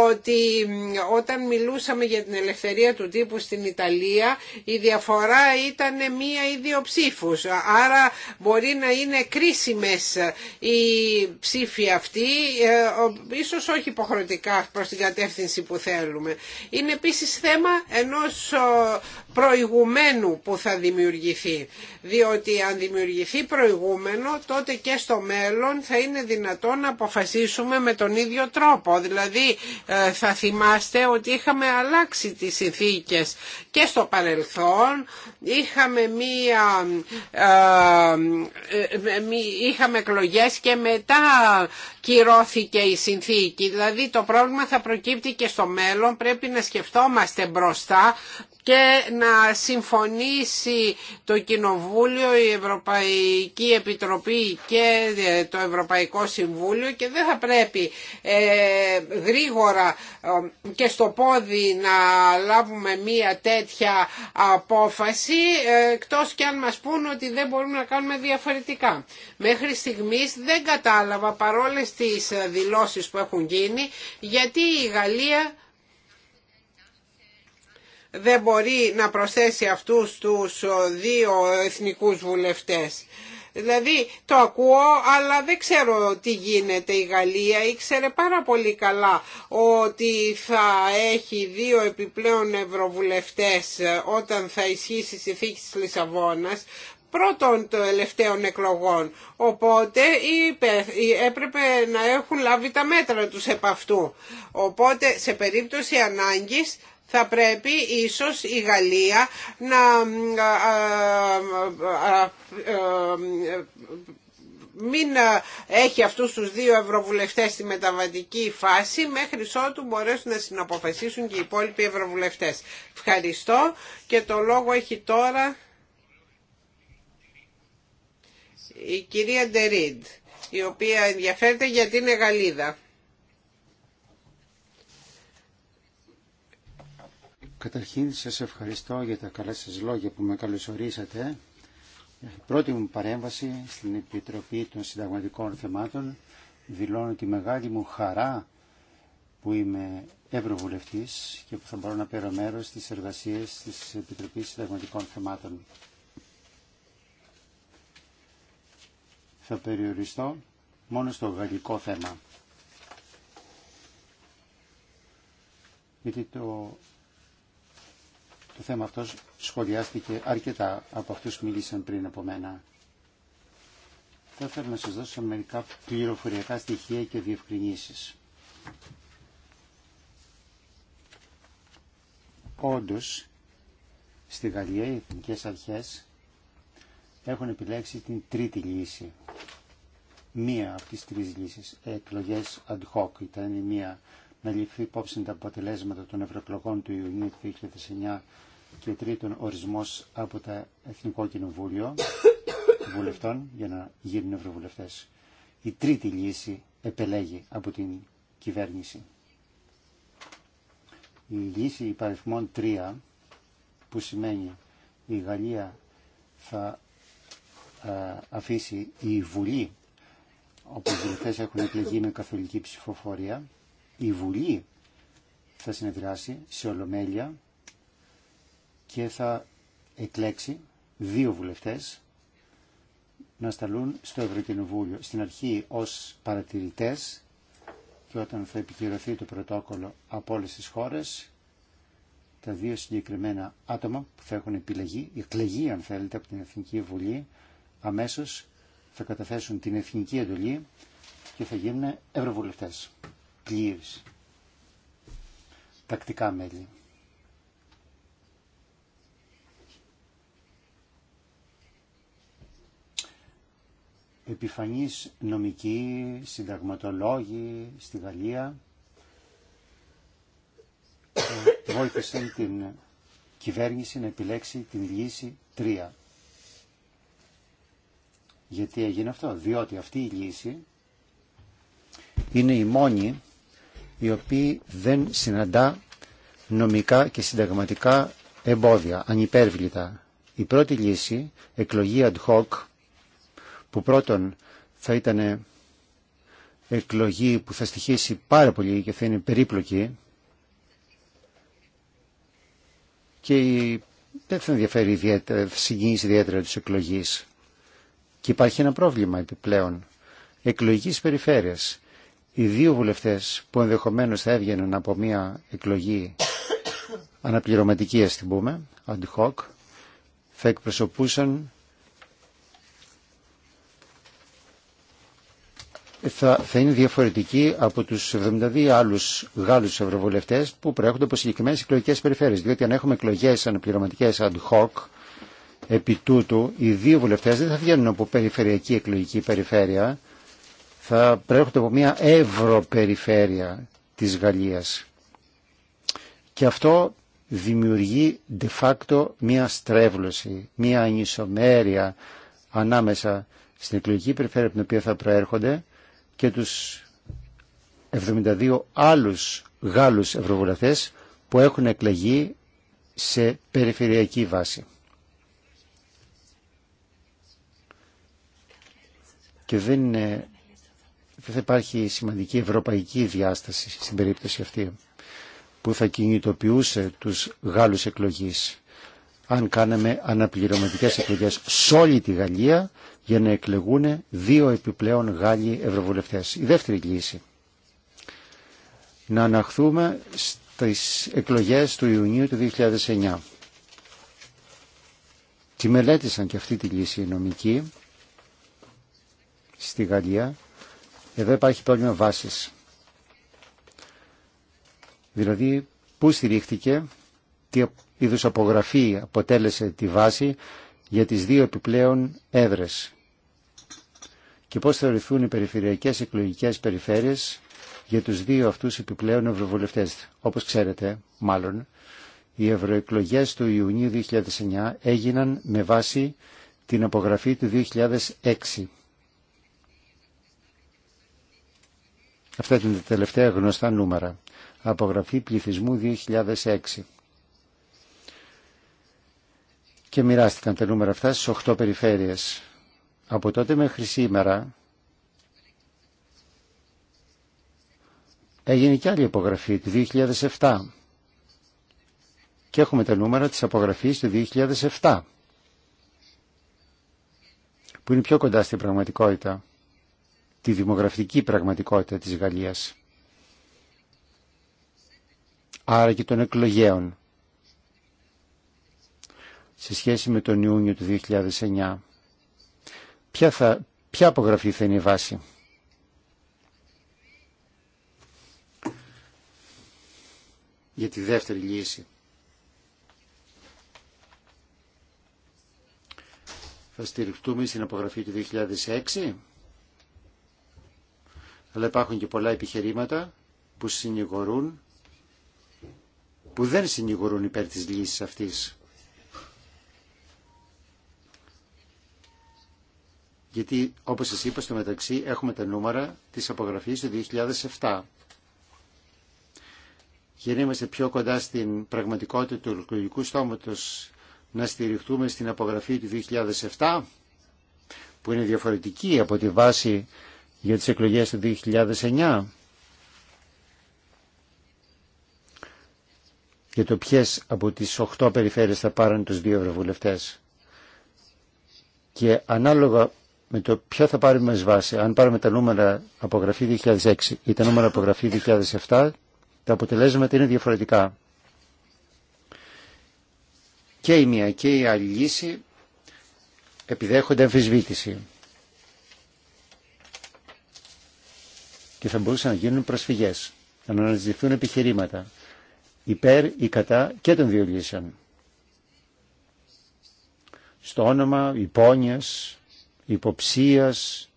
ότι όταν μιλούσαμε για την ελευθερία του τύπου στην Ιταλία η διαφορά ήταν μία ή δύο ψήφους. Άρα μπορεί να είναι κρίσιμες οι ψήφοι αυτοί, ε, ίσως όχι υποχρεωτικά προς την κατεύθυνση που θέλουμε. Είναι επίσης θέμα ενός προηγουμένου που θα δημιουργηθεί. Διότι αν δημιουργηθεί προηγούμενο τότε και στο μέλλον θα είναι δυνατόν να αποφασίσουμε με τον ίδιο τρόπο. Δηλαδή ε, θα θυμάστε ότι είχαμε αλλάξει τις συνθήκες και στο παρελθόν. Είχαμε, μία, ε, ε, είχαμε εκλογές και μετά κυρώθηκε η συνθήκη. Δηλαδή το πρόβλημα θα προκύπτει και στο μέλλον. Πρέπει να σκεφτόμαστε μπροστά και να συμφωνήσει το Κοινοβούλιο, η Ευρωπαϊκή Επιτροπή και ε, το Ευρωπαϊκό Συμβούλιο και δεν θα πρέπει ε, γρήγορα ε, και στο πόδι να λάβουμε μία τέτοια απόφαση εκτός και αν μας πούν ότι δεν μπορούμε να κάνουμε διαφορετικά. Μέχρι στιγμής δεν κατάλαβα παρόλες τις δηλώσεις που έχουν γίνει γιατί η Γαλλία δεν μπορεί να προσθέσει αυτούς τους δύο εθνικούς βουλευτές. Δηλαδή το ακούω αλλά δεν ξέρω τι γίνεται η Γαλλία. Ήξερε πάρα πολύ καλά ότι θα έχει δύο επιπλέον ευρωβουλευτές όταν θα ισχύσει η συνθήκη της Λισαβόνας πρώτων των ελευταίων εκλογών. Οπότε είπε, έπρεπε να έχουν λάβει τα μέτρα τους επ' αυτού. Οπότε σε περίπτωση ανάγκης θα πρέπει ίσως η Γαλλία να μην έχει αυτούς τους δύο ευρωβουλευτές στη μεταβατική φάση μέχρι ότου μπορέσουν να συναποφασίσουν και οι υπόλοιποι ευρωβουλευτές. Ευχαριστώ και το λόγο έχει τώρα η κυρία Ντερίντ η οποία ενδιαφέρεται γιατί είναι Γαλλίδα. Καταρχήν σας ευχαριστώ για τα καλά σας λόγια που με καλωσορίσατε. Η πρώτη μου παρέμβαση στην Επιτροπή των Συνταγματικών Θεμάτων δηλώνω τη μεγάλη μου χαρά που είμαι Ευρωβουλευτής και που θα μπορώ να παίρνω μέρο στις εργασίες της Επιτροπής Συνταγματικών Θεμάτων. Θα περιοριστώ μόνο στο γαλλικό θέμα. Γιατί το το θέμα αυτό σχολιάστηκε αρκετά από αυτούς που μίλησαν πριν από μένα. Θα ήθελα να σα δώσω μερικά πληροφοριακά στοιχεία και διευκρινήσει. Όντω, στη Γαλλία οι Εθνικέ αρχέ έχουν επιλέξει την τρίτη λύση. Μία από τι τρει λύσει. Εκλογές ad hoc ήταν η μία να ληφθεί υπόψη τα αποτελέσματα των ευρωεκλογών του Ιουνίου 2009 και τρίτον ορισμός από το Εθνικό Κοινοβούλιο βουλευτών για να γίνουν ευρωβουλευτέ. Η τρίτη λύση επελέγει από την κυβέρνηση. Η λύση υπαριθμών 3 που σημαίνει η Γαλλία θα αφήσει η Βουλή όπου οι βουλευτές έχουν εκλεγεί με καθολική ψηφοφορία η Βουλή θα συνεδράσει σε Ολομέλεια και θα εκλέξει δύο βουλευτές να σταλούν στο Ευρωκοινοβούλιο. Στην αρχή ως παρατηρητές και όταν θα επικυρωθεί το πρωτόκολλο από όλες τις χώρες τα δύο συγκεκριμένα άτομα που θα έχουν επιλεγεί, εκλεγεί αν θέλετε από την Εθνική Βουλή αμέσως θα καταθέσουν την εθνική εντολή και θα γίνουν ευρωβουλευτές πλήρης. Τακτικά μέλη. επιφανής νομικοί, συνταγματολόγοι στη Γαλλία βοήθησαν την κυβέρνηση να επιλέξει την λύση 3. Γιατί έγινε αυτό, διότι αυτή η λύση είναι η μόνη οι οποίοι δεν συναντά νομικά και συνταγματικά εμπόδια, ανυπέρβλητα. Η πρώτη λύση, εκλογή ad hoc, που πρώτον θα ήταν εκλογή που θα στοιχήσει πάρα πολύ και θα είναι περίπλοκη και δεν θα ενδιαφέρει ιδιαίτερα, συγκινήσει ιδιαίτερα τους εκλογής Και υπάρχει ένα πρόβλημα επιπλέον. εκλογής περιφέρειας οι δύο βουλευτές που ενδεχομένως θα έβγαιναν από μια εκλογή αναπληρωματική ας την πούμε, ad hoc, θα εκπροσωπούσαν θα, θα είναι διαφορετικοί από τους 72 άλλους Γάλλους ευρωβουλευτές που προέρχονται από συγκεκριμένες εκλογικές περιφέρειες. Διότι αν έχουμε εκλογές αναπληρωματικές ad hoc, επί τούτου οι δύο βουλευτές δεν θα βγαίνουν από περιφερειακή εκλογική περιφέρεια, θα προέρχονται από μια ευρωπεριφέρεια της Γαλλίας. Και αυτό δημιουργεί de facto μια στρέβλωση, μια ανισομέρεια ανάμεσα στην εκλογική περιφέρεια από την οποία θα προέρχονται και τους 72 άλλους Γάλλους ευρωβουλευτές που έχουν εκλεγεί σε περιφερειακή βάση. Και δεν είναι δεν θα υπάρχει σημαντική ευρωπαϊκή διάσταση στην περίπτωση αυτή που θα κινητοποιούσε τους Γάλλους εκλογής αν κάναμε αναπληρωματικές εκλογές σε όλη τη Γαλλία για να εκλεγούν δύο επιπλέον Γάλλοι ευρωβουλευτές. Η δεύτερη λύση. Να αναχθούμε στις εκλογές του Ιουνίου του 2009. Τη μελέτησαν και αυτή τη λύση οι νομικοί στη Γαλλία εδώ υπάρχει πρόβλημα βάσης. Δηλαδή, πού στηρίχθηκε, τι είδους απογραφή αποτέλεσε τη βάση για τις δύο επιπλέον έδρες και πώς θεωρηθούν οι περιφερειακές εκλογικές περιφέρειες για τους δύο αυτούς επιπλέον ευρωβουλευτές. Όπως ξέρετε, μάλλον, οι ευρωεκλογέ του Ιουνίου 2009 έγιναν με βάση την απογραφή του 2006. Αυτά είναι τα τελευταία γνωστά νούμερα. Απογραφή πληθυσμού 2006. Και μοιράστηκαν τα νούμερα αυτά στις 8 περιφέρειες. Από τότε μέχρι σήμερα έγινε και άλλη απογραφή του 2007. Και έχουμε τα νούμερα της απογραφής του 2007 που είναι πιο κοντά στην πραγματικότητα τη δημογραφική πραγματικότητα της Γαλλίας. Άρα και των εκλογέων σε σχέση με τον Ιούνιο του 2009. Ποια, θα, ποια απογραφή θα είναι η βάση. Για τη δεύτερη λύση. Θα στηριχτούμε στην απογραφή του 2006 αλλά υπάρχουν και πολλά επιχειρήματα που συνηγορούν, που δεν συνηγορούν υπέρ της λύσης αυτής. Γιατί, όπως σας είπα, στο μεταξύ έχουμε τα νούμερα της απογραφής του 2007. Για να είμαστε πιο κοντά στην πραγματικότητα του ολοκληρωτικού στόματος να στηριχτούμε στην απογραφή του 2007, που είναι διαφορετική από τη βάση για τις εκλογές του 2009 για το ποιες από τις 8 περιφέρειες θα πάρουν τους δύο ευρωβουλευτές και ανάλογα με το ποιο θα πάρουμε μας βάση, αν πάρουμε τα νούμερα από γραφή 2006 ή τα νούμερα από γραφή 2007, τα αποτελέσματα είναι διαφορετικά. Και η μία και η άλλη λύση επιδέχονται αμφισβήτηση. και θα μπορούσαν να γίνουν προσφυγές, να αναζητηθούν επιχειρήματα υπέρ ή κατά και των δύο λύσεων. Στο όνομα υπόνοιας, υποψίας,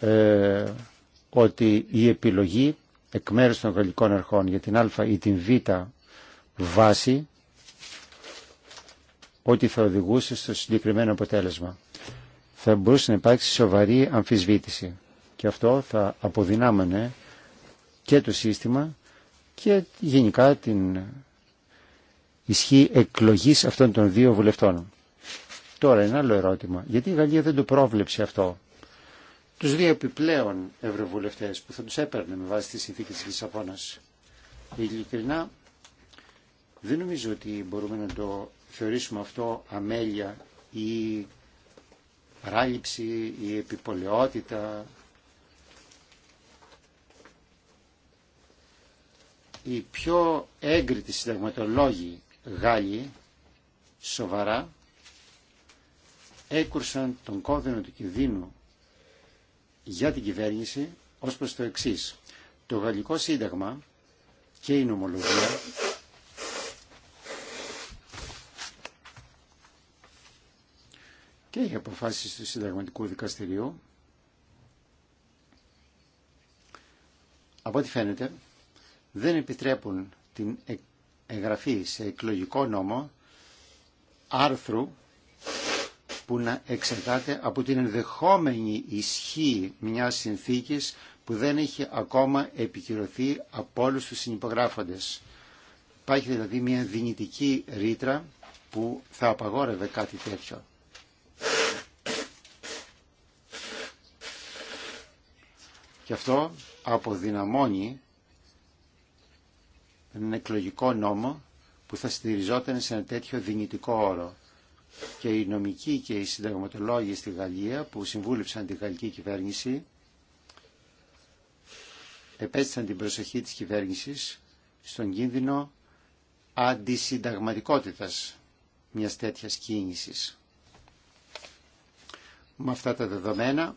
ε, ότι η επιλογή εκ μέρους των γαλλικών αρχών για την α ή την β βάση ότι θα οδηγούσε στο συγκεκριμένο αποτέλεσμα. Θα μπορούσε να υπάρξει σοβαρή αμφισβήτηση και αυτό θα αποδυνάμενε και το σύστημα και γενικά την ισχύ εκλογής αυτών των δύο βουλευτών. Τώρα ένα άλλο ερώτημα. Γιατί η Γαλλία δεν το πρόβλεψε αυτό. Τους δύο επιπλέον ευρωβουλευτές που θα τους έπαιρνε με βάση τη συνθήκη της Λισαβόνας. Ειλικρινά δεν νομίζω ότι μπορούμε να το θεωρήσουμε αυτό αμέλεια ή παράληψη ή επιπολαιότητα οι πιο έγκριτοι συνταγματολόγοι Γάλλοι σοβαρά έκουρσαν τον κόδωνο του κινδύνου για την κυβέρνηση ως προς το εξής. Το Γαλλικό Σύνταγμα και η νομολογία και οι αποφάσεις του Συνταγματικού Δικαστηρίου από ό,τι φαίνεται δεν επιτρέπουν την εγγραφή σε εκλογικό νόμο άρθρου που να εξετάται από την ενδεχόμενη ισχύ μιας συνθήκης που δεν έχει ακόμα επικυρωθεί από όλου τους συνυπογράφοντες. Υπάρχει δηλαδή μια δυνητική ρήτρα που θα απαγόρευε κάτι τέτοιο. Και αυτό αποδυναμώνει έναν εκλογικό νόμο που θα στηριζόταν σε ένα τέτοιο δυνητικό όρο. Και οι νομικοί και οι συνταγματολόγοι στη Γαλλία που συμβούλευσαν τη γαλλική κυβέρνηση επέστησαν την προσοχή της κυβέρνησης στον κίνδυνο αντισυνταγματικότητας μιας τέτοιας κίνησης. Με αυτά τα δεδομένα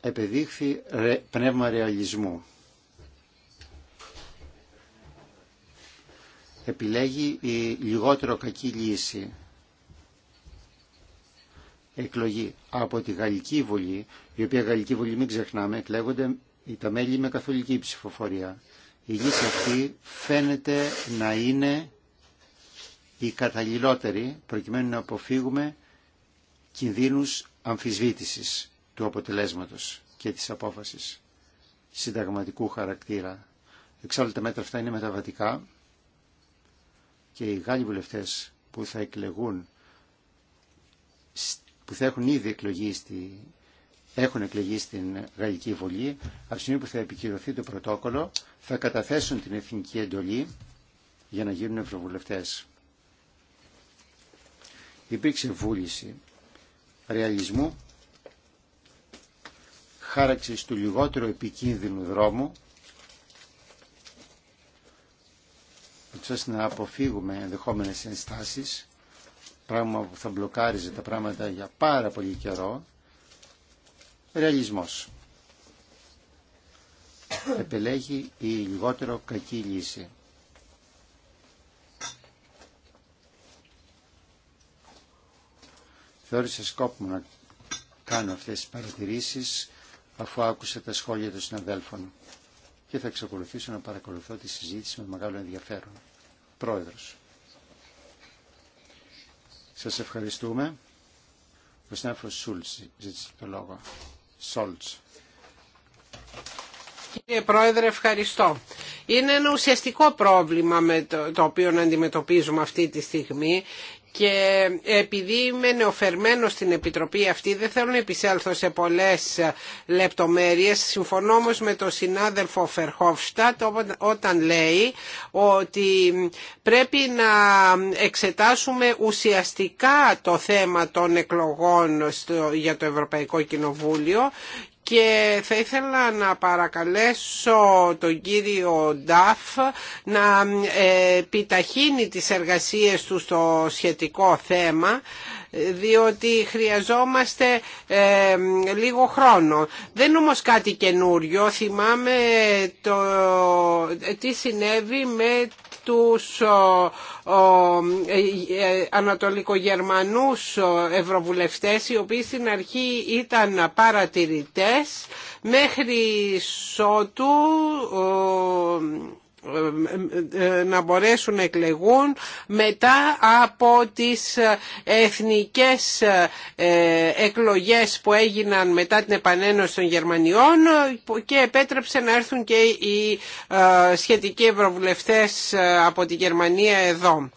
επεδείχθη πνεύμα ρεαλισμού. επιλέγει η λιγότερο κακή λύση. Εκλογή από τη Γαλλική Βουλή, η οποία Γαλλική Βουλή μην ξεχνάμε, εκλέγονται τα μέλη με καθολική ψηφοφορία. Η λύση αυτή φαίνεται να είναι η καταλληλότερη προκειμένου να αποφύγουμε κινδύνους αμφισβήτησης του αποτελέσματος και της απόφασης συνταγματικού χαρακτήρα. Εξάλλου τα μέτρα αυτά είναι μεταβατικά και οι Γάλλοι βουλευτές που θα εκλεγούν, που θα έχουν ήδη εκλεγεί στη, έχουν εκλεγεί στην Γαλλική Βουλή, από που θα επικυρωθεί το πρωτόκολλο, θα καταθέσουν την εθνική εντολή για να γίνουν ευρωβουλευτές. Υπήρξε βούληση ρεαλισμού, χάραξης του λιγότερο επικίνδυνου δρόμου έτσι ώστε να αποφύγουμε ενδεχόμενε ενστάσεις, πράγμα που θα μπλοκάριζε τα πράγματα για πάρα πολύ καιρό, ρεαλισμός. Επελέγει η λιγότερο κακή λύση. Θεώρησα σκόπιμο να κάνω αυτές τις παρατηρήσεις αφού άκουσα τα σχόλια των συναδέλφων και θα εξακολουθήσω να παρακολουθώ τη συζήτηση με μεγάλο ενδιαφέρον. Πρόεδρος. Σας ευχαριστούμε. Ο συνάδελφος Σούλτς ζήτησε το λόγο. Σόλτς. Κύριε Πρόεδρε, ευχαριστώ. Είναι ένα ουσιαστικό πρόβλημα με το, το οποίο αντιμετωπίζουμε αυτή τη στιγμή και επειδή είμαι νεοφερμένος στην Επιτροπή αυτή δεν θέλω να επισέλθω σε πολλές λεπτομέρειες συμφωνώ όμως με τον συνάδελφο Φερχόφστατ όταν λέει ότι πρέπει να εξετάσουμε ουσιαστικά το θέμα των εκλογών για το Ευρωπαϊκό Κοινοβούλιο και θα ήθελα να παρακαλέσω τον κύριο Νταφ να ε, επιταχύνει τις εργασίες του στο σχετικό θέμα διότι χρειαζόμαστε ε, λίγο χρόνο. Δεν όμως κάτι καινούριο. Θυμάμαι το, ε, τι συνέβη με τους ε, ε, ανατολικογερμανούς ευρωβουλευτές οι οποίοι στην αρχή ήταν παρατηρητές μέχρι σότου ε, ε, να μπορέσουν να εκλεγούν μετά από τις ε, εθνικές εκλογές που έγιναν μετά την επανένωση των Γερμανιών και επέτρεψε να έρθουν και οι σχετικοί ευρωβουλευτές από τη Γερμανία εδώ.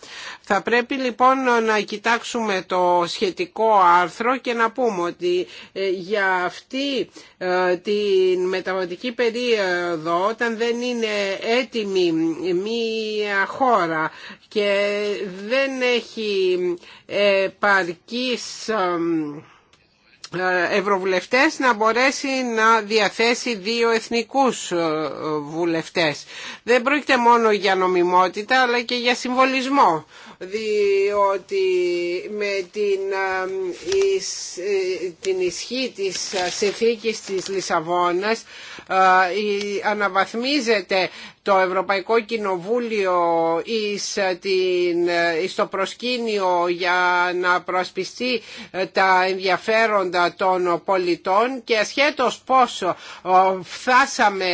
Θα πρέπει λοιπόν να κοιτάξουμε το σχετικό άρθρο και να πούμε ότι ε, για αυτή ε, την μεταβατική περίοδο όταν δεν είναι έτοιμη μία χώρα και δεν έχει επαρκής ε, ευρωβουλευτές να μπορέσει να διαθέσει δύο εθνικούς βουλευτές. Δεν πρόκειται μόνο για νομιμότητα αλλά και για συμβολισμό διότι με την, ε, ε, την ισχύ της ε, συνθήκης της Λισαβόνας αναβαθμίζεται το Ευρωπαϊκό Κοινοβούλιο στο την, προσκήνιο για να προασπιστεί τα ενδιαφέροντα των πολιτών και ασχέτως πόσο φτάσαμε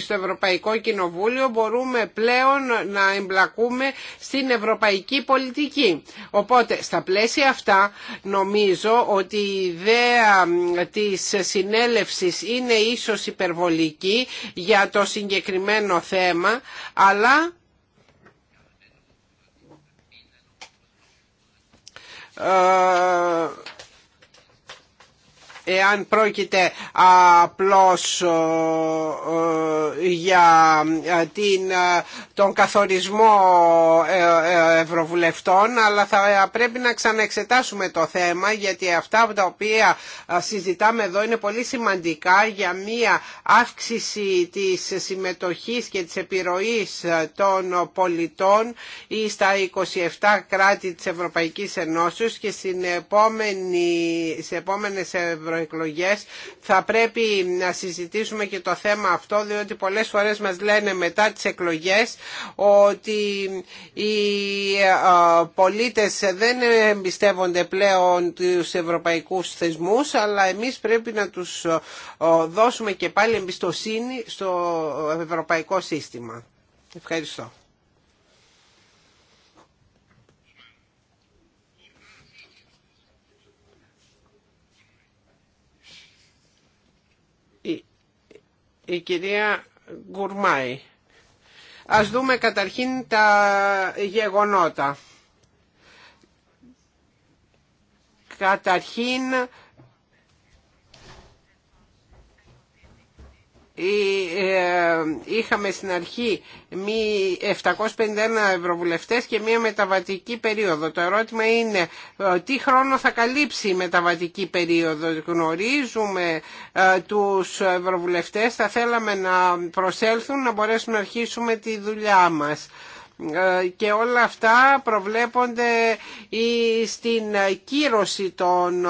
στο Ευρωπαϊκό Κοινοβούλιο μπορούμε πλέον να εμπλακούμε στην Ευρωπαϊκή Πολιτική πολιτική. Οπότε στα πλαίσια αυτά νομίζω ότι η ιδέα της συνέλευσης είναι ίσως υπερβολική για το συγκεκριμένο θέμα, αλλά ε, εάν πρόκειται απλώς ε, ε, για ε, την, τον καθορισμό ευρωβουλευτών αλλά θα πρέπει να ξαναεξετάσουμε το θέμα γιατί αυτά τα οποία συζητάμε εδώ είναι πολύ σημαντικά για μία αύξηση της συμμετοχής και της επιρροής των πολιτών στα 27 κράτη της Ευρωπαϊκής Ενώσεως και στην επόμενη, σε επόμενες θα πρέπει να συζητήσουμε και το θέμα αυτό διότι πολλές φορές μας λένε μετά τις εκλογές ότι οι ε, ε, πολίτες δεν εμπιστεύονται πλέον τους ευρωπαϊκούς θεσμούς αλλά εμείς πρέπει να τους ε, δώσουμε και πάλι εμπιστοσύνη στο ευρωπαϊκό σύστημα. Ευχαριστώ. η κυρία Γκουρμάη. Ας δούμε καταρχήν τα γεγονότα. Καταρχήν Ε, είχαμε στην αρχή μη 751 ευρωβουλευτές και μία μεταβατική περίοδο. Το ερώτημα είναι ε, τι χρόνο θα καλύψει η μεταβατική περίοδο. Γνωρίζουμε ε, τους ευρωβουλευτές, θα θέλαμε να προσέλθουν να μπορέσουμε να αρχίσουμε τη δουλειά μας και όλα αυτά προβλέπονται στην κύρωση των ε,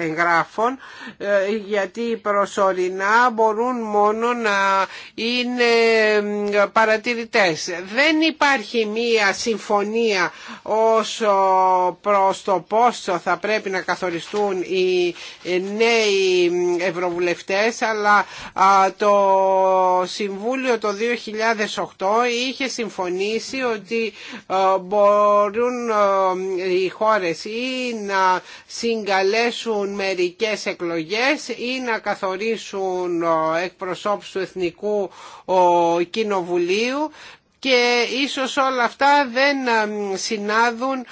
ε, εγγράφων ε, γιατί προσωρινά μπορούν μόνο να είναι παρατηρητές. Δεν υπάρχει μία συμφωνία ως προς το πόσο θα πρέπει να καθοριστούν οι νέοι ευρωβουλευτές αλλά το Συμβούλιο το 2008 είχε συμφωνήσει ότι ε, μπορούν ε, οι χώρες ή να συγκαλέσουν μερικές εκλογές ή να καθορίσουν ε, εκπροσώπους του Εθνικού Κοινοβουλίου και ίσως όλα αυτά δεν συνάδουν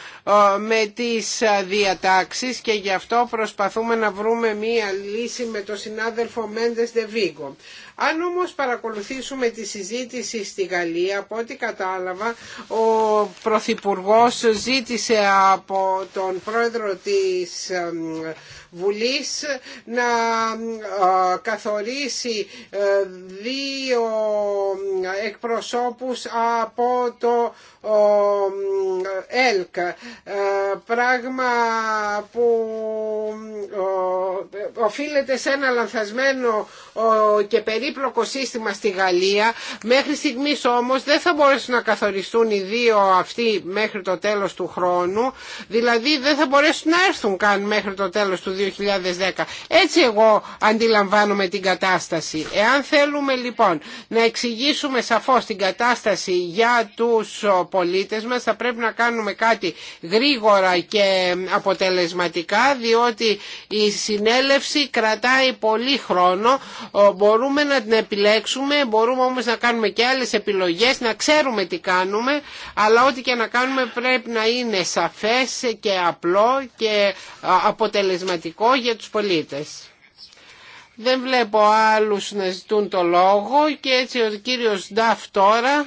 με τις διατάξεις και γι' αυτό προσπαθούμε να βρούμε μία λύση με τον συνάδελφο Μέντες Δεβίγκο. Αν όμως παρακολουθήσουμε τη συζήτηση στη Γαλλία, από ό,τι κατάλαβα, ο Πρωθυπουργό ζήτησε από τον πρόεδρο της Βουλής να ε, καθορίσει ε, δύο ε, εκπροσώπους από το ΕΛΚ πράγμα που οφείλεται σε ένα λανθασμένο και περίπτωση περίπλοκο σύστημα στη Γαλλία. Μέχρι στιγμής όμως δεν θα μπορέσουν να καθοριστούν οι δύο αυτοί μέχρι το τέλος του χρόνου. Δηλαδή δεν θα μπορέσουν να έρθουν καν μέχρι το τέλος του 2010. Έτσι εγώ αντιλαμβάνομαι την κατάσταση. Εάν θέλουμε λοιπόν να εξηγήσουμε σαφώς την κατάσταση για τους πολίτες μας θα πρέπει να κάνουμε κάτι γρήγορα και αποτελεσματικά διότι η συνέλευση κρατάει πολύ χρόνο. Μπορούμε να να την επιλέξουμε, μπορούμε όμως να κάνουμε και άλλες επιλογές, να ξέρουμε τι κάνουμε, αλλά ό,τι και να κάνουμε πρέπει να είναι σαφές και απλό και αποτελεσματικό για τους πολίτες. Δεν βλέπω άλλους να ζητούν το λόγο και έτσι ο κύριος Νταφ τώρα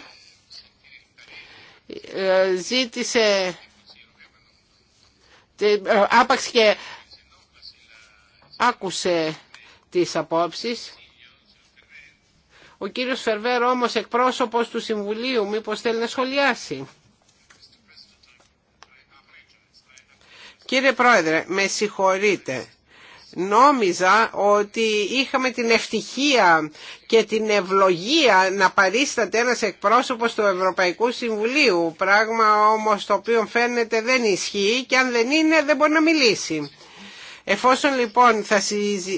ε, ζήτησε ε, άπαξ και άκουσε τις απόψεις ο κύριος Φερβέρ όμως εκπρόσωπος του Συμβουλίου μήπως θέλει να σχολιάσει. Κύριε Πρόεδρε, με συγχωρείτε. Νόμιζα ότι είχαμε την ευτυχία και την ευλογία να παρίσταται ένας εκπρόσωπος του Ευρωπαϊκού Συμβουλίου, πράγμα όμως το οποίο φαίνεται δεν ισχύει και αν δεν είναι δεν μπορεί να μιλήσει. Εφόσον λοιπόν θα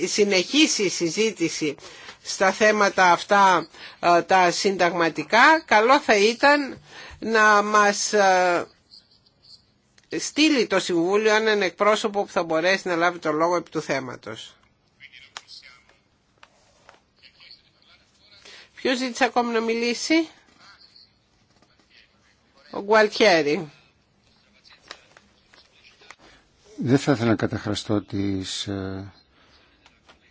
συνεχίσει η συζήτηση στα θέματα αυτά ε, τα συνταγματικά, καλό θα ήταν να μας ε, στείλει το Συμβούλιο έναν εκπρόσωπο που θα μπορέσει να λάβει το λόγο επί του θέματος. Ποιος ζήτησε ακόμη να μιλήσει? Ο Γκουαλτιέρη. Δεν θα ήθελα να καταχραστώ τις ε,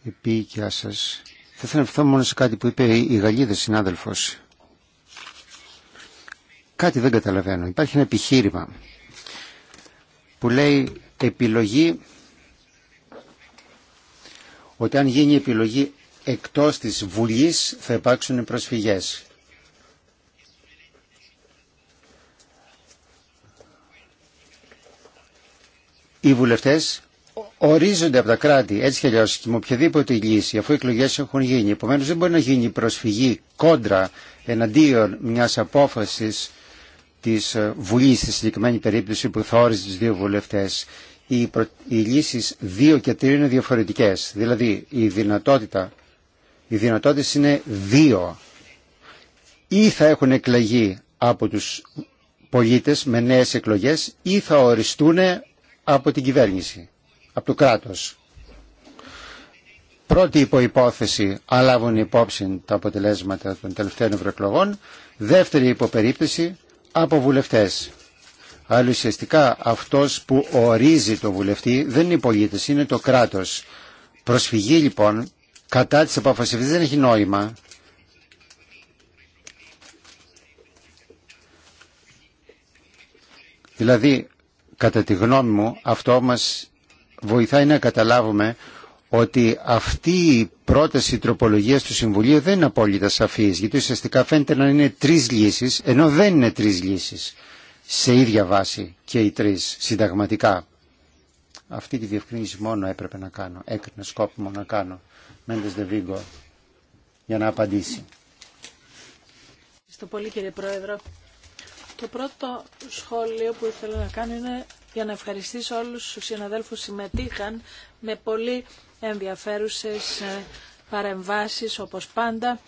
επίοικιά σας θα ήθελα να μόνο σε κάτι που είπε η Γαλλίδα συνάδελφος. Κάτι δεν καταλαβαίνω. Υπάρχει ένα επιχείρημα που λέει επιλογή ότι αν γίνει επιλογή εκτός της Βουλής θα υπάρξουν προσφυγές. Οι βουλευτές ορίζονται από τα κράτη έτσι και αλλιώ με οποιαδήποτε λύση, αφού οι εκλογέ έχουν γίνει. Επομένω, δεν μπορεί να γίνει προσφυγή κόντρα εναντίον μιας απόφασης της ε, Βουλής στη συγκεκριμένη περίπτωση που θα όριζε του δύο βουλευτέ. Οι, προ... οι λύσει 2 και τρία είναι διαφορετικέ. Δηλαδή, η δυνατότητα, οι δυνατότητε είναι δύο. Ή θα έχουν εκλεγεί από τους πολίτες με νέες εκλογές ή θα οριστούν από την κυβέρνηση από το κράτος. Πρώτη υποϋπόθεση, αν υπόψη τα αποτελέσματα των τελευταίων ευρωεκλογών. Δεύτερη υποπερίπτωση, από βουλευτές. Αλλά ουσιαστικά αυτός που ορίζει το βουλευτή δεν είναι υπογείτες. είναι το κράτος. Προσφυγή λοιπόν κατά της επαφασιβής δεν έχει νόημα. Δηλαδή, κατά τη γνώμη μου, αυτό μας βοηθάει να καταλάβουμε ότι αυτή η πρόταση τροπολογίας του Συμβουλίου δεν είναι απόλυτα σαφής, γιατί ουσιαστικά φαίνεται να είναι τρεις λύσεις, ενώ δεν είναι τρεις λύσεις σε ίδια βάση και οι τρεις συνταγματικά. Αυτή τη διευκρίνηση μόνο έπρεπε να κάνω, έκρινε σκόπιμο να κάνω. Μέντες Δεβίγκο, για να απαντήσει. Ευχαριστώ πολύ κύριε Πρόεδρο. Το πρώτο σχόλιο που ήθελα να κάνω είναι για να ευχαριστήσω όλους τους συναδέλφους συμμετείχαν με πολύ ενδιαφέρουσες ε, παρεμβάσεις όπως πάντα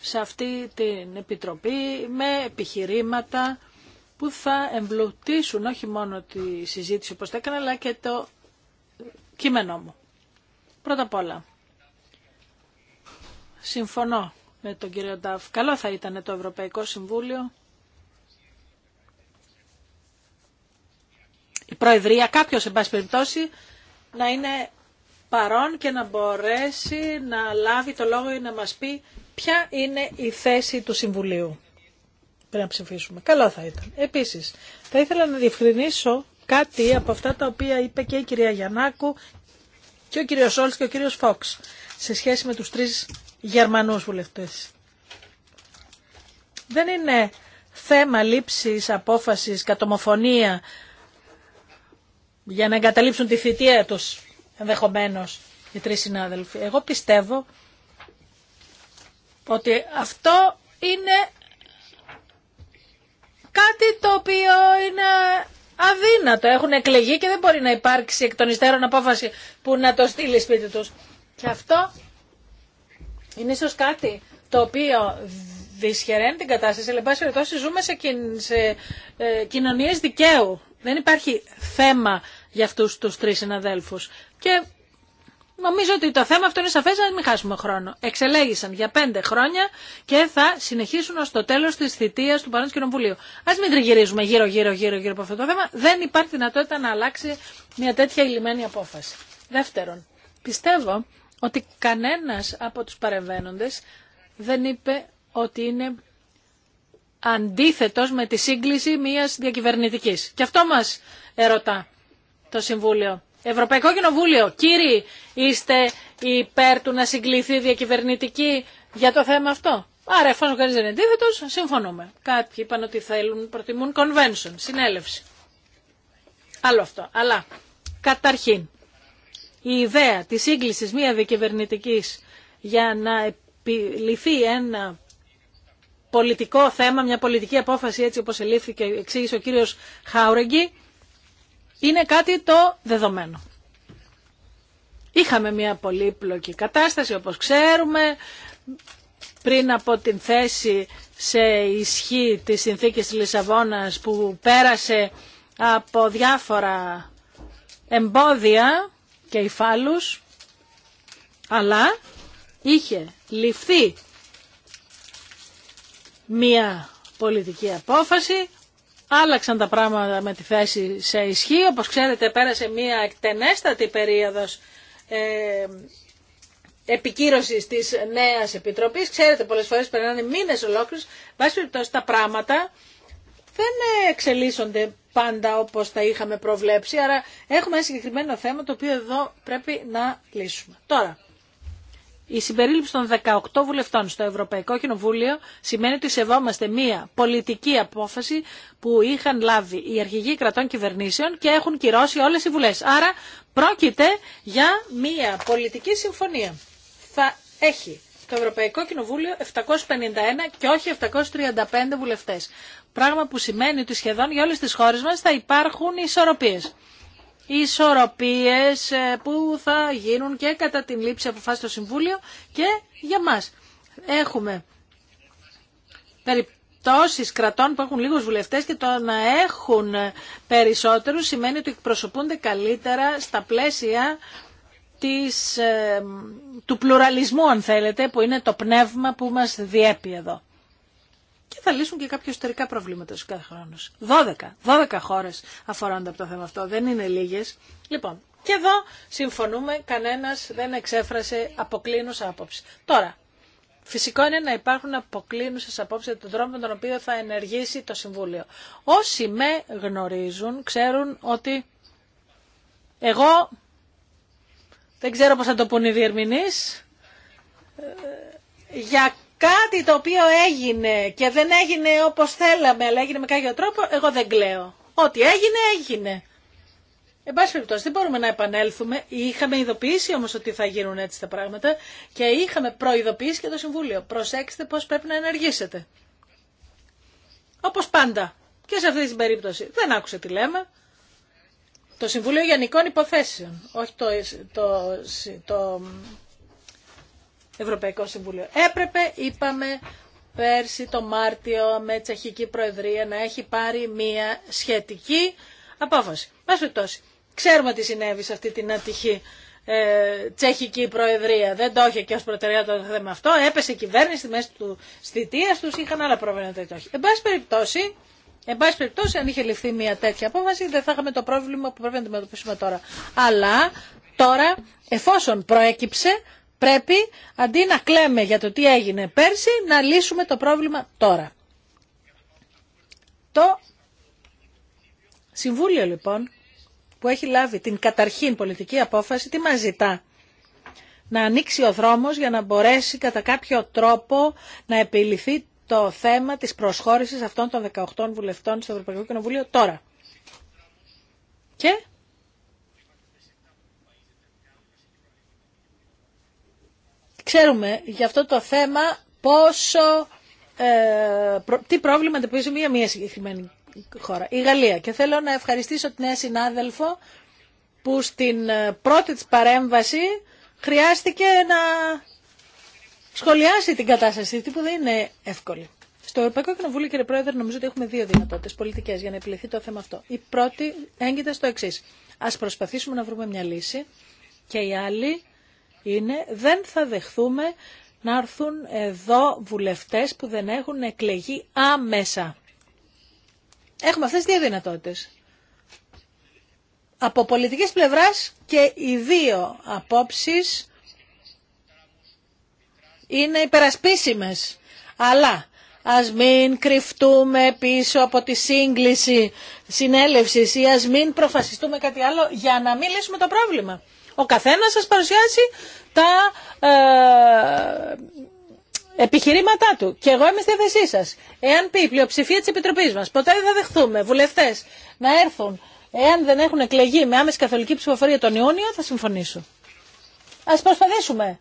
σε αυτή την Επιτροπή με επιχειρήματα που θα εμπλουτίσουν όχι μόνο τη συζήτηση όπως τα έκανα αλλά και το κείμενό μου. Πρώτα απ' όλα, συμφωνώ με τον κύριο Νταφ. Καλό θα ήταν το Ευρωπαϊκό Συμβούλιο η Προεδρία, κάποιο εν πάση περιπτώσει, να είναι παρόν και να μπορέσει να λάβει το λόγο ή να μας πει ποια είναι η θέση του Συμβουλίου. Πρέπει να ψηφίσουμε. Καλό θα ήταν. Επίσης, θα ήθελα να διευκρινίσω κάτι από αυτά τα οποία είπε και η κυρία Γιαννάκου και ο κύριος Σόλτ και ο κύριος Φόξ σε σχέση με τους τρεις Γερμανούς βουλευτές. Δεν είναι θέμα λήψης απόφασης κατομοφωνία για να εγκαταλείψουν τη θητεία τους ενδεχομένω οι τρεις συνάδελφοι. Εγώ πιστεύω ότι αυτό είναι κάτι το οποίο είναι αδύνατο. Έχουν εκλεγεί και δεν μπορεί να υπάρξει εκ των υστέρων απόφαση που να το στείλει σπίτι τους. Και αυτό είναι ίσως κάτι το οποίο δυσχεραίνει την κατάσταση, αλλά εν πάση ζούμε σε, σε ε, κοινωνίες δικαίου. Δεν υπάρχει θέμα για αυτούς τους τρεις συναδέλφους. Και νομίζω ότι το θέμα αυτό είναι σαφές να μην χάσουμε χρόνο. Εξελέγησαν για πέντε χρόνια και θα συνεχίσουν ως το τέλος της θητείας του Παρόντος Κοινοβουλίου. Ας μην τριγυρίζουμε γύρω γύρω γύρω γύρω από αυτό το θέμα. Δεν υπάρχει δυνατότητα να αλλάξει μια τέτοια ηλυμένη απόφαση. Δεύτερον, πιστεύω ότι κανένας από τους παρεμβαίνοντες δεν είπε ότι είναι αντίθετος με τη σύγκληση μιας διακυβερνητικής. Και αυτό μας ερωτά το Συμβούλιο. Ευρωπαϊκό Κοινοβούλιο, κύριοι, είστε υπέρ του να συγκληθεί διακυβερνητική για το θέμα αυτό. Άρα, εφόσον κανεί δεν είναι αντίθετο, συμφωνούμε. Κάποιοι είπαν ότι θέλουν, προτιμούν convention, συνέλευση. Άλλο αυτό. Αλλά, καταρχήν, η ιδέα τη σύγκληση μια διακυβερνητική για να επιληθεί ένα πολιτικό θέμα, μια πολιτική απόφαση έτσι όπως ελήφθηκε, εξήγησε ο κύριο Χάουρεγγι, είναι κάτι το δεδομένο. Είχαμε μια πολύπλοκη κατάσταση, όπως ξέρουμε, πριν από την θέση σε ισχύ της συνθήκης της Λισαβόνας που πέρασε από διάφορα εμπόδια και υφάλους, αλλά είχε ληφθεί μία πολιτική απόφαση άλλαξαν τα πράγματα με τη θέση σε ισχύ. Όπως ξέρετε πέρασε μια εκτενέστατη περίοδος ε, επικύρωσης της νέας επιτροπής. Ξέρετε πολλές φορές περνάνε μήνες ολόκληρους. Βάσει περιπτώσει τα πράγματα δεν εξελίσσονται πάντα όπως τα είχαμε προβλέψει. Άρα έχουμε ένα συγκεκριμένο θέμα το οποίο εδώ πρέπει να λύσουμε. Τώρα, η συμπερίληψη των 18 βουλευτών στο Ευρωπαϊκό Κοινοβούλιο σημαίνει ότι σεβόμαστε μία πολιτική απόφαση που είχαν λάβει οι αρχηγοί κρατών κυβερνήσεων και έχουν κυρώσει όλες οι βουλές. Άρα πρόκειται για μία πολιτική συμφωνία. Θα έχει το Ευρωπαϊκό Κοινοβούλιο 751 και όχι 735 βουλευτές. Πράγμα που σημαίνει ότι σχεδόν για όλες τις χώρες μας θα υπάρχουν ισορροπίες ισορροπίες ε, που θα γίνουν και κατά την λήψη αποφάσεων στο Συμβούλιο και για μας. Έχουμε περιπτώσει κρατών που έχουν λίγους βουλευτές και το να έχουν περισσότερους σημαίνει ότι εκπροσωπούνται καλύτερα στα πλαίσια της, ε, του πλουραλισμού αν θέλετε που είναι το πνεύμα που μας διέπει εδώ και θα λύσουν και κάποια εσωτερικά προβλήματα στους κάθε χρόνος. 12, 12 χώρες αφορώνται από το θέμα αυτό, δεν είναι λίγε. Λοιπόν, και εδώ συμφωνούμε, κανένας δεν εξέφρασε αποκλίνουσα άποψη. Τώρα, Φυσικό είναι να υπάρχουν αποκλίνουσες απόψεις για τον τρόπο με τον οποίο θα ενεργήσει το Συμβούλιο. Όσοι με γνωρίζουν ξέρουν ότι εγώ δεν ξέρω πώς θα το πούνε οι διερμηνείς. Ε, για κάτι το οποίο έγινε και δεν έγινε όπως θέλαμε, αλλά έγινε με κάποιο τρόπο, εγώ δεν κλαίω. Ό,τι έγινε, έγινε. Εν πάση περιπτώσει, δεν μπορούμε να επανέλθουμε. Είχαμε ειδοποιήσει όμως ότι θα γίνουν έτσι τα πράγματα και είχαμε προειδοποιήσει και το Συμβούλιο. Προσέξτε πώς πρέπει να ενεργήσετε. Όπως πάντα. Και σε αυτή την περίπτωση. Δεν άκουσε τι λέμε. Το Συμβούλιο Γενικών Υποθέσεων, όχι το, το, το Ευρωπαϊκό Συμβούλιο. Έπρεπε, είπαμε, πέρσι το Μάρτιο με τσεχική προεδρία να έχει πάρει μία σχετική απόφαση. Μας περιπτώσει. Ξέρουμε τι συνέβη σε αυτή την ατυχή ε, τσεχική προεδρία. Δεν το είχε και ω προτεραιότητα το θέμα αυτό. Έπεσε η κυβέρνηση στη μέση του θητεία του, είχαν άλλα προβλήματα. Το Εν πάση περιπτώσει, Εν πάση περιπτώσει, αν είχε ληφθεί μια τέτοια απόφαση, δεν θα είχαμε το πρόβλημα που πρέπει να αντιμετωπίσουμε τώρα. Αλλά τώρα, εφόσον προέκυψε, Πρέπει, αντί να κλαίμε για το τι έγινε πέρσι, να λύσουμε το πρόβλημα τώρα. Το Συμβούλιο, λοιπόν, που έχει λάβει την καταρχήν πολιτική απόφαση, τι μας ζητά. Να ανοίξει ο δρόμος για να μπορέσει κατά κάποιο τρόπο να επιληθεί το θέμα της προσχώρησης αυτών των 18 βουλευτών στο Ευρωπαϊκό Κοινοβούλιο τώρα. Και Ξέρουμε για αυτό το θέμα πόσο, ε, τι πρόβλημα αντιμετωπίζει μία μία συγκεκριμένη χώρα. Η Γαλλία. Και θέλω να ευχαριστήσω την νέα συνάδελφο που στην ε, πρώτη της παρέμβαση χρειάστηκε να σχολιάσει την κατάσταση, τι που δεν είναι εύκολη. Στο Ευρωπαϊκό Κοινοβούλιο, κύριε Πρόεδρε, νομίζω ότι έχουμε δύο δυνατότητε πολιτικέ για να επιληθεί το θέμα αυτό. Η πρώτη έγκυται στο εξή. Α προσπαθήσουμε να βρούμε μια λύση και η άλλη είναι δεν θα δεχθούμε να έρθουν εδώ βουλευτές που δεν έχουν εκλεγεί άμεσα. Έχουμε αυτές τις δύο δυνατότητες. Από πολιτικής πλευράς και οι δύο απόψεις είναι υπερασπίσιμες. Αλλά ας μην κρυφτούμε πίσω από τη σύγκληση συνέλευσης ή ας μην προφασιστούμε κάτι άλλο για να μην λύσουμε το πρόβλημα ο καθένας σας παρουσιάσει τα ε, επιχειρήματά του. Και εγώ είμαι στη θέση σας. Εάν πει η πλειοψηφία της Επιτροπής μας, ποτέ δεν θα δεχθούμε βουλευτές να έρθουν, εάν δεν έχουν εκλεγεί με άμεση καθολική ψηφοφορία τον Ιούνιο, θα συμφωνήσω. Ας προσπαθήσουμε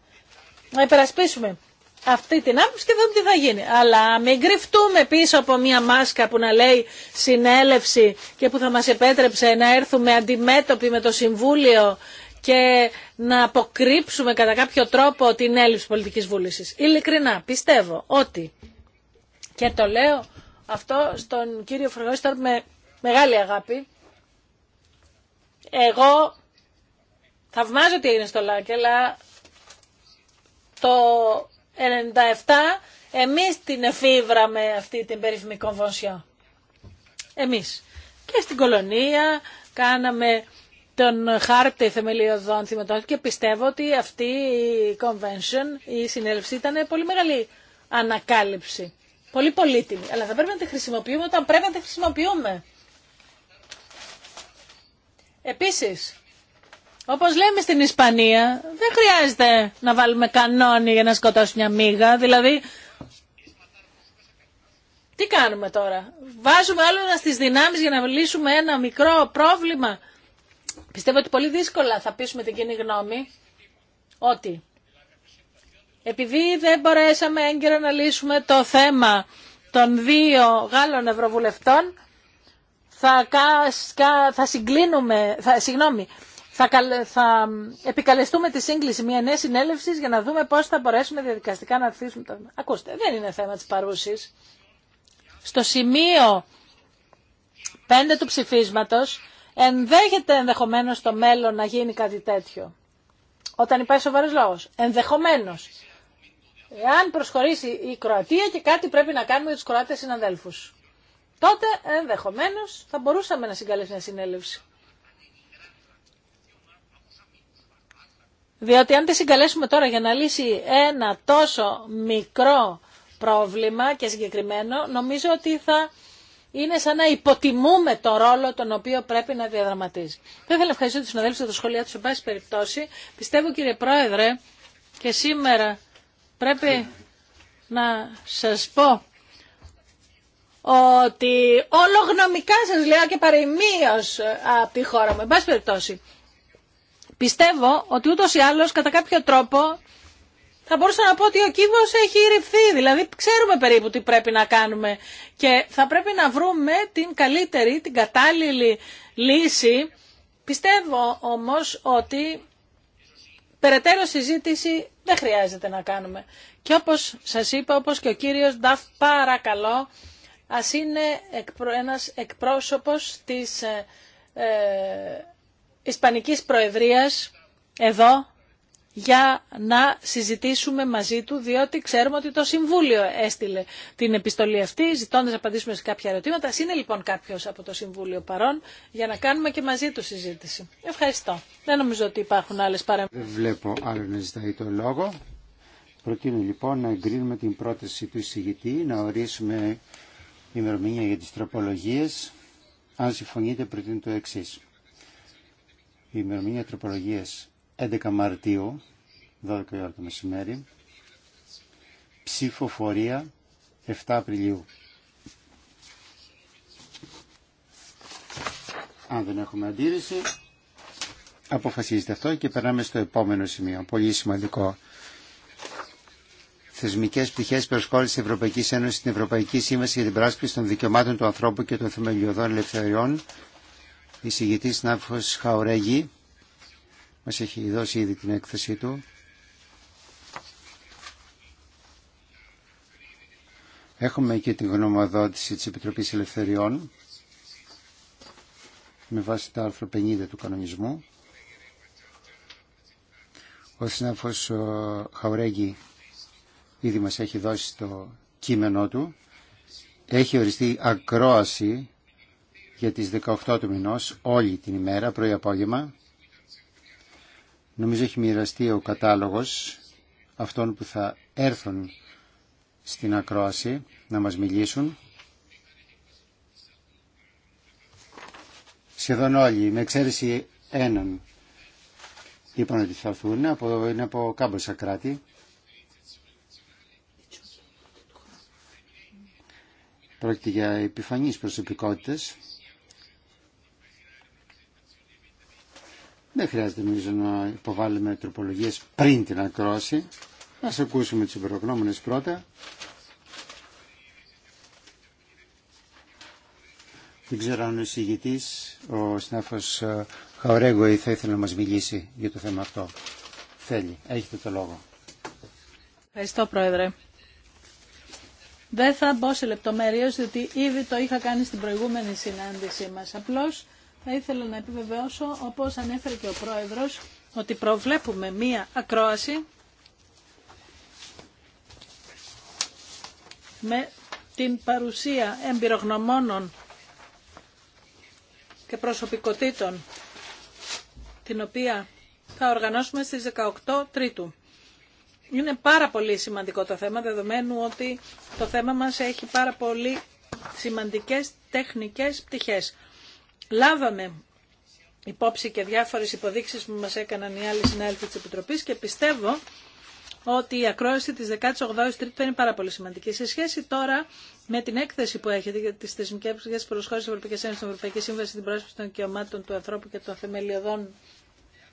να υπερασπίσουμε αυτή την άποψη και δούμε τι θα γίνει. Αλλά μην κρυφτούμε πίσω από μια μάσκα που να λέει συνέλευση και που θα μας επέτρεψε να έρθουμε αντιμέτωποι με το Συμβούλιο και να αποκρύψουμε κατά κάποιο τρόπο την έλλειψη πολιτικής βούλησης. Ειλικρινά, πιστεύω ότι, και το λέω αυτό στον κύριο Φρεγόστορ με μεγάλη αγάπη, εγώ θαυμάζω τι έγινε στο Λάκελα το 97 εμείς την εφήβραμε αυτή την περίφημη κομβόσια. Εμείς. Και στην κολονία κάναμε τον χάρτη θεμελιωδών θυματών και πιστεύω ότι αυτή η convention, η συνέλευση ήταν πολύ μεγάλη ανακάλυψη. Πολύ πολύτιμη. Αλλά θα πρέπει να τη χρησιμοποιούμε όταν πρέπει να τη χρησιμοποιούμε. Επίσης, όπως λέμε στην Ισπανία, δεν χρειάζεται να βάλουμε κανόνι για να σκοτώσει μια μύγα. Δηλαδή, τι κάνουμε τώρα. Βάζουμε άλλο ένα στις δυνάμεις για να λύσουμε ένα μικρό πρόβλημα. Πιστεύω ότι πολύ δύσκολα θα πείσουμε την κοινή γνώμη ότι επειδή δεν μπορέσαμε έγκαιρα να λύσουμε το θέμα των δύο Γάλλων Ευρωβουλευτών, θα, θα συγκλίνουμε, θα, συγγνώμη, θα, θα επικαλεστούμε τη σύγκληση μια νέα συνέλευση για να δούμε πώς θα μπορέσουμε διαδικαστικά να αφήσουμε το... θέμα. Ακούστε, δεν είναι θέμα της παρούσης. Στο σημείο 5 του ψηφίσματος Ενδέχεται ενδεχομένως στο μέλλον να γίνει κάτι τέτοιο. Όταν υπάρχει σοβαρό λόγο. Ενδεχομένω. Εάν προσχωρήσει η Κροατία και κάτι πρέπει να κάνουμε για του Κροάτες συναδέλφου. Τότε ενδεχομένω θα μπορούσαμε να συγκαλέσουμε μια συνέλευση. Διότι αν τη συγκαλέσουμε τώρα για να λύσει ένα τόσο μικρό πρόβλημα και συγκεκριμένο, νομίζω ότι θα είναι σαν να υποτιμούμε τον ρόλο τον οποίο πρέπει να διαδραματίζει. Θα ήθελα να ευχαριστήσω του συναδέλφου για τα σχόλιά του. πάση περιπτώσει, πιστεύω κύριε Πρόεδρε, και σήμερα πρέπει να σας πω ότι ολογνωμικά σας λέω και παροιμίως ε, από τη χώρα μου. Εν πάση περιπτώσει, πιστεύω ότι ούτως ή άλλως κατά κάποιο τρόπο θα μπορούσα να πω ότι ο κύβο έχει ρηφθεί, δηλαδή ξέρουμε περίπου τι πρέπει να κάνουμε και θα πρέπει να βρούμε την καλύτερη, την κατάλληλη λύση. Πιστεύω όμως ότι περαιτέρω συζήτηση δεν χρειάζεται να κάνουμε. Και όπως σας είπα, όπως και ο κύριος Νταφ, παρακαλώ, α είναι ένα εκπρόσωπος της ε, ε, Ισπανικής Προεδρίας εδώ για να συζητήσουμε μαζί του, διότι ξέρουμε ότι το Συμβούλιο έστειλε την επιστολή αυτή, ζητώντας να απαντήσουμε σε κάποια ερωτήματα. είναι λοιπόν κάποιος από το Συμβούλιο παρόν για να κάνουμε και μαζί του συζήτηση. Ευχαριστώ. Δεν νομίζω ότι υπάρχουν άλλες παραμονές. Δεν βλέπω άλλο να ζητάει το λόγο. Προτείνω λοιπόν να εγκρίνουμε την πρόταση του εισηγητή, να ορίσουμε ημερομηνία για τις τροπολογίες. Αν συμφωνείτε, προτείνω το εξή. Η ημερομηνία τροπολογίε. 11 Μαρτίου, 12 ώρα το μεσημέρι, ψηφοφορία 7 Απριλίου. Αν δεν έχουμε αντίρρηση, αποφασίζεται αυτό και περνάμε στο επόμενο σημείο, πολύ σημαντικό. Θεσμικέ πτυχέ προσχώρηση Ευρωπαϊκή Ένωση στην Ευρωπαϊκή Σύμβαση για την Πράσπιση των Δικαιωμάτων του Ανθρώπου και των Θεμελιωδών Ελευθεριών. Η Νάφο Χαουρέγη μας έχει δώσει ήδη την έκθεσή του. Έχουμε και την γνωμοδότηση της Επιτροπής Ελευθεριών με βάση το άρθρο 50 του κανονισμού. Ο συνάδελφος Χαουρέγγι ήδη μας έχει δώσει το κείμενό του. Έχει οριστεί ακρόαση για τις 18 του μηνός όλη την ημέρα, πρωί-απόγευμα, Νομίζω έχει μοιραστεί ο κατάλογος αυτών που θα έρθουν στην ακρόαση να μας μιλήσουν. Σχεδόν όλοι, με εξαίρεση έναν, είπαν ότι θα έρθουν, από, είναι από κάμποσα κράτη. Πρόκειται για επιφανείς προσωπικότητες Δεν χρειάζεται νομίζω να υποβάλουμε τροπολογίες πριν την ακρόση. Ας ακούσουμε τις υπερογνώμονες πρώτα. Δεν ξέρω αν ο εισηγητής, ο συνάφος ε, Χαορέγκοη, θα ήθελε να μας μιλήσει για το θέμα αυτό. Θέλει. Έχετε το λόγο. Ευχαριστώ Πρόεδρε. Δεν θα μπω σε λεπτομέρειες, διότι ήδη το είχα κάνει στην προηγούμενη συνάντησή μας. Απλώς θα ήθελα να επιβεβαιώσω, όπως ανέφερε και ο Πρόεδρος, ότι προβλέπουμε μία ακρόαση με την παρουσία εμπειρογνωμόνων και προσωπικότητων, την οποία θα οργανώσουμε στις 18 Τρίτου. Είναι πάρα πολύ σημαντικό το θέμα, δεδομένου ότι το θέμα μας έχει πάρα πολύ σημαντικές τεχνικές πτυχές. Λάβαμε υπόψη και διάφορες υποδείξεις που μας έκαναν οι άλλοι συνάδελφοι της Επιτροπής και πιστεύω ότι η ακρόαση της 18ης Τρίτου είναι πάρα πολύ σημαντική. Σε σχέση τώρα με την έκθεση που έχετε για τις θεσμικές προσχώρησης της Ευρωπαϊκής Ένωσης στην Ευρωπαϊκή Σύμβαση την πρόσφαση των δικαιωμάτων του ανθρώπου και των θεμελιωδών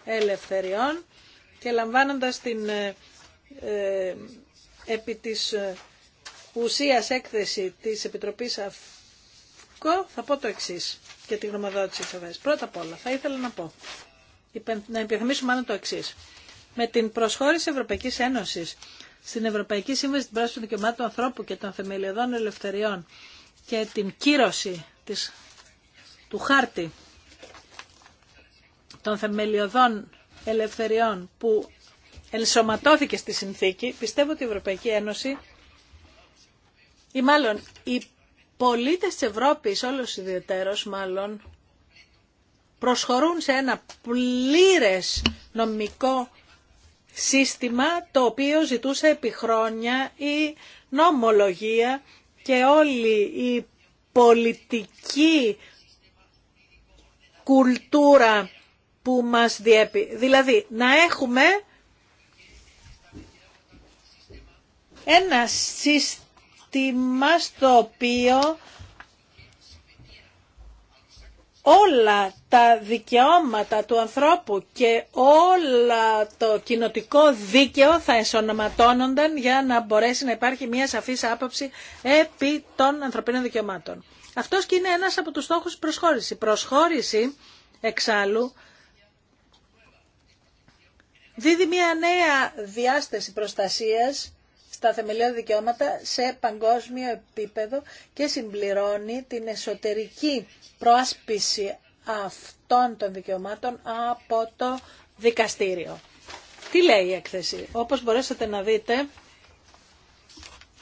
ελευθεριών και λαμβάνοντας την ε, ε επί της ε, ουσίας έκθεση της Επιτροπής ΑΦΚΟ θα πω το εξή και την γνωμοδότηση τη ΕΒΕΣ. Πρώτα απ' όλα θα ήθελα να πω, να υπενθυμίσουμε μάλλον το εξή. Με την προσχώρηση Ευρωπαϊκή Ένωση στην Ευρωπαϊκή Σύμβαση των πρόσφυγη Δικαιωμάτων του Ανθρώπου και των Θεμελιωδών Ελευθεριών και την κύρωση του χάρτη των θεμελιωδών ελευθεριών που ενσωματώθηκε στη συνθήκη, πιστεύω ότι η Ευρωπαϊκή Ένωση ή μάλλον η πολίτες της Ευρώπης, όλος ιδιαιτέρως μάλλον, προσχωρούν σε ένα πλήρες νομικό σύστημα το οποίο ζητούσε επί χρόνια η νομολογία και όλη η πολιτική κουλτούρα που μας διέπει. Δηλαδή να έχουμε ένα σύστημα τι το οποίο όλα τα δικαιώματα του ανθρώπου και όλα το κοινοτικό δίκαιο θα ενσωματώνονταν για να μπορέσει να υπάρχει μια σαφής άποψη επί των ανθρωπίνων δικαιωμάτων. Αυτός και είναι ένας από τους στόχους προσχώρηση. Προσχώρηση, εξάλλου, δίδει μια νέα διάσταση προστασίας στα θεμελιώδη δικαιώματα σε παγκόσμιο επίπεδο και συμπληρώνει την εσωτερική προάσπιση αυτών των δικαιωμάτων από το δικαστήριο. Τι λέει η έκθεση. Όπως μπορέσατε να δείτε,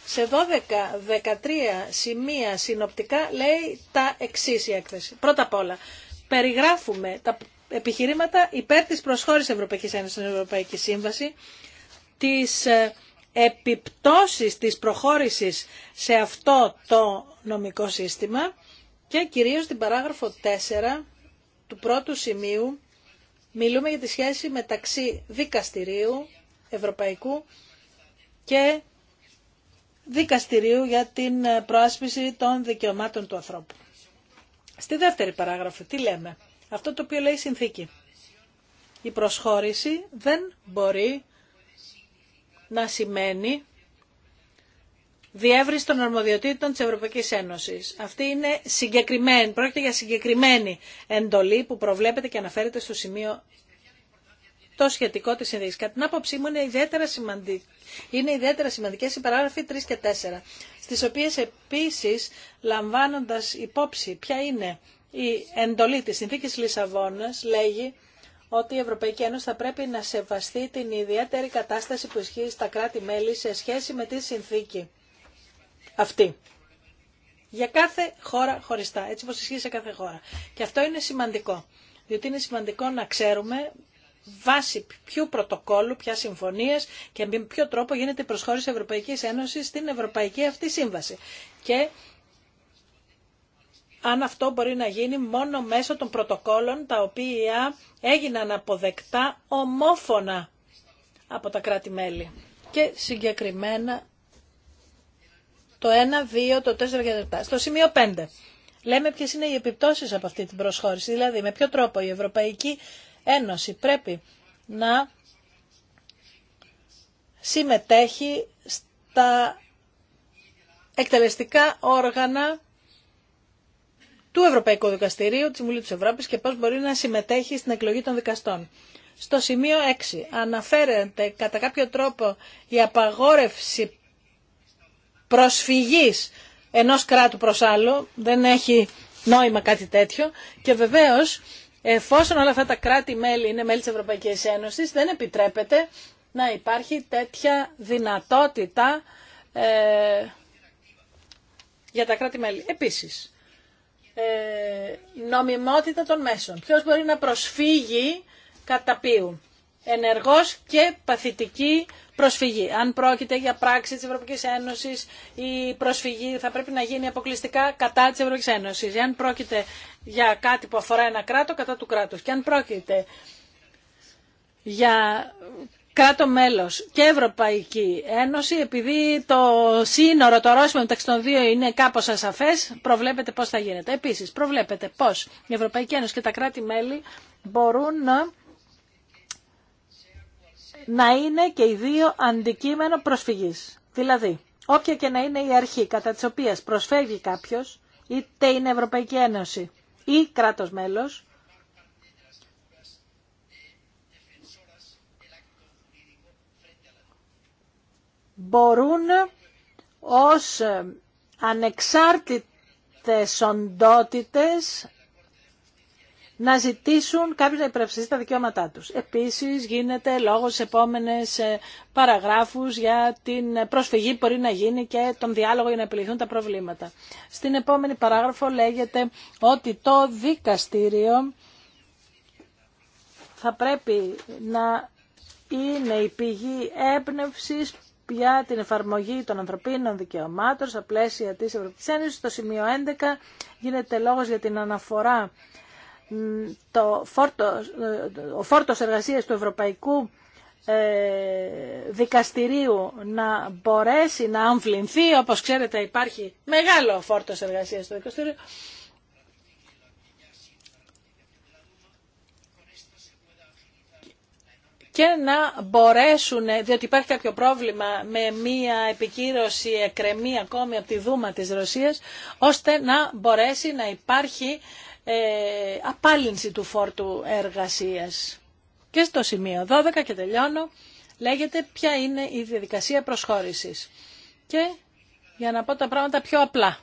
σε 12-13 σημεία συνοπτικά λέει τα εξή η έκθεση. Πρώτα απ' όλα, περιγράφουμε τα επιχειρήματα υπέρ της προσχώρησης Ευρωπαϊκής Ένωσης στην Ευρωπαϊκή Σύμβαση, ε, επιπτώσεις της προχώρησης σε αυτό το νομικό σύστημα και κυρίως την παράγραφο 4 του πρώτου σημείου μιλούμε για τη σχέση μεταξύ δικαστηρίου ευρωπαϊκού και δικαστηρίου για την προάσπιση των δικαιωμάτων του ανθρώπου. Στη δεύτερη παράγραφο τι λέμε. Αυτό το οποίο λέει συνθήκη. Η προσχώρηση δεν μπορεί να σημαίνει διεύρυνση των αρμοδιοτήτων της Ευρωπαϊκής Ένωσης. Αυτή είναι συγκεκριμένη, πρόκειται για συγκεκριμένη εντολή που προβλέπεται και αναφέρεται στο σημείο το σχετικό της συνδίκης. Κατά την άποψή μου είναι ιδιαίτερα, σημαντικέ είναι ιδιαίτερα σημαντικές οι παράγραφοι 3 και 4, στις οποίες επίσης λαμβάνοντας υπόψη ποια είναι η εντολή της συνθήκης Λισαβόνας λέγει ότι η Ευρωπαϊκή Ένωση θα πρέπει να σεβαστεί την ιδιαίτερη κατάσταση που ισχύει στα κράτη-μέλη σε σχέση με τη συνθήκη αυτή. Για κάθε χώρα χωριστά, έτσι όπως ισχύει σε κάθε χώρα. Και αυτό είναι σημαντικό, διότι είναι σημαντικό να ξέρουμε βάσει ποιου πρωτοκόλλου, ποια συμφωνίε και με ποιο τρόπο γίνεται η προσχώρηση Ευρωπαϊκή Ένωση στην Ευρωπαϊκή αυτή σύμβαση. Και αν αυτό μπορεί να γίνει μόνο μέσω των πρωτοκόλων τα οποία έγιναν αποδεκτά ομόφωνα από τα κράτη-μέλη. Και συγκεκριμένα το 1, 2, το 4 και το 7. Στο σημείο 5. Λέμε ποιες είναι οι επιπτώσεις από αυτή την προσχώρηση, δηλαδή με ποιο τρόπο η Ευρωπαϊκή Ένωση πρέπει να συμμετέχει στα εκτελεστικά όργανα του Ευρωπαϊκού Δικαστηρίου, τη Μουλή τη Ευρώπη και πώς μπορεί να συμμετέχει στην εκλογή των δικαστών. Στο σημείο 6 αναφέρεται κατά κάποιο τρόπο η απαγόρευση προσφυγής ενός κράτου προς άλλο, δεν έχει νόημα κάτι τέτοιο και βεβαίως εφόσον όλα αυτά τα κράτη-μέλη είναι μέλη της Ευρωπαϊκής Ένωσης δεν επιτρέπεται να υπάρχει τέτοια δυνατότητα ε, για τα κράτη-μέλη. Επίσης, ε, νομιμότητα των μέσων. Ποιος μπορεί να προσφύγει κατά ποιου. Ενεργός και παθητική προσφυγή. Αν πρόκειται για πράξη της Ευρωπαϊκής Ένωσης, η προσφυγή θα πρέπει να γίνει αποκλειστικά κατά της Ευρωπαϊκής Ένωσης. Αν πρόκειται για κάτι που αφορά ένα κράτο, κατά του κράτους. Και αν πρόκειται για κράτο μέλος και Ευρωπαϊκή Ένωση, επειδή το σύνορο, το ορόσημο μεταξύ των δύο είναι κάπως ασαφές, προβλέπετε πώς θα γίνεται. Επίσης, προβλέπετε πώς η Ευρωπαϊκή Ένωση και τα κράτη-μέλη μπορούν να, να είναι και οι δύο αντικείμενο προσφυγής. Δηλαδή, όποια και να είναι η αρχή κατά της οποίας προσφεύγει κάποιος, είτε είναι Ευρωπαϊκή Ένωση ή κράτος μέλος, μπορούν ως ανεξάρτητες οντότητες να ζητήσουν κάποιος να υπερψηφίσει τα δικαιώματά τους. Επίσης γίνεται λόγος σε επόμενες ε, παραγράφους για την προσφυγή που μπορεί να γίνει και τον διάλογο για να επιληθούν τα προβλήματα. Στην επόμενη παράγραφο λέγεται ότι το δικαστήριο θα πρέπει να είναι η πηγή έμπνευσης για την εφαρμογή των ανθρωπίνων δικαιωμάτων στα πλαίσια της Ευρωπαϊκής Ένωσης. Στο σημείο 11 γίνεται λόγος για την αναφορά το φόρτο, ο φόρτος εργασίας του Ευρωπαϊκού ε, δικαστηρίου να μπορέσει να αμφλυνθεί. όπως ξέρετε υπάρχει μεγάλο φόρτος εργασίας του Δικαστηρίου. και να μπορέσουν, διότι υπάρχει κάποιο πρόβλημα με μία επικύρωση εκκρεμή ακόμη από τη Δούμα της Ρωσίας, ώστε να μπορέσει να υπάρχει ε, απάλυνση του φόρτου εργασίας. Και στο σημείο 12 και τελειώνω, λέγεται ποια είναι η διαδικασία προσχώρησης. Και για να πω τα πράγματα πιο απλά,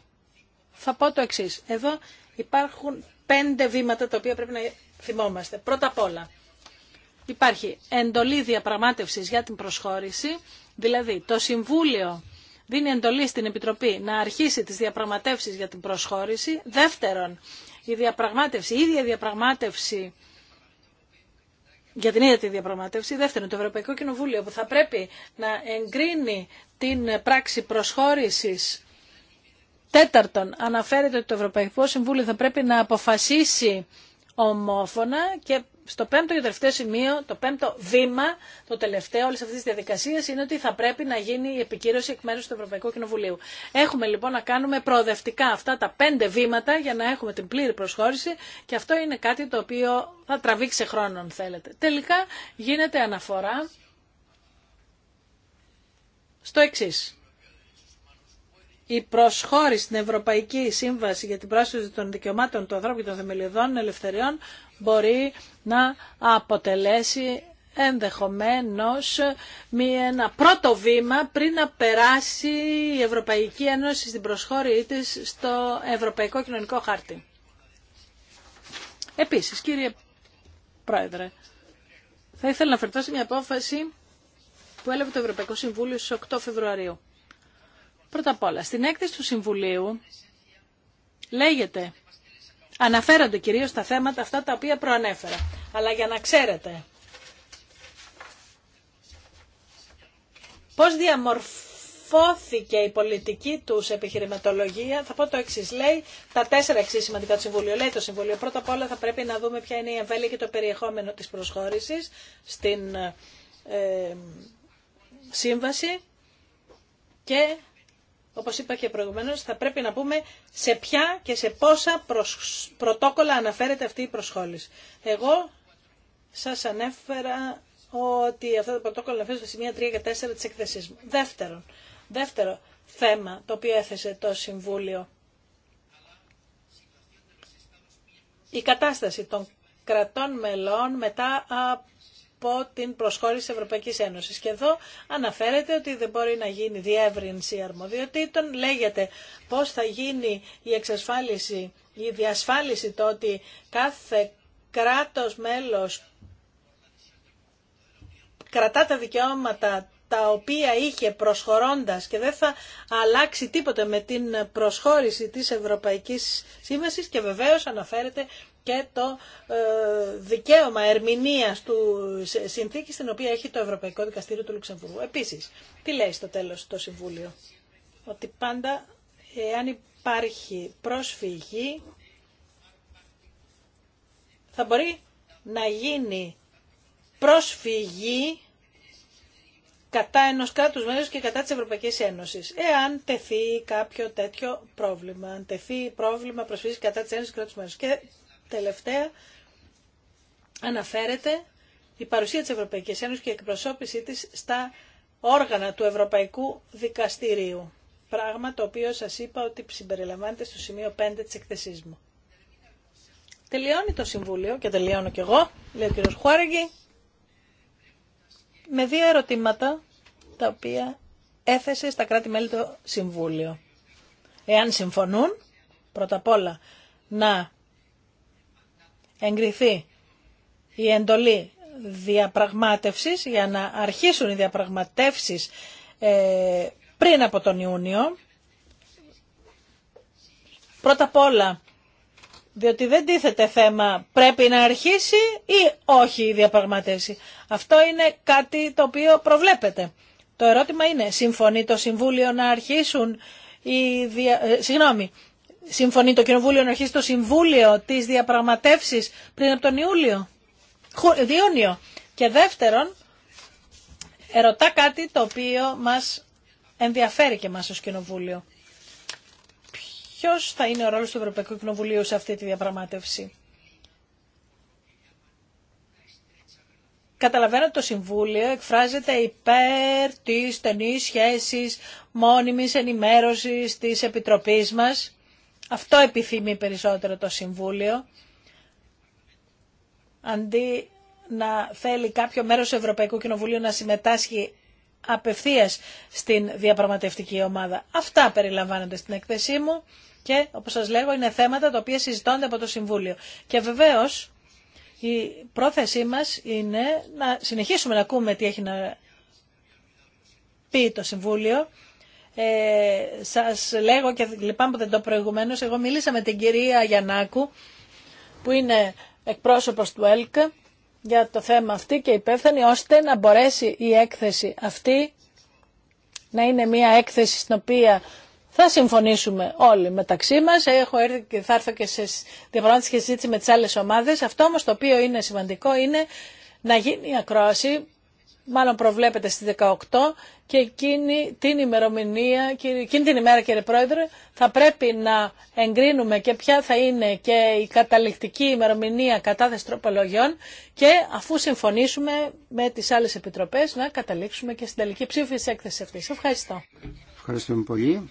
θα πω το εξής. Εδώ υπάρχουν πέντε βήματα τα οποία πρέπει να θυμόμαστε. Πρώτα απ' όλα, υπάρχει εντολή διαπραγμάτευσης για την προσχώρηση, δηλαδή το Συμβούλιο δίνει εντολή στην Επιτροπή να αρχίσει τις διαπραγματεύσεις για την προσχώρηση. Δεύτερον, η διαπραγμάτευση, η ίδια διαπραγμάτευση για την ίδια τη διαπραγμάτευση. Δεύτερον, το Ευρωπαϊκό Κοινοβούλιο που θα πρέπει να εγκρίνει την πράξη προσχώρησης. Τέταρτον, αναφέρεται ότι το Ευρωπαϊκό Συμβούλιο θα πρέπει να αποφασίσει ομόφωνα και στο πέμπτο και τελευταίο σημείο, το πέμπτο βήμα, το τελευταίο όλη αυτή τη διαδικασία είναι ότι θα πρέπει να γίνει η επικύρωση εκ μέρου του Ευρωπαϊκού Κοινοβουλίου. Έχουμε λοιπόν να κάνουμε προοδευτικά αυτά τα πέντε βήματα για να έχουμε την πλήρη προσχώρηση και αυτό είναι κάτι το οποίο θα τραβήξει χρόνο, αν θέλετε. Τελικά γίνεται αναφορά στο εξή η προσχώρηση στην Ευρωπαϊκή Σύμβαση για την πρόσφυση των δικαιωμάτων του ανθρώπου και των θεμελιωδών ελευθεριών μπορεί να αποτελέσει ενδεχομένως ένα πρώτο βήμα πριν να περάσει η Ευρωπαϊκή Ένωση στην προσχώρησή της στο Ευρωπαϊκό Κοινωνικό Χάρτη. Επίσης, κύριε Πρόεδρε, θα ήθελα να φερθώ σε μια απόφαση που έλαβε το Ευρωπαϊκό Συμβούλιο στις 8 Φεβρουαρίου. Πρώτα απ' όλα, στην έκθεση του Συμβουλίου λέγεται, αναφέρονται κυρίως τα θέματα αυτά τα οποία προανέφερα. Αλλά για να ξέρετε, πώς διαμορφώθηκε η πολιτική τους επιχειρηματολογία, θα πω το εξή λέει, τα τέσσερα εξή σημαντικά του Συμβουλίου. Λέει το Συμβουλίο, πρώτα απ' όλα θα πρέπει να δούμε ποια είναι η εμβέλεια και το περιεχόμενο της προσχώρησης στην ε, σύμβαση και όπως είπα και προηγουμένως, θα πρέπει να πούμε σε ποια και σε πόσα πρωτόκολλα αναφέρεται αυτή η προσχόληση. Εγώ σας ανέφερα ότι αυτά τα πρωτόκολλα αναφέρονται σε σημεία 3 και 4 της εκθεσής μου. Δεύτερον, δεύτερο θέμα το οποίο έθεσε το Συμβούλιο. Η κατάσταση των κρατών μελών μετά από από την προσχώρηση της Ευρωπαϊκής Ένωσης. Και εδώ αναφέρεται ότι δεν μπορεί να γίνει διεύρυνση αρμοδιοτήτων. Λέγεται πώς θα γίνει η εξασφάλιση, η διασφάλιση το ότι κάθε κράτος μέλος κρατά τα δικαιώματα τα οποία είχε προσχωρώντας και δεν θα αλλάξει τίποτα με την προσχώρηση της Ευρωπαϊκής Σύμβασης και βεβαίως αναφέρεται και το ε, δικαίωμα ερμηνεία του συνθήκη στην οποία έχει το Ευρωπαϊκό Δικαστήριο του Λουξεμβούργου. Επίσης, τι λέει στο τέλος το Συμβούλιο. Ότι πάντα, εάν υπάρχει προσφυγή, θα μπορεί να γίνει προσφυγή κατά ενός κράτους μέλους και κατά της Ευρωπαϊκής Ένωσης Εάν τεθεί κάποιο τέτοιο πρόβλημα, αν τεθεί πρόβλημα προσφύγη κατά τη Ένωση κράτους μέλου. Και τελευταία αναφέρεται η παρουσία της Ευρωπαϊκής Ένωσης και η εκπροσώπησή της στα όργανα του Ευρωπαϊκού Δικαστηρίου. Πράγμα το οποίο σας είπα ότι συμπεριλαμβάνεται στο σημείο 5 της εκθεσής μου. Τελειώνει το Συμβούλιο και τελειώνω κι εγώ, λέει ο κ. Χουάργη, με δύο ερωτήματα τα οποία έθεσε στα κράτη-μέλη το Συμβούλιο. Εάν συμφωνούν, πρώτα απ' όλα να εγκριθεί η εντολή διαπραγμάτευσης για να αρχίσουν οι διαπραγματεύσεις ε, πριν από τον Ιούνιο. Πρώτα απ' όλα, διότι δεν τίθεται θέμα πρέπει να αρχίσει ή όχι η διαπραγματεύση. Αυτό είναι κάτι το οποίο προβλέπεται. Το ερώτημα είναι, συμφωνεί το Συμβούλιο να αρχίσουν οι δια... Ε, συγγνώμη, συμφωνεί το Κοινοβούλιο να αρχίσει το Συμβούλιο της διαπραγματεύσεις πριν από τον Ιούλιο. Διόνιο. Και δεύτερον, ερωτά κάτι το οποίο μας ενδιαφέρει και μας ως Κοινοβούλιο. Ποιος θα είναι ο ρόλος του Ευρωπαϊκού Κοινοβουλίου σε αυτή τη διαπραγμάτευση. Καταλαβαίνω ότι το Συμβούλιο εκφράζεται υπέρ της στενής σχέσης μόνιμης ενημέρωσης της Επιτροπής μας αυτό επιθυμεί περισσότερο το Συμβούλιο, αντί να θέλει κάποιο μέρος του Ευρωπαϊκού Κοινοβουλίου να συμμετάσχει απευθείας στην διαπραγματευτική ομάδα. Αυτά περιλαμβάνονται στην εκθεσή μου και, όπως σας λέγω, είναι θέματα τα οποία συζητώνται από το Συμβούλιο. Και βεβαίως, η πρόθεσή μας είναι να συνεχίσουμε να ακούμε τι έχει να πει το Συμβούλιο ε, σας λέγω και λυπάμαι που δεν το προηγουμένως, εγώ μίλησα με την κυρία Γιαννάκου που είναι εκπρόσωπος του ΕΛΚ για το θέμα αυτή και υπεύθυνη ώστε να μπορέσει η έκθεση αυτή να είναι μια έκθεση στην οποία θα συμφωνήσουμε όλοι μεταξύ μα. Έχω έρθει και θα έρθω και σε διαφορά και συζήτηση με τι άλλε ομάδε. Αυτό όμω το οποίο είναι σημαντικό είναι να γίνει η ακρόαση, μάλλον προβλέπεται στι 18, και εκείνη την ημερομηνία, εκείνη την ημέρα κύριε Πρόεδρε, θα πρέπει να εγκρίνουμε και ποια θα είναι και η καταληκτική ημερομηνία κατάθεση τροπολογιών και αφού συμφωνήσουμε με τις άλλες επιτροπές να καταλήξουμε και στην τελική ψήφιση έκθεση έκθεσης αυτής. Ευχαριστώ. Ευχαριστούμε πολύ.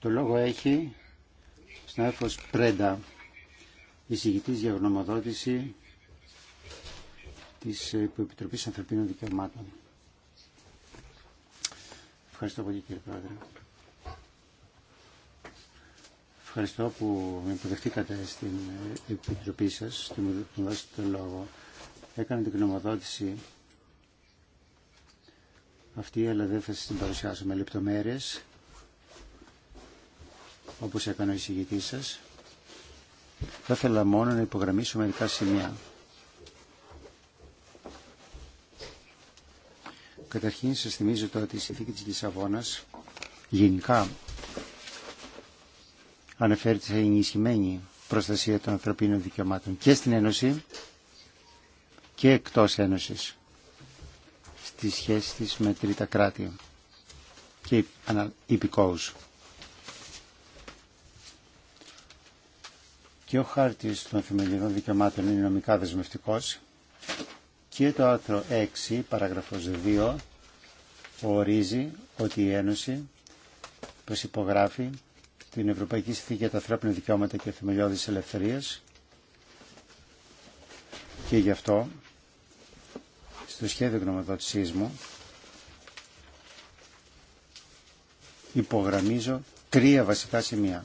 Το λόγο έχει ο συνάδελφος Πρέντα, εισηγητής για γνωμοδότηση της Επιτροπής Ανθρωπίνων Δικαιωμάτων. Ευχαριστώ πολύ κύριε Πρόεδρε. Ευχαριστώ που με υποδεχτήκατε στην επιτροπή σας και μου δώσετε το λόγο. Έκανα την γνωμοδότηση αυτή, αλλά δεν θα σας την παρουσιάσω με λεπτομέρειες, όπως έκανε ο εισηγητής σας. Θα ήθελα μόνο να υπογραμμίσω μερικά σημεία. Καταρχήν σας θυμίζω το ότι η συνθήκη της Λισαβόνας γενικά αναφέρει σε ενισχυμένη προστασία των ανθρωπίνων δικαιωμάτων και στην Ένωση και εκτός Ένωσης στη σχέση της με τρίτα κράτη και υπηκόους. Και ο χάρτης των θεμελιωδών δικαιωμάτων είναι νομικά δεσμευτικός και το άρθρο 6, παραγραφός 2, ορίζει ότι η Ένωση υπογράφει την Ευρωπαϊκή Συνθήκη για τα Ανθρώπινα Δικαιώματα και Θεμελιώδεις Ελευθερίες και γι' αυτό στο σχέδιο γνωματοτησής μου υπογραμμίζω τρία βασικά σημεία.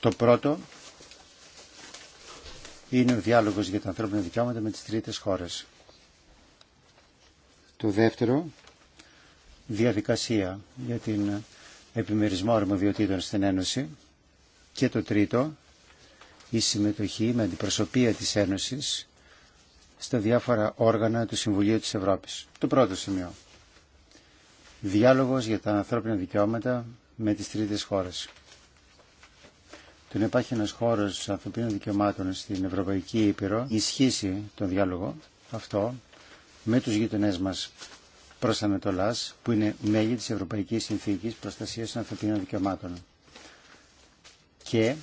Το πρώτο είναι ο διάλογος για τα ανθρώπινα δικαιώματα με τις τρίτε χώρες. Το δεύτερο, διαδικασία για την επιμερισμό αρμοδιοτήτων στην Ένωση. Και το τρίτο, η συμμετοχή με αντιπροσωπεία της Ένωσης στα διάφορα όργανα του Συμβουλίου της Ευρώπης. Το πρώτο σημείο. Διάλογος για τα ανθρώπινα δικαιώματα με τις τρίτες χώρες το υπάρχει ένα χώρος ανθρωπίνων δικαιωμάτων στην Ευρωπαϊκή Ήπειρο ισχύσει τον διάλογο αυτό με τους γειτονές μας προς Ανατολάς που είναι μέλη της Ευρωπαϊκής Συνθήκης Προστασίας των Ανθρωπίνων Δικαιωμάτων. Και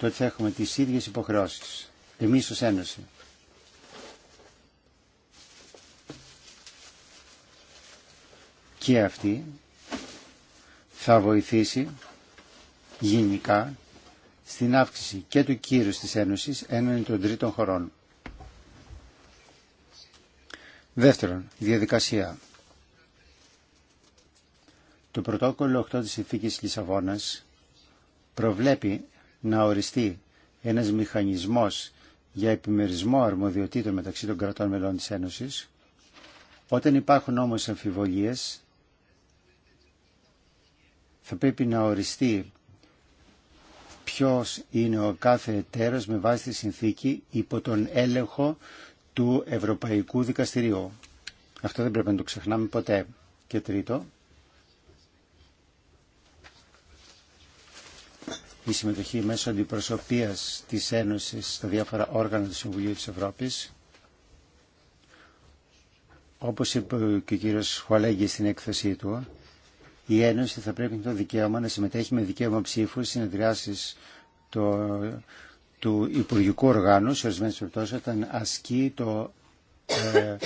τότε θα έχουμε τις ίδιες υποχρεώσεις. Εμείς ως Ένωση. Και αυτή θα βοηθήσει γενικά στην αύξηση και του κύρους της Ένωσης έναν των τρίτων χωρών. Δεύτερον, διαδικασία. Το πρωτόκολλο 8 της Συνθήκης Λισαβόνας προβλέπει να οριστεί ένας μηχανισμός για επιμερισμό αρμοδιοτήτων μεταξύ των κρατών μελών της Ένωσης. Όταν υπάρχουν όμως αμφιβολίες, θα πρέπει να οριστεί ποιος είναι ο κάθε εταίρος με βάση τη συνθήκη υπό τον έλεγχο του Ευρωπαϊκού Δικαστηρίου. Αυτό δεν πρέπει να το ξεχνάμε ποτέ. Και τρίτο, η συμμετοχή μέσω αντιπροσωπείας της Ένωσης στα διάφορα όργανα του Συμβουλίου της Ευρώπης. Όπως είπε και ο κύριος Χουαλέγγι στην έκθεσή του, η Ένωση θα πρέπει το δικαίωμα να συμμετέχει με δικαίωμα ψήφου στι συνεδριάσει του Υπουργικού Οργάνου, σε ορισμένε περιπτώσει, όταν ασκεί το ε,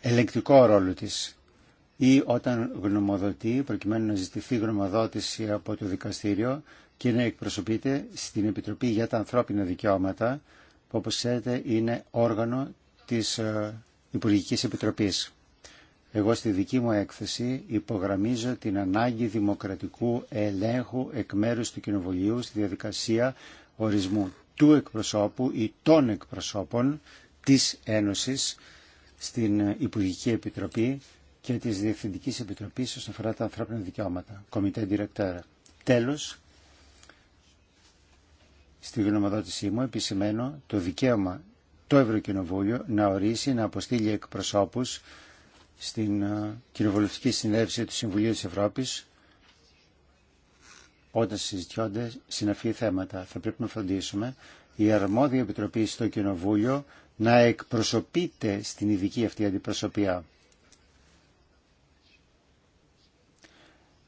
ελεγκτικό ρόλο τη ή όταν γνωμοδοτεί, προκειμένου να ζητηθεί γνωμοδότηση από το δικαστήριο και να εκπροσωπείται στην Επιτροπή για τα Ανθρώπινα Δικαιώματα, που όπως ξέρετε είναι όργανο της ε, Υπουργικής Επιτροπής. Εγώ στη δική μου έκθεση υπογραμμίζω την ανάγκη δημοκρατικού ελέγχου εκ μέρους του Κοινοβουλίου στη διαδικασία ορισμού του εκπροσώπου ή των εκπροσώπων της Ένωσης στην Υπουργική Επιτροπή και της Διευθυντικής Επιτροπής όσον αφορά τα ανθρώπινα δικαιώματα, Κομιτέ Directeur. Τέλος, στη γνωμοδότησή μου επισημαίνω το δικαίωμα το Ευρωκοινοβούλιο να ορίσει, να αποστείλει εκπροσώπους στην ε, κοινοβουλευτική συνέλευση του Συμβουλίου της Ευρώπης όταν συζητιόνται συναφή θέματα. Θα πρέπει να φροντίσουμε η αρμόδια επιτροπή στο Κοινοβούλιο να εκπροσωπείται στην ειδική αυτή αντιπροσωπεία.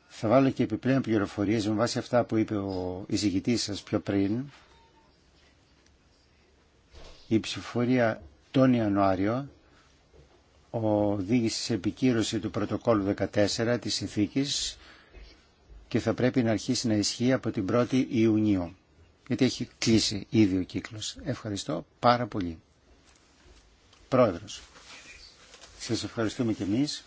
Θα βάλω και επιπλέον πληροφορίες με βάση αυτά που είπε ο εισηγητής σας πιο πριν. Η ψηφορία τον Ιανουάριο ο σε επικύρωση του πρωτοκόλλου 14 της συνθήκης και θα πρέπει να αρχίσει να ισχύει από την 1η Ιουνίου. Γιατί έχει κλείσει ήδη ο κύκλος. Ευχαριστώ πάρα πολύ. Πρόεδρος, σας ευχαριστούμε και εμείς.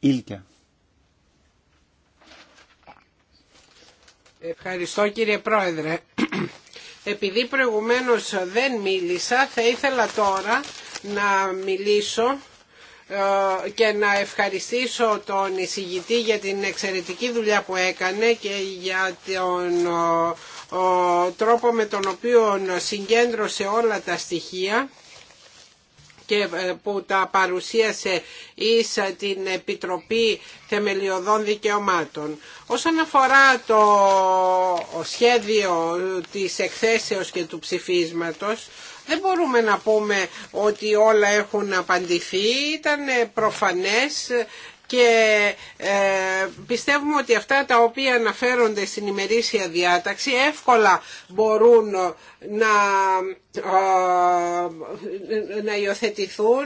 Ήλκια. Ευχαριστώ κύριε Πρόεδρε. Επειδή προηγουμένως δεν μίλησα, θα ήθελα τώρα να μιλήσω ε, και να ευχαριστήσω τον εισηγητή για την εξαιρετική δουλειά που έκανε και για τον ε, τρόπο με τον οποίο συγκέντρωσε όλα τα στοιχεία και ε, που τα παρουσίασε εις ε, την Επιτροπή Θεμελιωδών Δικαιωμάτων. Όσον αφορά το σχέδιο της εκθέσεως και του ψηφίσματος, δεν μπορούμε να πούμε ότι όλα έχουν απαντηθεί, ήταν ε, προφανές και πιστεύουμε ότι αυτά τα οποία αναφέρονται στην ημερήσια διάταξη εύκολα μπορούν να, ε, να υιοθετηθούν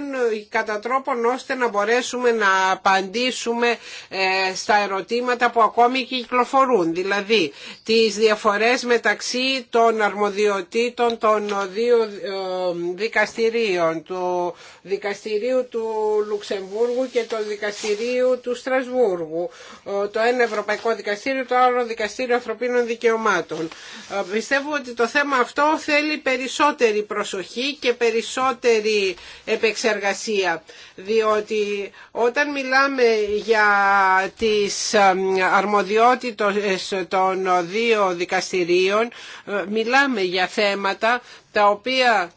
κατά τρόπον ώστε να μπορέσουμε να απαντήσουμε ε, στα ερωτήματα που ακόμη κυκλοφορούν. Δηλαδή, τις διαφορές μεταξύ των αρμοδιοτήτων των δύο ε, δικαστηρίων, του Δικαστηρίου του Λουξεμβούργου και του Δικαστηρίου του Στρασβούργου. Το ένα Ευρωπαϊκό Δικαστήριο, το άλλο Δικαστήριο Ανθρωπίνων Δικαιωμάτων. Πιστεύω ότι το θέμα αυτό θέλει περισσότερη προσοχή και περισσότερη επεξεργασία διότι όταν μιλάμε για τις αρμοδιότητες των δύο δικαστηρίων ε, μιλάμε για θέματα τα οποία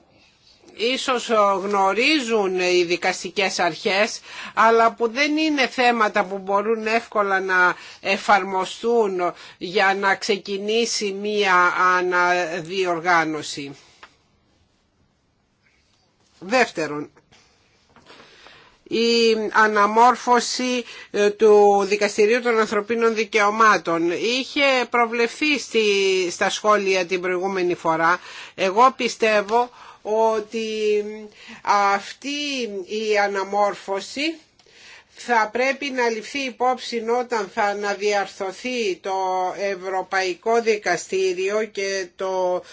ίσως ε, γνωρίζουν οι δικαστικές αρχές αλλά που δεν είναι θέματα που μπορούν εύκολα να εφαρμοστούν για να ξεκινήσει μία αναδιοργάνωση. Δεύτερον, η αναμόρφωση ε, του Δικαστηρίου των Ανθρωπίνων Δικαιωμάτων. Είχε προβλεφθεί στη, στα σχόλια την προηγούμενη φορά. Εγώ πιστεύω ότι αυτή η αναμόρφωση θα πρέπει να ληφθεί υπόψη όταν θα αναδιαρθωθεί το Ευρωπαϊκό Δικαστήριο και το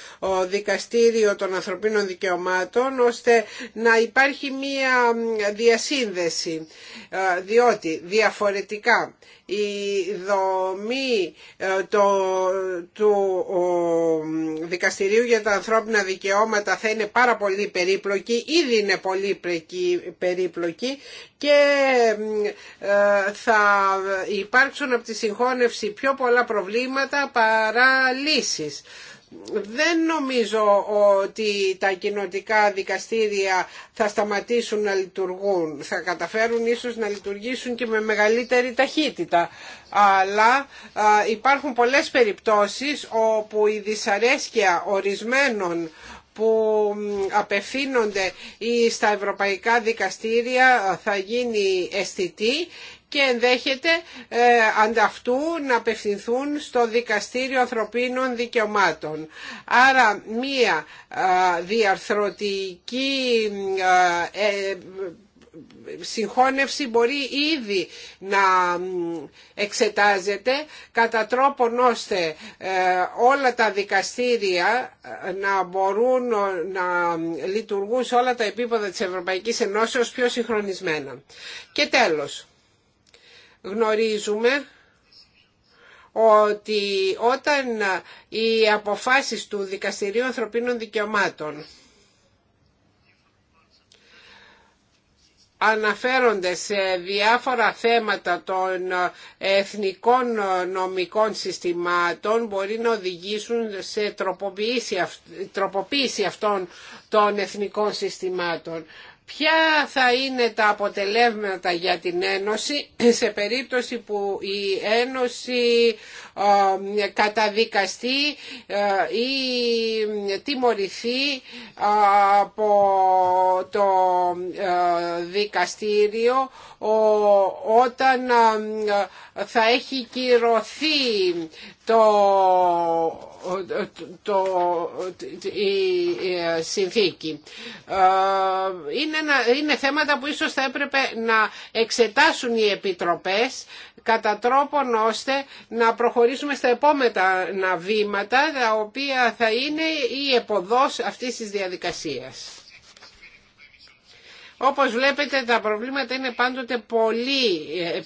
Δικαστήριο των Ανθρωπίνων Δικαιωμάτων ώστε να υπάρχει μία διασύνδεση ε, διότι διαφορετικά η δομή ε, το, του ο, Δικαστηρίου για τα Ανθρώπινα Δικαιώματα θα είναι πάρα πολύ περίπλοκη, ήδη είναι πολύ περίπλοκη και ε, θα υπάρξουν από τη συγχώνευση πιο πολλά προβλήματα παρά λύσεις δεν νομίζω ότι τα κοινοτικά δικαστήρια θα σταματήσουν να λειτουργούν. Θα καταφέρουν ίσως να λειτουργήσουν και με μεγαλύτερη ταχύτητα. Αλλά υπάρχουν πολλές περιπτώσεις όπου η δυσαρέσκεια ορισμένων που απευθύνονται στα ευρωπαϊκά δικαστήρια θα γίνει αισθητή και ενδέχεται ε, ανταυτού να απευθυνθούν στο Δικαστήριο Ανθρωπίνων Δικαιωμάτων. Άρα μία διαρθρωτική ε, συγχώνευση μπορεί ήδη να εξετάζεται κατά τρόπον ώστε ε, όλα τα δικαστήρια ε, να μπορούν να λειτουργούν σε όλα τα επίπεδα της Ευρωπαϊκής Ενώσεως πιο συγχρονισμένα. Και τέλος, γνωρίζουμε ότι όταν οι αποφάσεις του Δικαστηρίου Ανθρωπίνων Δικαιωμάτων αναφέρονται σε διάφορα θέματα των εθνικών νομικών συστημάτων μπορεί να οδηγήσουν σε τροποποίηση, αυτών των εθνικών συστημάτων ποια θα είναι τα αποτελέσματα για την Ένωση σε περίπτωση που η Ένωση ε, καταδικαστεί ε, ή τιμωρηθεί ε, από το δικαστήριο όταν θα έχει κυρωθεί το, το, η συνθήκη. Είναι, είναι θέματα που ίσως θα έπρεπε να εξετάσουν οι επιτροπές κατά τρόπον ώστε να προχωρήσουμε στα επόμενα βήματα τα οποία θα είναι η εποδός αυτής της διαδικασίας. Όπως βλέπετε τα προβλήματα είναι πάντοτε πολύ ε,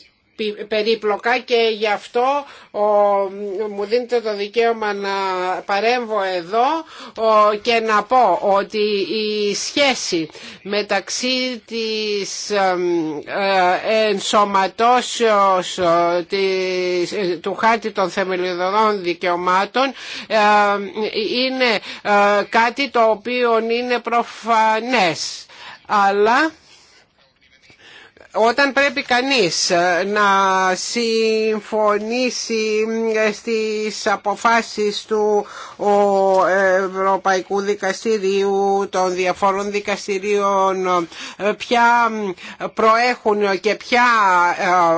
περίπλοκα και γι' αυτό ο, μου δίνετε το δικαίωμα να παρέμβω εδώ και να πω ότι η σχέση μεταξύ της ε, ενσωματώσεως ε, του χάρτη των θεμελιωδών δικαιωμάτων ε, είναι ε, κάτι το οποίο είναι προφανές αλλά όταν πρέπει κανείς ε, να συμφωνήσει ε, στις αποφάσεις του ε, Ευρωπαϊκού Δικαστηρίου, των διαφόρων δικαστηρίων, ποια προέχουν και ποια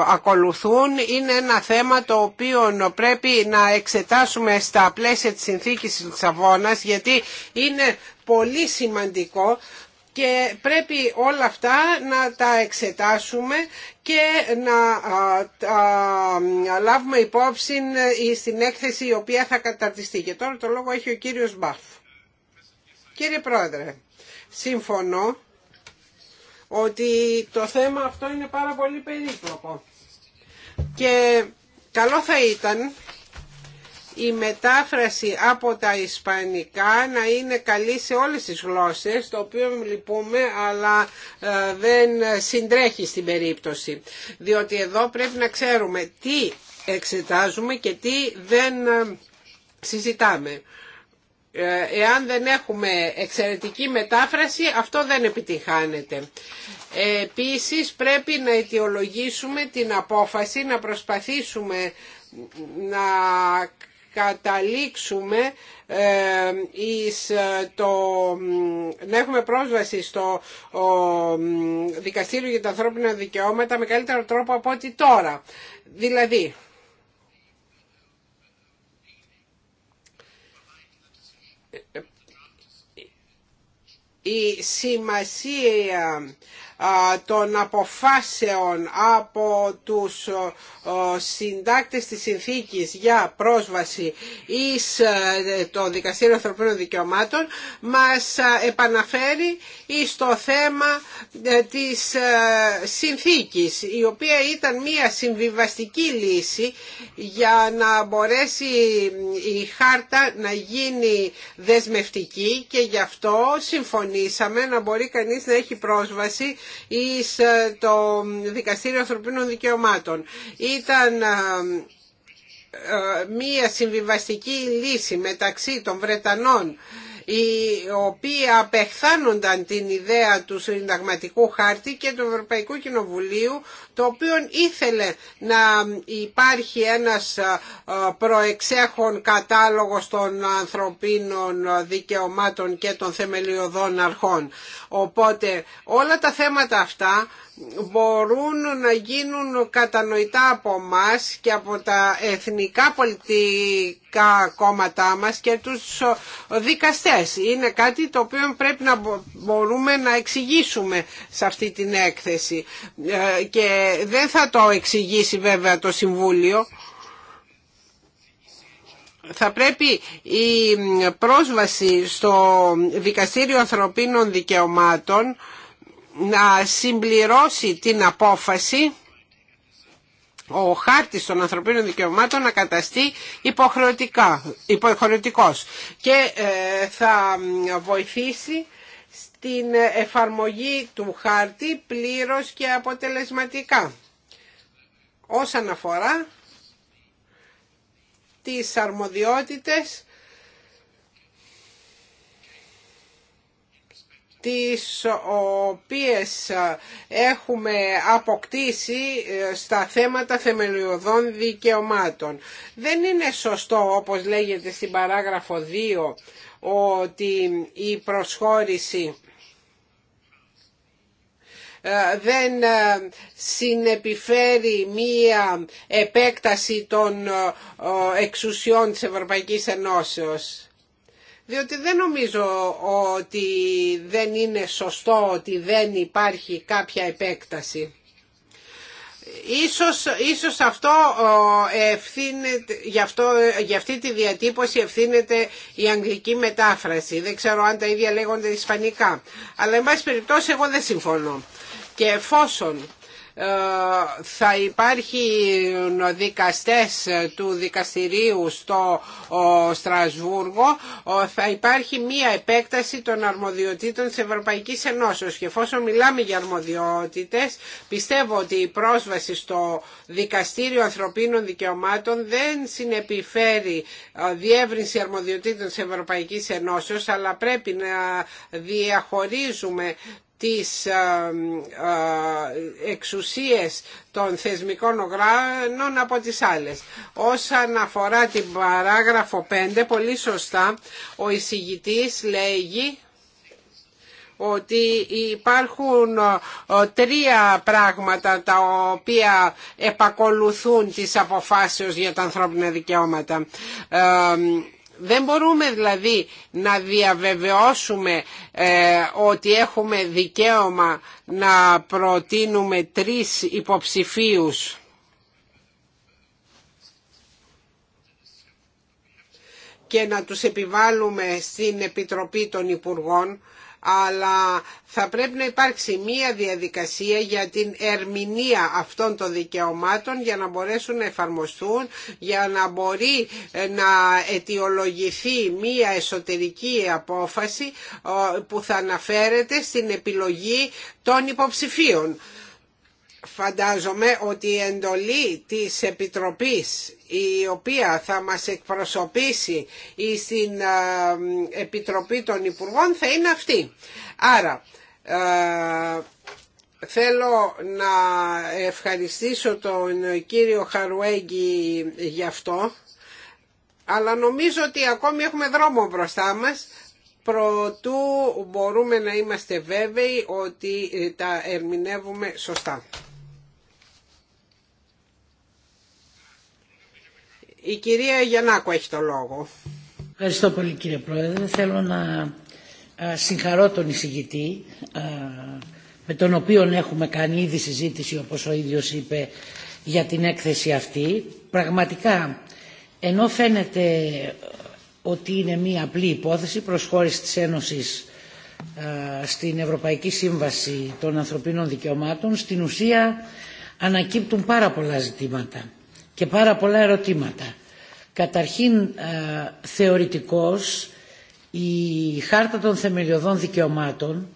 ακολουθούν, είναι ένα θέμα το οποίο πρέπει να εξετάσουμε στα πλαίσια της συνθήκης της γιατί είναι πολύ σημαντικό και πρέπει όλα αυτά να τα εξετάσουμε και να λάβουμε υπόψη ε, στην έκθεση η οποία θα καταρτιστεί. Και τώρα το λόγο έχει ο κύριος Μπαφ. Κύριε Πρόεδρε, συμφωνώ ότι το θέμα αυτό είναι πάρα πολύ περίπλοκο. Και καλό θα ήταν η μετάφραση από τα ισπανικά να είναι καλή σε όλες τις γλώσσες, το οποίο λυπούμε αλλά ε, δεν συντρέχει στην περίπτωση. Διότι εδώ πρέπει να ξέρουμε τι εξετάζουμε και τι δεν ε, συζητάμε. Ε, εάν δεν έχουμε εξαιρετική μετάφραση αυτό δεν επιτυχάνεται. Επίσης πρέπει να αιτιολογήσουμε την απόφαση να προσπαθήσουμε να καταλήξουμε ε, εις ε, το, να έχουμε πρόσβαση στο Δικαστήριο για τα Ανθρώπινα Δικαιώματα με καλύτερο τρόπο από ό,τι τώρα. Δηλαδή, η σημασία των αποφάσεων από τους συντάκτες της συνθήκης για πρόσβαση εις το Δικαστήριο Ανθρωπίνων Δικαιωμάτων μας επαναφέρει στο θέμα ε, της συνθήκης η οποία ήταν μια συμβιβαστική λύση για να μπορέσει η χάρτα να γίνει δεσμευτική και γι' αυτό συμφωνήσαμε να μπορεί κανείς να έχει πρόσβαση η ε, το Δικαστήριο Ανθρωπίνων Δικαιωμάτων. Ήταν ε, ε, μία συμβιβαστική λύση μεταξύ των Βρετανών οι οποίοι απεχθάνονταν την ιδέα του συνταγματικού χάρτη και του Ευρωπαϊκού Κοινοβουλίου το οποίο ήθελε να υπάρχει ένας ε, προεξέχων κατάλογος των ανθρωπίνων δικαιωμάτων και των θεμελιωδών αρχών. Οπότε όλα τα θέματα αυτά μπορούν να γίνουν κατανοητά από μας και από τα εθνικά πολιτικά κόμματά μας και τους δικαστές. Είναι κάτι το οποίο πρέπει να μπορούμε να εξηγήσουμε σε αυτή την έκθεση ε, και δεν θα το εξηγήσει βέβαια το Συμβούλιο θα πρέπει η πρόσβαση στο Δικαστήριο Ανθρωπίνων Δικαιωμάτων να συμπληρώσει την απόφαση ο χάρτης των ανθρωπίνων δικαιωμάτων να καταστεί υποχρεωτικά, υποχρεωτικός και ε, θα βοηθήσει στην εφαρμογή του χάρτη πλήρως και αποτελεσματικά όσον αφορά τις αρμοδιότητες τις οποίες έχουμε αποκτήσει ε, στα θέματα θεμελιωδών δικαιωμάτων. Δεν είναι σωστό όπως λέγεται στην παράγραφο 2 ότι η προσχώρηση ε, δεν ε, συνεπιφέρει μία επέκταση των εξουσιών της Ευρωπαϊκής Ενώσεως διότι δεν νομίζω ότι δεν είναι σωστό ότι δεν υπάρχει κάποια επέκταση. Ίσως, ίσως αυτό ευθύνεται, γι, αυτό, γι' αυτή τη διατύπωση ευθύνεται η αγγλική μετάφραση. Δεν ξέρω αν τα ίδια λέγονται ισπανικά. Αλλά, εν πάση περιπτώσει, εγώ δεν συμφωνώ. Και εφόσον ε, θα υπάρχουν δικαστές του δικαστηρίου στο Στρασβούργο θα υπάρχει μία επέκταση των αρμοδιοτήτων της Ευρωπαϊκής Ενώσεως και εφόσον μιλάμε για αρμοδιότητες πιστεύω ότι η πρόσβαση στο Δικαστήριο Ανθρωπίνων Δικαιωμάτων δεν συνεπιφέρει ε, διεύρυνση αρμοδιοτήτων της Ευρωπαϊκής Ενώσεως αλλά πρέπει να διαχωρίζουμε τις εξουσίες των θεσμικών οργάνων από τις άλλες. Όσον αφορά την παράγραφο 5, πολύ σωστά ο εισηγητής λέγει ότι υπάρχουν τρία πράγματα τα οποία επακολουθούν τις αποφάσεις για τα ανθρώπινα δικαιώματα. Δεν μπορούμε δηλαδή να διαβεβαιώσουμε ε, ότι έχουμε δικαίωμα να προτείνουμε τρεις υποψηφίους. και να τους επιβάλλουμε στην Επιτροπή των Υπουργών αλλά θα πρέπει να υπάρξει μία διαδικασία για την ερμηνεία αυτών των δικαιωμάτων για να μπορέσουν να εφαρμοστούν, για να μπορεί ε, να αιτιολογηθεί μία εσωτερική απόφαση που θα αναφέρεται στην επιλογή των υποψηφίων φαντάζομαι ότι η εντολή της Επιτροπής η οποία θα μας εκπροσωπήσει στην ε, Επιτροπή των Υπουργών θα είναι αυτή. Άρα ε, θέλω να ευχαριστήσω τον κύριο Χαρουέγγι για αυτό αλλά νομίζω ότι ακόμη έχουμε δρόμο μπροστά μας προτού μπορούμε να είμαστε βέβαιοι ότι ε, τα ερμηνεύουμε σωστά. Η κυρία Γιαννάκου έχει το λόγο. Ευχαριστώ πολύ κύριε Πρόεδρε. Θέλω να συγχαρώ τον εισηγητή με τον οποίο έχουμε κάνει ήδη συζήτηση όπως ο ίδιος είπε για την έκθεση αυτή. Πραγματικά ενώ φαίνεται ε, ότι είναι μία απλή υπόθεση προσχώρηση της Ένωσης στην Ευρωπαϊκή Σύμβαση των Ανθρωπίνων Δικαιωμάτων στην ουσία ανακύπτουν πάρα πολλά ζητήματα και πάρα πολλά ερωτήματα. Καταρχήν ε, θεωρητικός η Χάρτα των Θεμελιωδών Δικαιωμάτων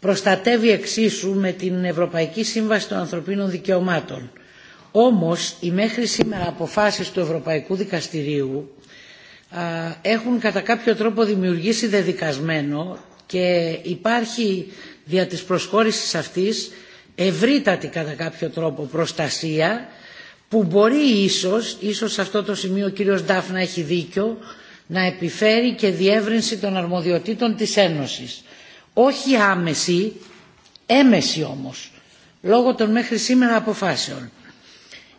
προστατεύει εξίσου με την Ευρωπαϊκή Σύμβαση των Ανθρωπίνων Δικαιωμάτων. Όμως οι μέχρι σήμερα αποφάσεις του Ευρωπαϊκού Δικαστηρίου έχουν κατά κάποιο τρόπο δημιουργήσει δεδικασμένο και υπάρχει δια της προσχώρησης αυτής ευρύτατη κατά κάποιο τρόπο προστασία που μπορεί ίσως, ίσως σε αυτό το σημείο ο κύριος Ντάφνα έχει δίκιο, να επιφέρει και διεύρυνση των αρμοδιοτήτων της Ένωσης. Όχι άμεση, έμεση όμως, λόγω των μέχρι σήμερα αποφάσεων.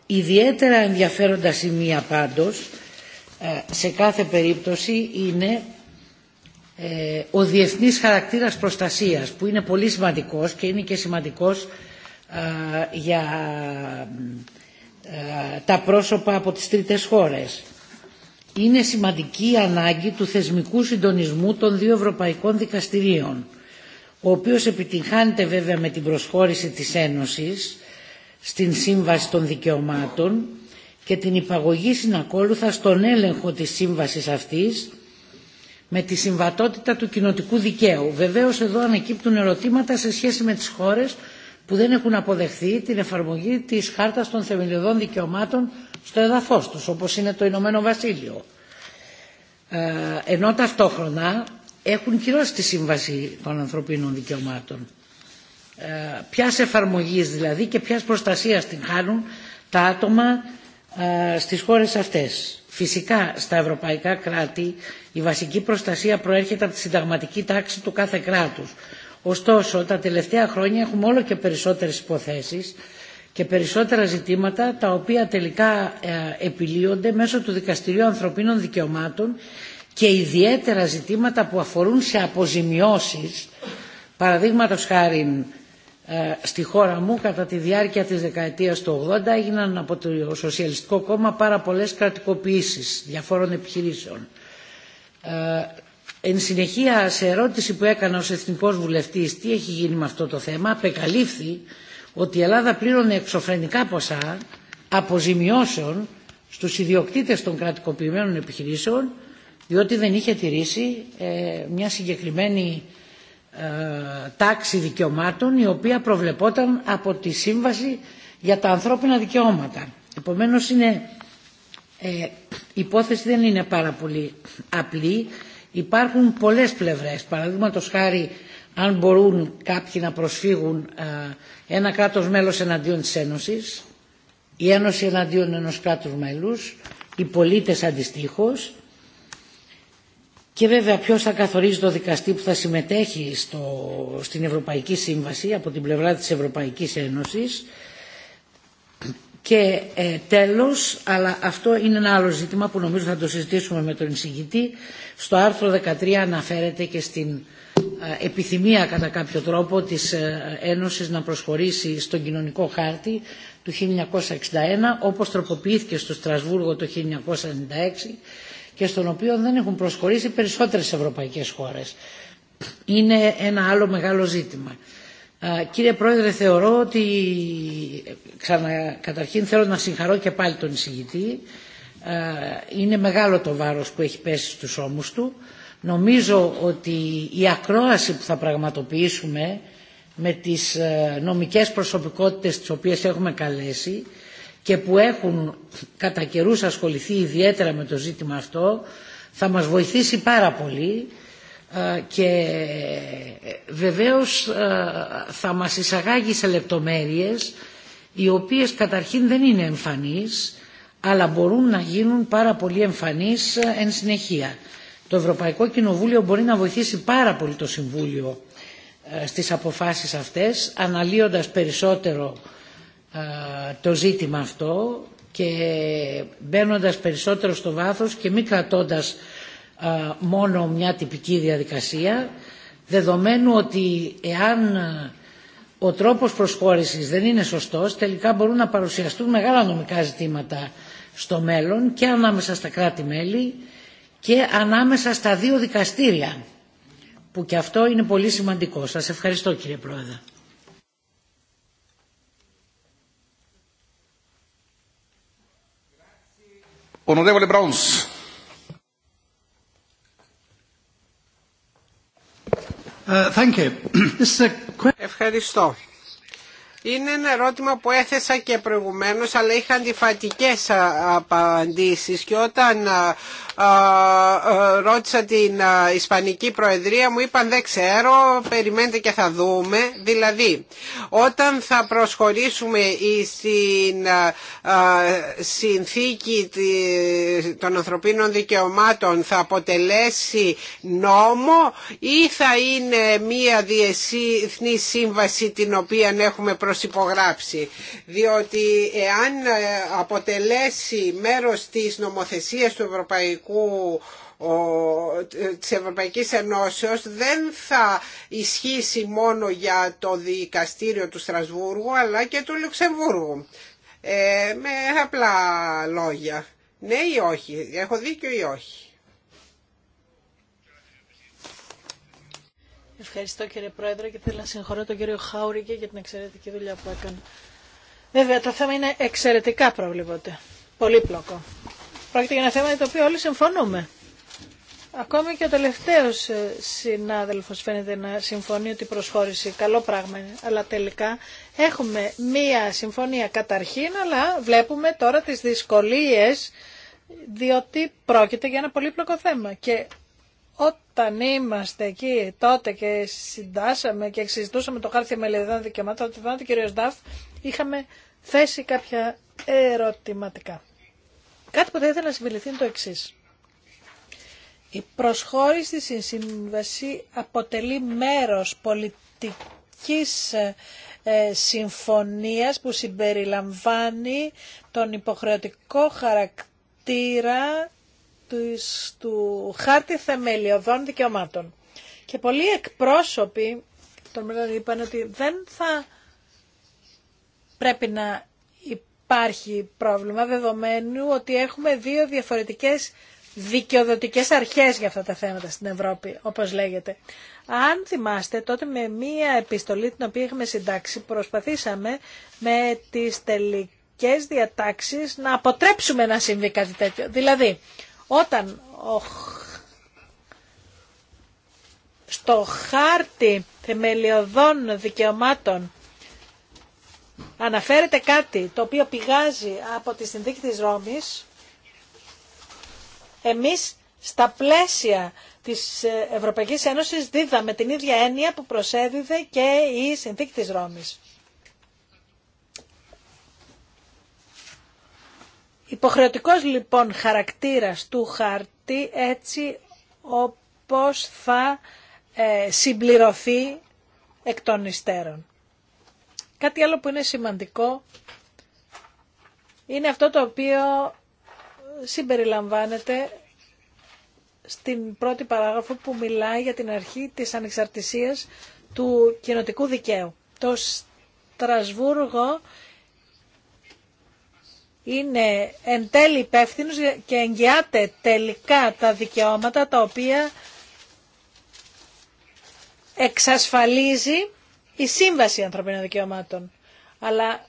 Ιδιαίτερα ενδιαφέροντα σημεία πάντως, ε, σε κάθε περίπτωση είναι ε, ο διεθνής χαρακτήρας προστασίας που είναι πολύ σημαντικός και είναι και σημαντικός ε, για ε, τα πρόσωπα από τις τρίτες χώρες. Είναι σημαντική η ανάγκη του θεσμικού συντονισμού των δύο ευρωπαϊκών δικαστηρίων, ο οποίος επιτυγχάνεται βέβαια με την προσχώρηση της Ένωσης στην Σύμβαση των Δικαιωμάτων και την υπαγωγή συνακόλουθα στον έλεγχο της σύμβασης αυτής με τη συμβατότητα του κοινοτικού δικαίου. Βεβαίως εδώ ανακύπτουν ερωτήματα σε σχέση με τις χώρες που δεν έχουν αποδεχθεί την εφαρμογή της Χάρτας των Θεμελιωδών Δικαιωμάτων στο εδαφός τους, όπως είναι το Ηνωμένο Βασίλειο. Ε, ενώ ταυτόχρονα έχουν κυρώσει τη Σύμβαση των Ανθρωπίνων Δικαιωμάτων. Ε, ποιας εφαρμογής δηλαδή και ποια προστασία την χάνουν τα άτομα ε, στις χώρες αυτές. Φυσικά στα ευρωπαϊκά κράτη η βασική προστασία προέρχεται από τη συνταγματική τάξη του κάθε κράτους Ωστόσο, τα τελευταία χρόνια έχουμε όλο και περισσότερες υποθέσεις και περισσότερα ζητήματα τα οποία τελικά ε, επιλύονται μέσω του Δικαστηρίου Ανθρωπίνων Δικαιωμάτων και ιδιαίτερα ζητήματα που αφορούν σε αποζημιώσεις παραδείγματο χάρη ε, στη χώρα μου κατά τη διάρκεια της δεκαετίας του 80 έγιναν από το Σοσιαλιστικό Κόμμα πάρα πολλές κρατικοποιήσεις διαφόρων επιχειρήσεων ε, Εν συνεχεία σε ερώτηση που έκανα ως εθνικός βουλευτής τι έχει γίνει με αυτό το θέμα, απεκαλύφθη ότι η Ελλάδα πλήρωνε εξωφρενικά ποσά αποζημιώσεων στους ιδιοκτήτες των κρατικοποιημένων επιχειρήσεων διότι δεν είχε τηρήσει ε, μια συγκεκριμένη ε, τάξη δικαιωμάτων η οποία προβλεπόταν από τη Σύμβαση για τα ανθρώπινα δικαιώματα. Επομένως, είναι, ε, η υπόθεση δεν είναι πάρα πολύ απλή Υπάρχουν πολλές πλευρές. Παραδείγματο χάρη αν μπορούν κάποιοι να προσφύγουν ένα κράτος μέλος εναντίον της Ένωσης, η Ένωση εναντίον ενός κράτους μέλους, οι πολίτες αντιστοίχως και βέβαια ποιος θα καθορίζει το δικαστή που θα συμμετέχει στο, στην Ευρωπαϊκή Σύμβαση από την πλευρά της Ευρωπαϊκής Ένωσης και ε, τέλος, αλλά αυτό είναι ένα άλλο ζήτημα που νομίζω θα το συζητήσουμε με τον εισηγητή, στο άρθρο 13 αναφέρεται και στην ε, επιθυμία κατά κάποιο τρόπο της ε, Ένωσης να προσχωρήσει στον κοινωνικό χάρτη του 1961, όπως τροποποιήθηκε στο Στρασβούργο το 1996 και στον οποίο δεν έχουν προσχωρήσει περισσότερες ευρωπαϊκές χώρες. Είναι ένα άλλο μεγάλο ζήτημα. Κύριε Πρόεδρε, θεωρώ ότι καταρχήν θέλω να συγχαρώ και πάλι τον εισηγητή. Είναι μεγάλο το βάρος που έχει πέσει στους ώμους του. Νομίζω ότι η ακρόαση που θα πραγματοποιήσουμε με τις ε, νομικές προσωπικότητες τις οποίες έχουμε καλέσει και που έχουν κατά καιρούς ασχοληθεί ιδιαίτερα με το ζήτημα αυτό θα μας βοηθήσει πάρα πολύ ε, και βεβαίως ε, θα μας εισαγάγει σε λεπτομέρειες οι οποίες καταρχήν δεν είναι εμφανείς αλλά μπορούν να γίνουν πάρα πολύ εμφανείς ε, εν συνεχεία. Το Ευρωπαϊκό Κοινοβούλιο μπορεί να βοηθήσει πάρα πολύ το Συμβούλιο στις αποφάσεις αυτές αναλύοντας περισσότερο το ζήτημα αυτό και μπαίνοντας περισσότερο στο βάθος και μην κρατώντας ε, μόνο μια τυπική διαδικασία δεδομένου ότι εάν ε, ο τρόπος προσχώρησης δεν είναι σωστός τελικά μπορούν να παρουσιαστούν μεγάλα νομικά ζητήματα στο μέλλον και ανάμεσα στα κράτη-μέλη και ανάμεσα στα δύο δικαστήρια που και αυτό είναι πολύ σημαντικό. Σας ευχαριστώ κύριε Πρόεδρε. Uh, Ευχαριστώ είναι ένα ερώτημα που έθεσα και προηγουμένως αλλά είχα αντιφατικές απαντήσεις και όταν ρώτησα την Ισπανική Προεδρία μου είπαν δεν ξέρω, περιμένετε και θα δούμε. Δηλαδή, όταν θα προσχωρήσουμε στην συνθήκη των ανθρωπίνων δικαιωμάτων θα αποτελέσει νόμο ή θα είναι μία διεθνή σύμβαση την οποία έχουμε προσχωρήσει προσυπογράψει διότι εάν ε, αποτελέσει μέρος της νομοθεσίας του Ευρωπαϊκού ο, της Ευρωπαϊκής Ενώσεως δεν θα ισχύσει μόνο για το δικαστήριο του Στρασβούργου αλλά και του Λουξεμβούργου. Ε, με απλά λόγια. Ναι ή όχι. Έχω δίκιο ή όχι. Ευχαριστώ κύριε Πρόεδρε και θέλω να συγχωρώ τον κύριο Χάουρικη για την εξαιρετική δουλειά που έκανε. Βέβαια, το θέμα είναι εξαιρετικά προβληματικό. Πολύπλοκο. Πρόκειται για ένα θέμα για το οποίο όλοι συμφωνούμε. Ακόμη και ο τελευταίο ε, συνάδελφο φαίνεται να συμφωνεί ότι η προσχώρηση καλό πράγμα Αλλά τελικά έχουμε μία συμφωνία καταρχήν, αλλά βλέπουμε τώρα τι δυσκολίε διότι πρόκειται για ένα πολύπλοκο θέμα. Όταν είμαστε εκεί τότε και συντάσαμε και συζητούσαμε το χάρτη μελεδών δικαιωμάτων, το θυμάται κύριο Νταφ, είχαμε θέσει κάποια ερωτηματικά. Κάτι που θα ήθελα να συμμεληθεί είναι το εξή. Η προσχώρηση στην σύμβαση αποτελεί μέρος πολιτικής ε, συμφωνίας που συμπεριλαμβάνει τον υποχρεωτικό χαρακτήρα του χάρτη θεμελιωδών δικαιωμάτων. Και πολλοί εκπρόσωποι τον μελών είπαν ότι δεν θα πρέπει να υπάρχει πρόβλημα δεδομένου ότι έχουμε δύο διαφορετικές δικαιοδοτικές αρχές για αυτά τα θέματα στην Ευρώπη, όπως λέγεται. Αν θυμάστε, τότε με μία επιστολή την οποία είχαμε συντάξει, προσπαθήσαμε με τις τελικές διατάξεις να αποτρέψουμε να συμβεί κάτι τέτοιο. Δηλαδή, όταν στο χάρτη θεμελιωδών δικαιωμάτων αναφέρεται κάτι το οποίο πηγάζει από τη συνθήκη της Ρώμης, εμείς στα πλαίσια της Ευρωπαϊκής Ένωσης δίδαμε την ίδια έννοια που προσέδιδε και η συνθήκη της Ρώμης. Υποχρεωτικός λοιπόν χαρακτήρας του χαρτί έτσι όπως θα ε, συμπληρωθεί εκ των υστέρων. Κάτι άλλο που είναι σημαντικό είναι αυτό το οποίο συμπεριλαμβάνεται στην πρώτη παράγραφο που μιλάει για την αρχή της ανεξαρτησίας του κοινοτικού δικαίου. Το Στρασβούργο είναι εν τέλει υπεύθυνο και εγγυάται τελικά τα δικαιώματα τα οποία εξασφαλίζει η Σύμβαση Ανθρωπίνων Δικαιωμάτων. Αλλά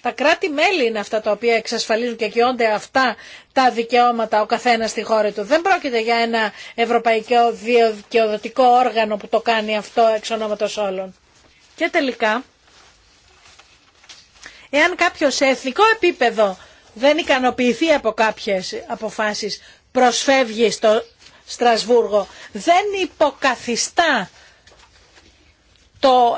τα κράτη-μέλη είναι αυτά τα οποία εξασφαλίζουν και εγγυώνται αυτά τα δικαιώματα ο καθένας στη χώρα του. Δεν πρόκειται για ένα ευρωπαϊκό δικαιοδοτικό όργανο που το κάνει αυτό εξ ονόματος όλων. Και τελικά Εάν κάποιο σε εθνικό επίπεδο δεν ικανοποιηθεί από κάποιες αποφάσεις, προσφεύγει στο Στρασβούργο, δεν υποκαθιστά το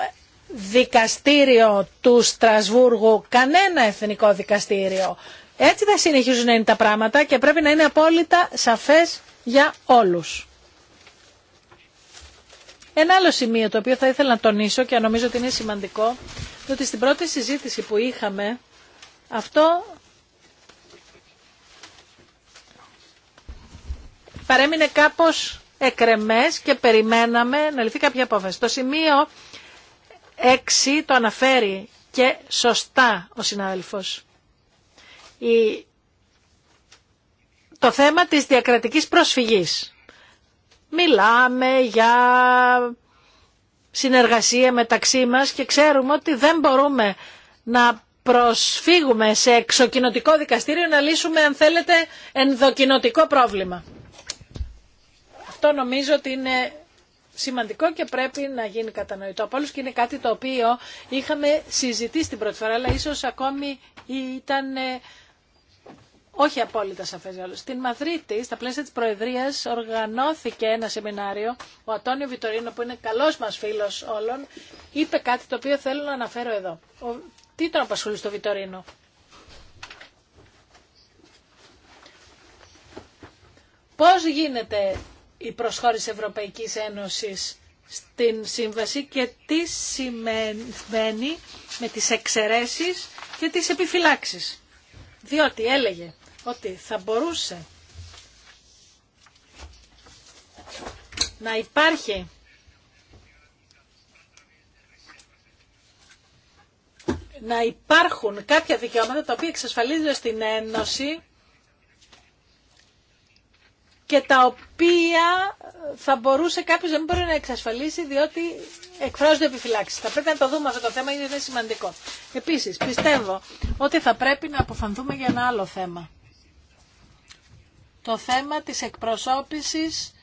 δικαστήριο του Στρασβούργου, κανένα εθνικό δικαστήριο. Έτσι θα συνεχίζουν να είναι τα πράγματα και πρέπει να είναι απόλυτα σαφές για όλους. Ένα άλλο σημείο το οποίο θα ήθελα να τονίσω και νομίζω ότι είναι σημαντικό, ότι στην πρώτη συζήτηση που είχαμε αυτό παρέμεινε κάπως εκρεμές και περιμέναμε να λυθεί κάποια απόφαση. Το σημείο 6 το αναφέρει και σωστά ο συνάδελφος. Το θέμα της διακρατικής προσφυγής μιλάμε για συνεργασία μεταξύ μας και ξέρουμε ότι δεν μπορούμε να προσφύγουμε σε εξοκοινοτικό δικαστήριο να λύσουμε αν θέλετε ενδοκοινοτικό πρόβλημα. Αυτό νομίζω ότι είναι σημαντικό και πρέπει να γίνει κατανοητό από όλους και είναι κάτι το οποίο είχαμε συζητήσει την πρώτη φορά αλλά ίσως ακόμη ήταν ε, όχι απόλυτα σαφέ για όλου. Στην Μαδρίτη, στα πλαίσια τη Προεδρία, οργανώθηκε ένα σεμινάριο. Ο Ατόνιο Βιτορίνο, που είναι καλό μα φίλο όλων, είπε κάτι το οποίο θέλω να αναφέρω εδώ. Ο... Τι τον απασχολεί στο Βιτορίνο. Πώς γίνεται η προσχώρηση Ευρωπαϊκής Ένωσης στην σύμβαση και τι σημαίνει με τις εξαιρέσεις και τις επιφυλάξεις. Διότι έλεγε ότι θα μπορούσε να υπάρχει να υπάρχουν κάποια δικαιώματα τα οποία εξασφαλίζονται στην Ένωση και τα οποία θα μπορούσε κάποιος να μην μπορεί να εξασφαλίσει διότι εκφράζονται επιφυλάξεις. Θα πρέπει να το δούμε αυτό το θέμα γιατί είναι σημαντικό. Επίσης, πιστεύω ότι θα πρέπει να αποφανθούμε για ένα άλλο θέμα το θέμα της εκπροσώπησης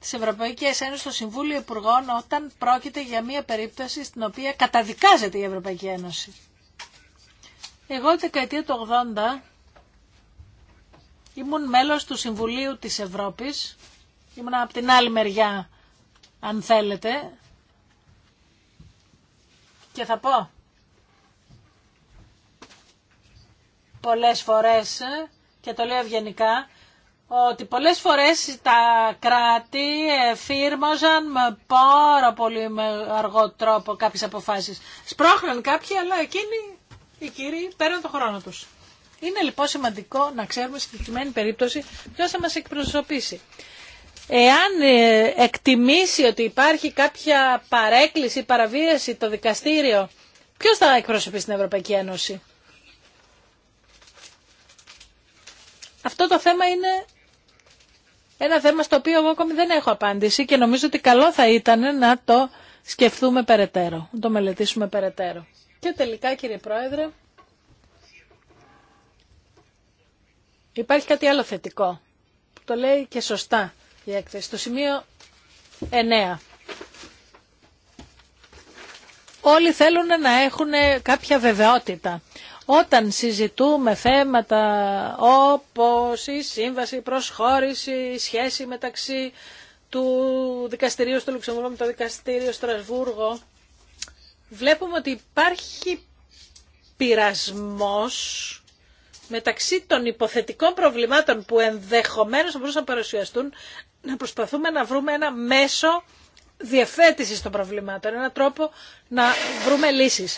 της Ευρωπαϊκής Ένωσης στο Συμβούλιο Υπουργών όταν πρόκειται για μια περίπτωση στην οποία καταδικάζεται η Ευρωπαϊκή Ένωση. Εγώ δεκαετία του 80 ήμουν μέλος του Συμβουλίου της Ευρώπης, ήμουν από την άλλη μεριά αν θέλετε και θα πω πολλές φορές και το λέω ευγενικά ότι πολλές φορές τα κράτη εφήρμοζαν με πάρα πολύ με αργό τρόπο κάποιες αποφάσεις. Σπρώχναν κάποιοι, αλλά εκείνοι οι κύριοι παίρνουν τον χρόνο τους. Είναι λοιπόν σημαντικό να ξέρουμε στην συγκεκριμένη περίπτωση ποιο θα μας εκπροσωπήσει. Εάν ε, εκτιμήσει ότι υπάρχει κάποια παρέκκληση, παραβίαση το δικαστήριο, ποιος θα εκπροσωπήσει την Ευρωπαϊκή Ένωση. Αυτό το θέμα είναι ένα θέμα στο οποίο εγώ ακόμη δεν έχω απάντηση και νομίζω ότι καλό θα ήταν να το σκεφτούμε περαιτέρω, να το μελετήσουμε περαιτέρω. Και τελικά κύριε Πρόεδρε, υπάρχει κάτι άλλο θετικό που το λέει και σωστά η έκθεση. Στο σημείο 9. Όλοι θέλουν να έχουν κάποια βεβαιότητα όταν συζητούμε θέματα όπως η σύμβαση, η προσχώρηση, η σχέση μεταξύ του δικαστηρίου στο Λουξεμβούργο με το δικαστήριο Στρασβούργο, βλέπουμε ότι υπάρχει πειρασμός μεταξύ των υποθετικών προβλημάτων που ενδεχομένως θα μπορούσαν να παρουσιαστούν, να προσπαθούμε να βρούμε ένα μέσο διαφέτησης των προβλημάτων, έναν τρόπο να βρούμε λύσεις.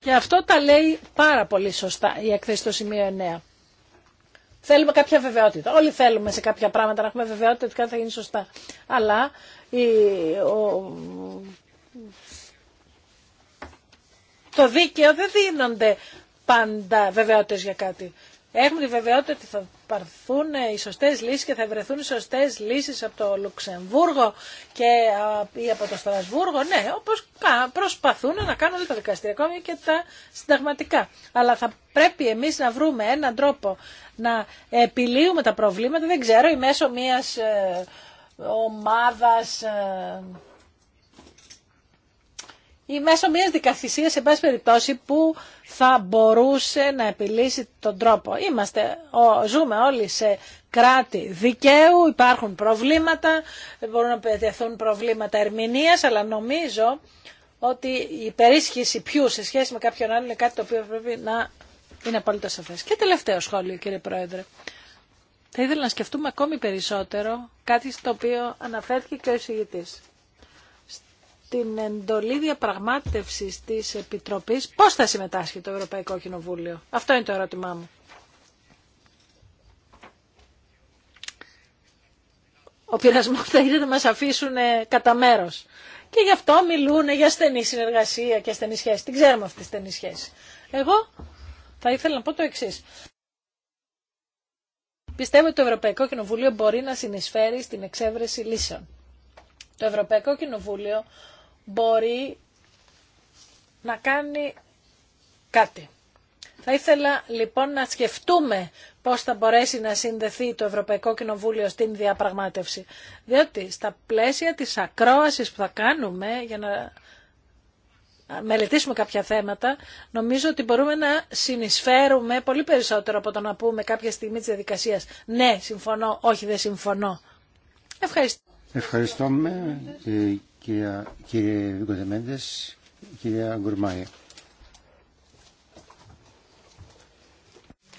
Και αυτό τα λέει πάρα πολύ σωστά η εκθέση στο σημείο 9. Θέλουμε κάποια βεβαιότητα. Όλοι θέλουμε σε κάποια πράγματα να έχουμε βεβαιότητα ότι κάτι θα γίνει σωστά. Αλλά το δίκαιο δεν δίνονται πάντα βεβαιότητες για κάτι. Έχουμε τη βεβαιότητα ότι θα παρθούν ε, οι σωστές λύσεις και θα βρεθούν οι σωστές λύσεις από το Λουξεμβούργο και, ή από το Στρασβούργο. Ναι, όπως προσπαθούν να κάνουν όλα τα δικαστήρια, ακόμη και τα συνταγματικά. Αλλά θα πρέπει εμείς να βρούμε έναν τρόπο να επιλύουμε τα προβλήματα, δεν ξέρω, ή μέσω μιας ε, ομάδας ε, ή μέσω μιας δικαθυσίας, σε πάση περιπτώσει, που θα μπορούσε να επιλύσει τον τρόπο. Είμαστε, ζούμε όλοι σε κράτη δικαίου, υπάρχουν προβλήματα, μπορούν να πετεθούν προβλήματα ερμηνείας, αλλά νομίζω ότι η υπερίσχυση ποιου σε σχέση με κάποιον άλλον είναι κάτι το οποίο πρέπει να είναι απόλυτα σαφές. Και τελευταίο σχόλιο, κύριε Πρόεδρε. Θα ήθελα να σκεφτούμε ακόμη περισσότερο κάτι στο οποίο αναφέρθηκε και ο εισηγητής την εντολή διαπραγμάτευσης της Επιτροπής, πώς θα συμμετάσχει το Ευρωπαϊκό Κοινοβούλιο. Αυτό είναι το ερώτημά μου. Ο πειρασμό θα είναι να μας αφήσουν ε, κατά μέρο. Και γι' αυτό μιλούν για στενή συνεργασία και στενή σχέση. Την ξέρουμε αυτή τη στενή σχέση. Εγώ θα ήθελα να πω το εξή. Πιστεύω ότι το Ευρωπαϊκό Κοινοβούλιο μπορεί να συνεισφέρει στην εξέβρεση λύσεων. Το Ευρωπαϊκό Κοινοβούλιο μπορεί να κάνει κάτι. Θα ήθελα λοιπόν να σκεφτούμε πώς θα μπορέσει να συνδεθεί το Ευρωπαϊκό Κοινοβούλιο στην διαπραγμάτευση. Διότι στα πλαίσια της ακρόασης που θα κάνουμε για να μελετήσουμε κάποια θέματα, νομίζω ότι μπορούμε να συνεισφέρουμε πολύ περισσότερο από το να πούμε κάποια στιγμή της διαδικασίας «Ναι, συμφωνώ, όχι, δεν συμφωνώ». Ευχαριστώ κυρία, κύριε Γκοδεμέντες, κυρία Γκουρμάη.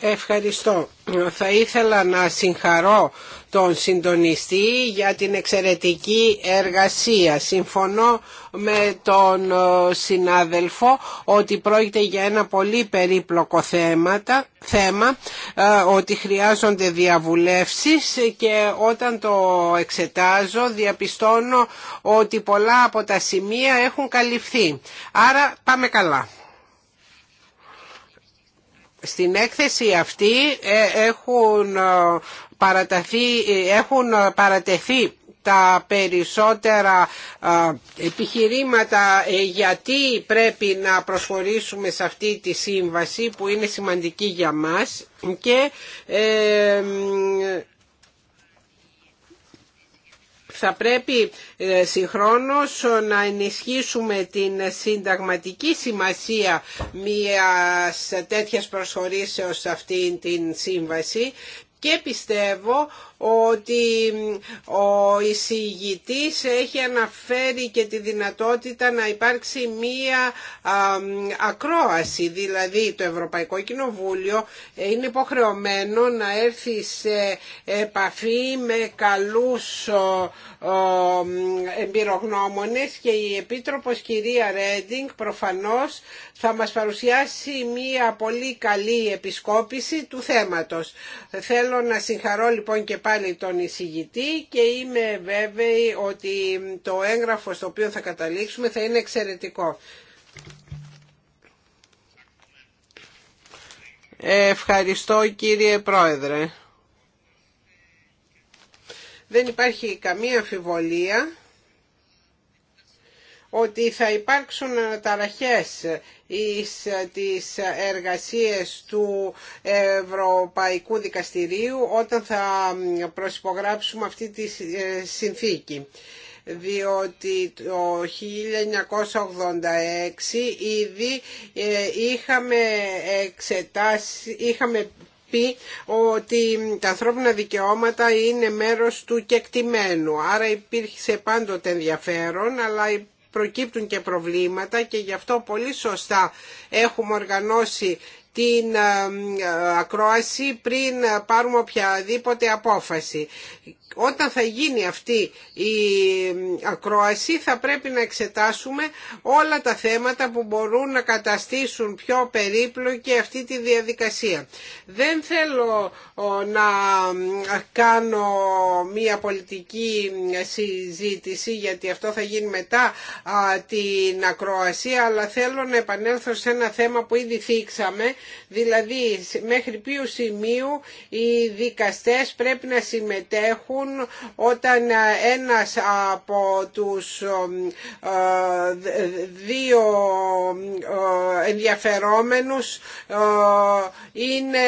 Ευχαριστώ. Θα ήθελα να συγχαρώ τον συντονιστή για την εξαιρετική εργασία. Συμφωνώ με τον ε, συνάδελφο ότι πρόκειται για ένα πολύ περίπλοκο θέματα, θέμα, ε, ότι χρειάζονται διαβουλεύσεις και όταν το εξετάζω διαπιστώνω ότι πολλά από τα σημεία έχουν καλυφθεί. Άρα πάμε καλά στην έκθεση αυτή ε, έχουν ε, ε, έχουν παρατεθεί τα περισσότερα επιχειρήματα γιατί πρέπει να προσχωρήσουμε σε αυτή τη σύμβαση που είναι σημαντική για μας και θα πρέπει ε, συγχρόνως να ενισχύσουμε την συνταγματική σημασία μιας τέτοιας προσχωρήσεως σε αυτήν την σύμβαση και πιστεύω ότι ο εισηγητής έχει αναφέρει και τη δυνατότητα να υπάρξει μία ακρόαση, δηλαδή το Ευρωπαϊκό Κοινοβούλιο είναι υποχρεωμένο να έρθει σε επαφή με καλούς εμπειρογνώμονες και η Επίτροπος κυρία Ρέντινγκ προφανώς θα μας παρουσιάσει μία πολύ καλή επισκόπηση του θέματος. Θέλω να συγχαρώ λοιπόν και πάλι πάλι τον εισηγητή και είμαι βέβαιη ότι το έγγραφο στο οποίο θα καταλήξουμε θα είναι εξαιρετικό. Ευχαριστώ κύριε Πρόεδρε. Δεν υπάρχει καμία αμφιβολία ότι θα υπάρξουν ε, ταραχές εις ε, τις εργασίες του Ευρωπαϊκού Δικαστηρίου όταν θα προσυπογράψουμε αυτή τη ε, συνθήκη διότι το 1986 ήδη είχαμε εξετάσει, είχαμε πει ότι τα ανθρώπινα δικαιώματα είναι μέρος του κεκτημένου. Άρα υπήρχε πάντοτε ενδιαφέρον, αλλά προκύπτουν και προβλήματα και γι' αυτό πολύ σωστά έχουμε οργανώσει την ε, ε, ακρόαση πριν πάρουμε οποιαδήποτε απόφαση όταν θα γίνει αυτή η ακρόαση θα πρέπει να εξετάσουμε όλα τα θέματα που μπορούν να καταστήσουν πιο περίπλοκη αυτή τη διαδικασία. Δεν θέλω να κάνω μια πολιτική συζήτηση γιατί αυτό θα γίνει μετά την ακρόαση αλλά θέλω να επανέλθω σε ένα θέμα που ήδη θίξαμε δηλαδή μέχρι ποιου σημείου οι δικαστές πρέπει να συμμετέχουν όταν ένας από τους ε, δύο ε, ενδιαφερόμενους ε, είναι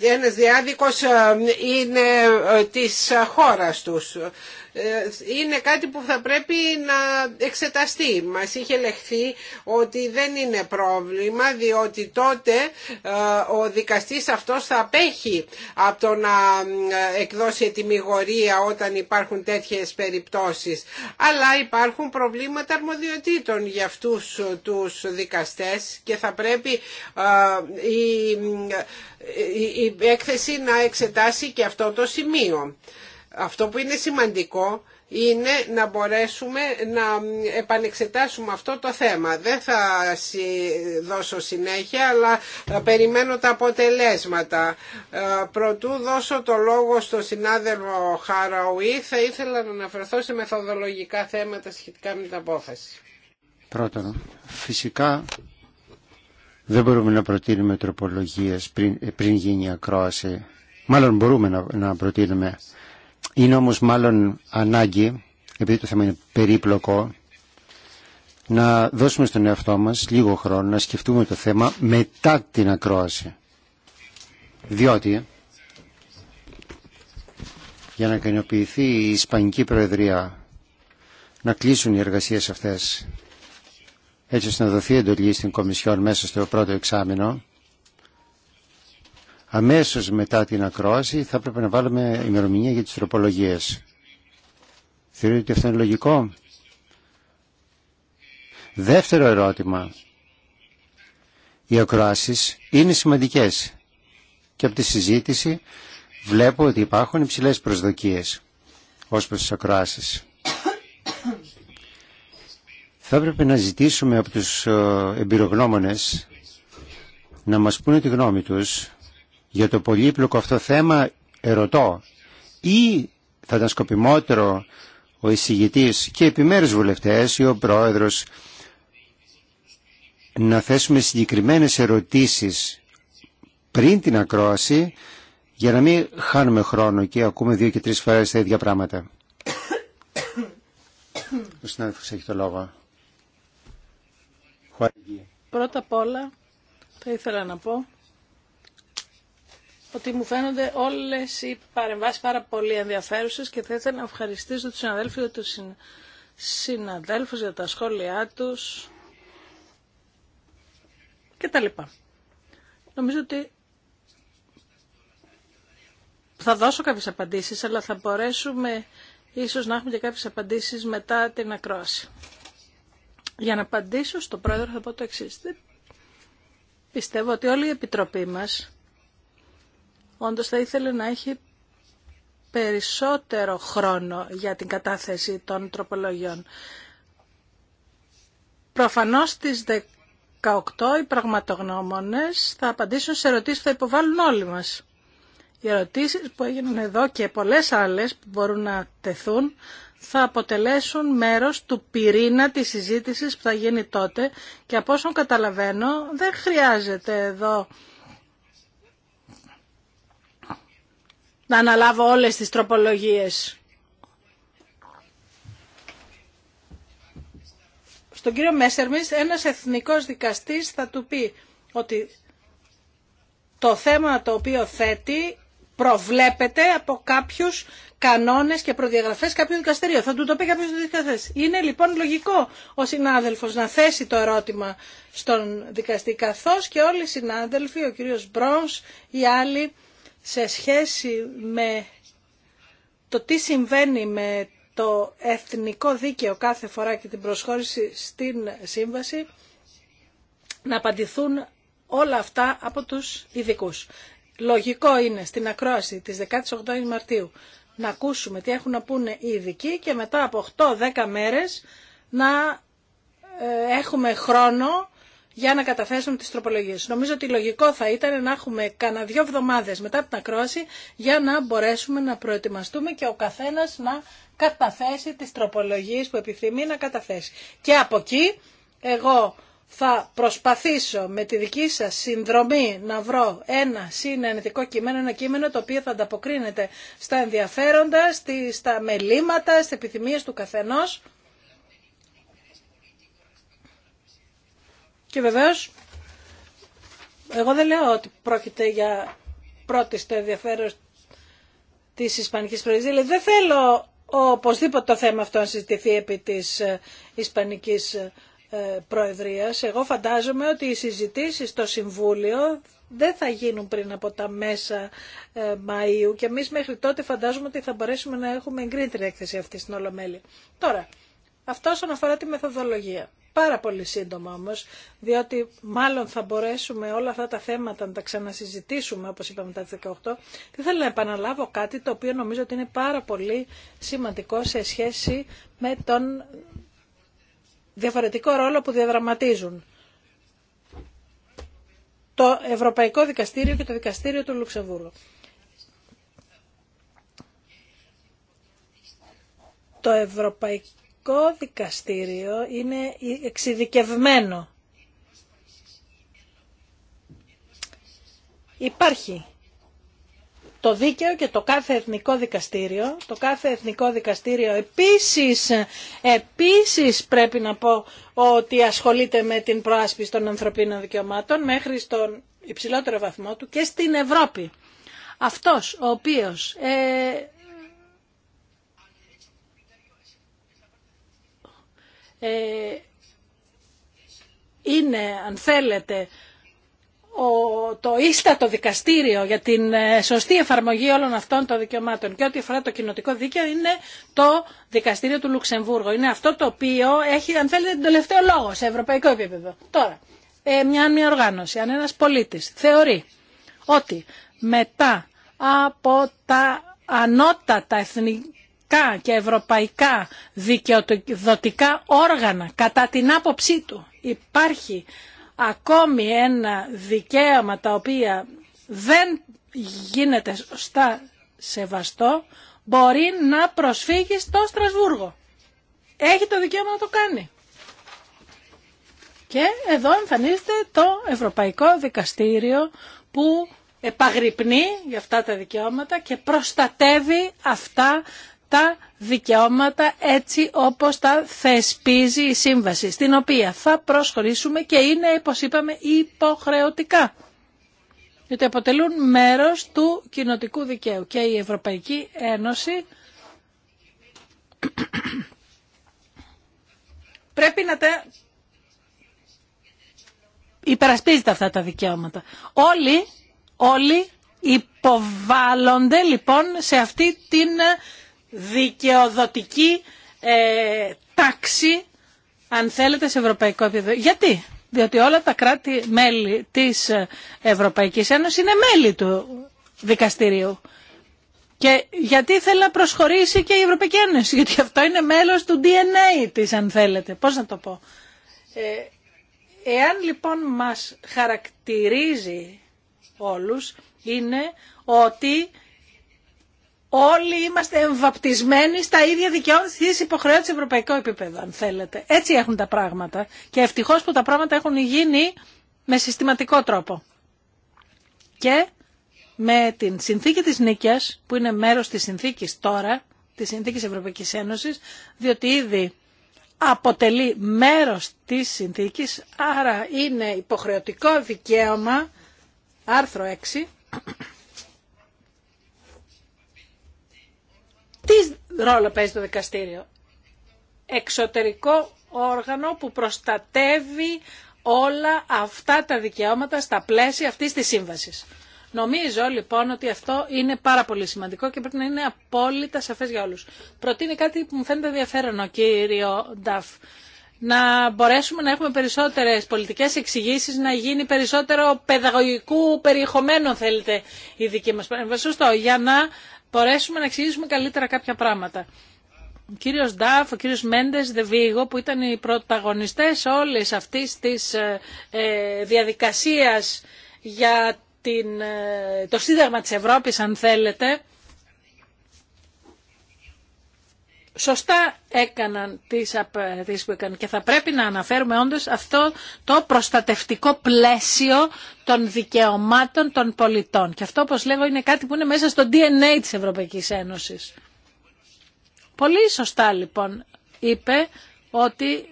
ένας διάδικος είναι της χώρας τους. Ε, είναι κάτι που θα πρέπει να εξεταστεί. Μας είχε λεχθεί ότι δεν είναι πρόβλημα διότι τότε ε, ο δικαστής αυτός θα απέχει από το να ε, εκδώσει ετοιμιγορία όταν υπάρχουν τέτοιες περιπτώσεις. Αλλά υπάρχουν προβλήματα αρμοδιοτήτων για αυτούς τους δικαστές και θα πρέπει η έκθεση να εξετάσει και αυτό το σημείο. Αυτό που είναι σημαντικό είναι να μπορέσουμε να επανεξετάσουμε αυτό το θέμα. Δεν θα δώσω συνέχεια, αλλά περιμένω τα αποτελέσματα. Ε, Πρωτού δώσω το λόγο στο συνάδελφο Χαραουή, θα ήθελα να αναφερθώ σε μεθοδολογικά θέματα σχετικά με την απόφαση. Πρώτον, φυσικά δεν μπορούμε να προτείνουμε τροπολογίες πριν, πριν γίνει η ακρόαση. Μάλλον μπορούμε να, να προτείνουμε είναι όμως μάλλον ανάγκη, επειδή το θέμα είναι περίπλοκο, να δώσουμε στον εαυτό μας λίγο χρόνο να σκεφτούμε το θέμα μετά την ακρόαση. Διότι, για να ικανοποιηθεί η Ισπανική Προεδρία να κλείσουν οι εργασίες αυτές, έτσι ώστε να δοθεί εντολή στην Κομισιόν μέσα στο πρώτο εξάμεινο, αμέσως μετά την ακρόαση θα έπρεπε να βάλουμε ημερομηνία για τις τροπολογίες. Θεωρείτε ότι αυτό είναι λογικό. Δεύτερο ερώτημα. Οι ακροάσεις είναι σημαντικές και από τη συζήτηση βλέπω ότι υπάρχουν υψηλές προσδοκίες ως προς τις ακροάσεις. Θα έπρεπε να ζητήσουμε από τους ε, εμπειρογνώμονες να μας πούνε τη γνώμη τους για το πολύπλοκο αυτό θέμα ερωτώ ή θα ήταν σκοπιμότερο ο εισηγητής και επιμέρους βουλευτές ή ο πρόεδρος να θέσουμε συγκεκριμένες ερωτήσεις πριν την ακρόαση για να μην χάνουμε χρόνο και ακούμε δύο και τρεις φορές τα ίδια πράγματα. Ο το λόγο. Πρώτα απ' όλα θα ήθελα να πω ότι μου φαίνονται όλες οι παρεμβάσεις πάρα πολύ ενδιαφέρουσες και θα ήθελα να ευχαριστήσω τους συναδέλφους και τους συναδέλφους για τα σχόλιά τους και τα λοιπά. Νομίζω ότι θα δώσω κάποιες απαντήσεις, αλλά θα μπορέσουμε ίσως να έχουμε και κάποιες απαντήσεις μετά την ακρόαση. Για να απαντήσω στον πρόεδρο θα πω το εξή. Πιστεύω ότι όλη η επιτροπή μας όντως θα ήθελε να έχει περισσότερο χρόνο για την κατάθεση των τροπολογιών. Προφανώς στις 18 οι πραγματογνώμονες θα απαντήσουν σε ερωτήσεις που θα υποβάλουν όλοι μας. Οι ερωτήσεις που έγιναν εδώ και πολλές άλλες που μπορούν να τεθούν θα αποτελέσουν μέρος του πυρήνα της συζήτησης που θα γίνει τότε και από όσο καταλαβαίνω δεν χρειάζεται εδώ να αναλάβω όλες τις τροπολογίες. Στον κύριο Μέσερμις ένας εθνικός δικαστής θα του πει ότι το θέμα το οποίο θέτει προβλέπεται από κάποιους κανόνες και προδιαγραφές κάποιου δικαστηρίου. Θα του το πει κάποιος δικαστής. Είναι λοιπόν λογικό ο συνάδελφος να θέσει το ερώτημα στον δικαστή καθώς και όλοι οι συνάδελφοι, ο κύριος Μπρόνς, οι άλλοι σε σχέση με το τι συμβαίνει με το εθνικό δίκαιο κάθε φορά και την προσχώρηση στην σύμβαση να απαντηθούν όλα αυτά από τους ειδικού. Λογικό είναι στην ακρόαση της 18 Μαρτίου να ακούσουμε τι έχουν να πούνε οι ειδικοί και μετά από 8-10 μέρες να ε, έχουμε χρόνο για να καταθέσουν τις τροπολογίες. Νομίζω ότι λογικό θα ήταν να έχουμε κανένα δύο εβδομάδες μετά την ακρόαση για να μπορέσουμε να προετοιμαστούμε και ο καθένας να καταθέσει τις τροπολογίες που επιθυμεί να καταθέσει. Και από εκεί εγώ θα προσπαθήσω με τη δική σας συνδρομή να βρω ένα συνενετικό κείμενο, ένα κείμενο το οποίο θα ανταποκρίνεται στα ενδιαφέροντα, στα μελήματα, στις επιθυμίες του καθενός Και βεβαίω, εγώ δεν λέω ότι πρόκειται για πρώτη στο ενδιαφέρον τη Ισπανική Προεδρία. Δηλαδή δεν θέλω οπωσδήποτε το θέμα αυτό να συζητηθεί επί τη ε, ισπανική ε, προεδρία. Εγώ φαντάζομαι ότι οι συζητήσει στο Συμβούλιο δεν θα γίνουν πριν από τα μέσα ε, Μαΐου και εμείς μέχρι τότε φαντάζομαι ότι θα μπορέσουμε να έχουμε εγκρίνει έκθεση αυτή στην Ολομέλη. Τώρα, αυτό όσον αφορά τη μεθοδολογία πάρα πολύ σύντομα όμως, διότι μάλλον θα μπορέσουμε όλα αυτά τα θέματα να τα ξανασυζητήσουμε, όπως είπαμε μετά 18. Και θέλω να επαναλάβω κάτι το οποίο νομίζω ότι είναι πάρα πολύ σημαντικό σε σχέση με τον διαφορετικό ρόλο που διαδραματίζουν το Ευρωπαϊκό Δικαστήριο και το Δικαστήριο του Λουξεμβούργου. Το Ευρωπαϊκό το Δικαστήριο είναι εξειδικευμένο. Υπάρχει το δίκαιο και το κάθε εθνικό δικαστήριο. Το κάθε εθνικό δικαστήριο επίσης, επίσης πρέπει να πω ότι ασχολείται με την προάσπιση των ανθρωπίνων δικαιωμάτων μέχρι στον υψηλότερο βαθμό του και στην Ευρώπη. Αυτός ο οποίος ε, Ε, είναι, αν θέλετε, το ίστατο δικαστήριο για την ε, σωστή εφαρμογή όλων αυτών των δικαιωμάτων και ό,τι αφορά το κοινοτικό δίκαιο είναι το δικαστήριο του Λουξεμβούργου. Είναι αυτό το οποίο έχει, αν θέλετε, τον τελευταίο λόγο σε ευρωπαϊκό επίπεδο. Τώρα, ε, μια, μια οργάνωση, αν ένας πολίτης θεωρεί ότι μετά από τα ανώτατα εθνικά και ευρωπαϊκά δικαιοδοτικά όργανα κατά την άποψή του. Υπάρχει ακόμη ένα δικαίωμα τα οποία δεν γίνεται σωστά σεβαστό, μπορεί να προσφύγει στο Στρασβούργο. Έχει το δικαίωμα να το κάνει. Και εδώ εμφανίζεται το Ευρωπαϊκό Δικαστήριο που επαγρυπνεί για αυτά τα δικαιώματα και προστατεύει αυτά τα δικαιώματα έτσι όπως τα θεσπίζει η σύμβαση, στην οποία θα προσχωρήσουμε και είναι, όπως είπαμε, υποχρεωτικά. Γιατί αποτελούν μέρος του κοινοτικού δικαίου και η Ευρωπαϊκή Ένωση πρέπει να τα αυτά τα δικαιώματα. Όλοι, όλοι υποβάλλονται λοιπόν σε αυτή την δικαιοδοτική ε, τάξη, αν θέλετε, σε ευρωπαϊκό επίπεδο. Γιατί? Διότι όλα τα κράτη-μέλη της Ευρωπαϊκής Ένωσης είναι μέλη του δικαστηρίου. Και γιατί θέλει να προσχωρήσει και η Ευρωπαϊκή Ένωση, γιατί αυτό είναι μέλος του DNA της, αν θέλετε. Πώς να το πω. Ε, εάν λοιπόν μας χαρακτηρίζει όλους, είναι ότι όλοι είμαστε εμβαπτισμένοι στα ίδια δικαιώματα στις υποχρεώσεις σε ευρωπαϊκό επίπεδο, αν θέλετε. Έτσι έχουν τα πράγματα και ευτυχώς που τα πράγματα έχουν γίνει με συστηματικό τρόπο. Και με την συνθήκη της νίκης, που είναι μέρος της συνθήκης τώρα, της συνθήκης Ευρωπαϊκής Ένωσης, διότι ήδη αποτελεί μέρος της συνθήκης, άρα είναι υποχρεωτικό δικαίωμα, άρθρο 6, Τι ρόλο παίζει το δικαστήριο. Εξωτερικό όργανο που προστατεύει όλα αυτά τα δικαιώματα στα πλαίσια αυτής της σύμβασης. Νομίζω λοιπόν ότι αυτό είναι πάρα πολύ σημαντικό και πρέπει να είναι απόλυτα σαφές για όλους. Προτείνει κάτι που μου φαίνεται ενδιαφέρον ο κύριο Νταφ. Να μπορέσουμε να έχουμε περισσότερες πολιτικές εξηγήσεις, να γίνει περισσότερο παιδαγωγικού περιεχομένου, θέλετε, η δική μας παρέμβαση. για να μπορέσουμε να εξηγήσουμε καλύτερα κάποια πράγματα. Ο κύριο Ντάφ, ο κύριο Μέντε Δεβίγο που ήταν οι πρωταγωνιστές όλης αυτής της ε, ε, διαδικασία για την, ε, το Σύνταγμα τη Ευρώπη, αν θέλετε σωστά έκαναν τις απαιτήσεις που έκαναν και θα πρέπει να αναφέρουμε όντως αυτό το προστατευτικό πλαίσιο των δικαιωμάτων των πολιτών. Και αυτό, όπως λέγω, είναι κάτι που είναι μέσα στο DNA της Ευρωπαϊκής Ένωσης. Πολύ σωστά, λοιπόν, είπε ότι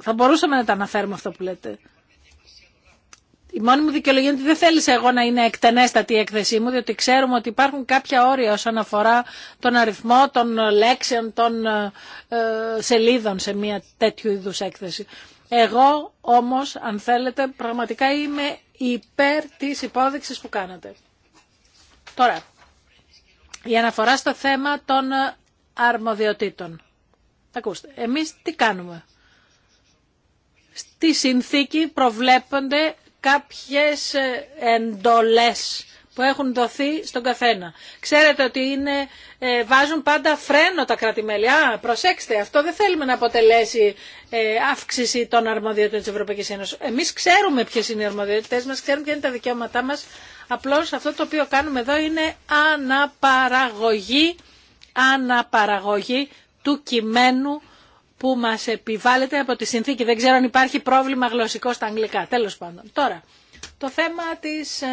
θα μπορούσαμε να τα αναφέρουμε αυτό που λέτε. Η μόνη μου δικαιολογία είναι ότι δεν θέλησα εγώ να είναι εκτενέστατη η έκθεσή μου, διότι ξέρουμε ότι υπάρχουν κάποια όρια όσον αφορά τον αριθμό των λέξεων, των ε, ε, σελίδων σε μια τέτοιου είδους έκθεση. Εγώ όμως, αν θέλετε, πραγματικά είμαι υπέρ της υπόδειξης που κάνατε. Τώρα, η αναφορά στο θέμα των αρμοδιοτήτων. Ακούστε, εμείς τι κάνουμε. Στη συνθήκη προβλέπονται κάποιες ε, εντολές που έχουν δοθεί στον καθένα. Ξέρετε ότι είναι, ε, βάζουν πάντα φρένο τα κράτη-μέλη. Α, προσέξτε, αυτό δεν θέλουμε να αποτελέσει ε, αύξηση των αρμοδιότητων της Ευρωπαϊκής Ένωσης. Εμείς ξέρουμε ποιες είναι οι αρμοδιότητες μας, ξέρουμε ποια είναι τα δικαιώματά μας. Απλώς αυτό το οποίο κάνουμε εδώ είναι αναπαραγωγή, αναπαραγωγή του κειμένου που μας επιβάλλεται από τη συνθήκη. Δεν ξέρω αν υπάρχει πρόβλημα γλωσσικό στα αγγλικά. Τέλος πάντων. Τώρα, το θέμα της, ε,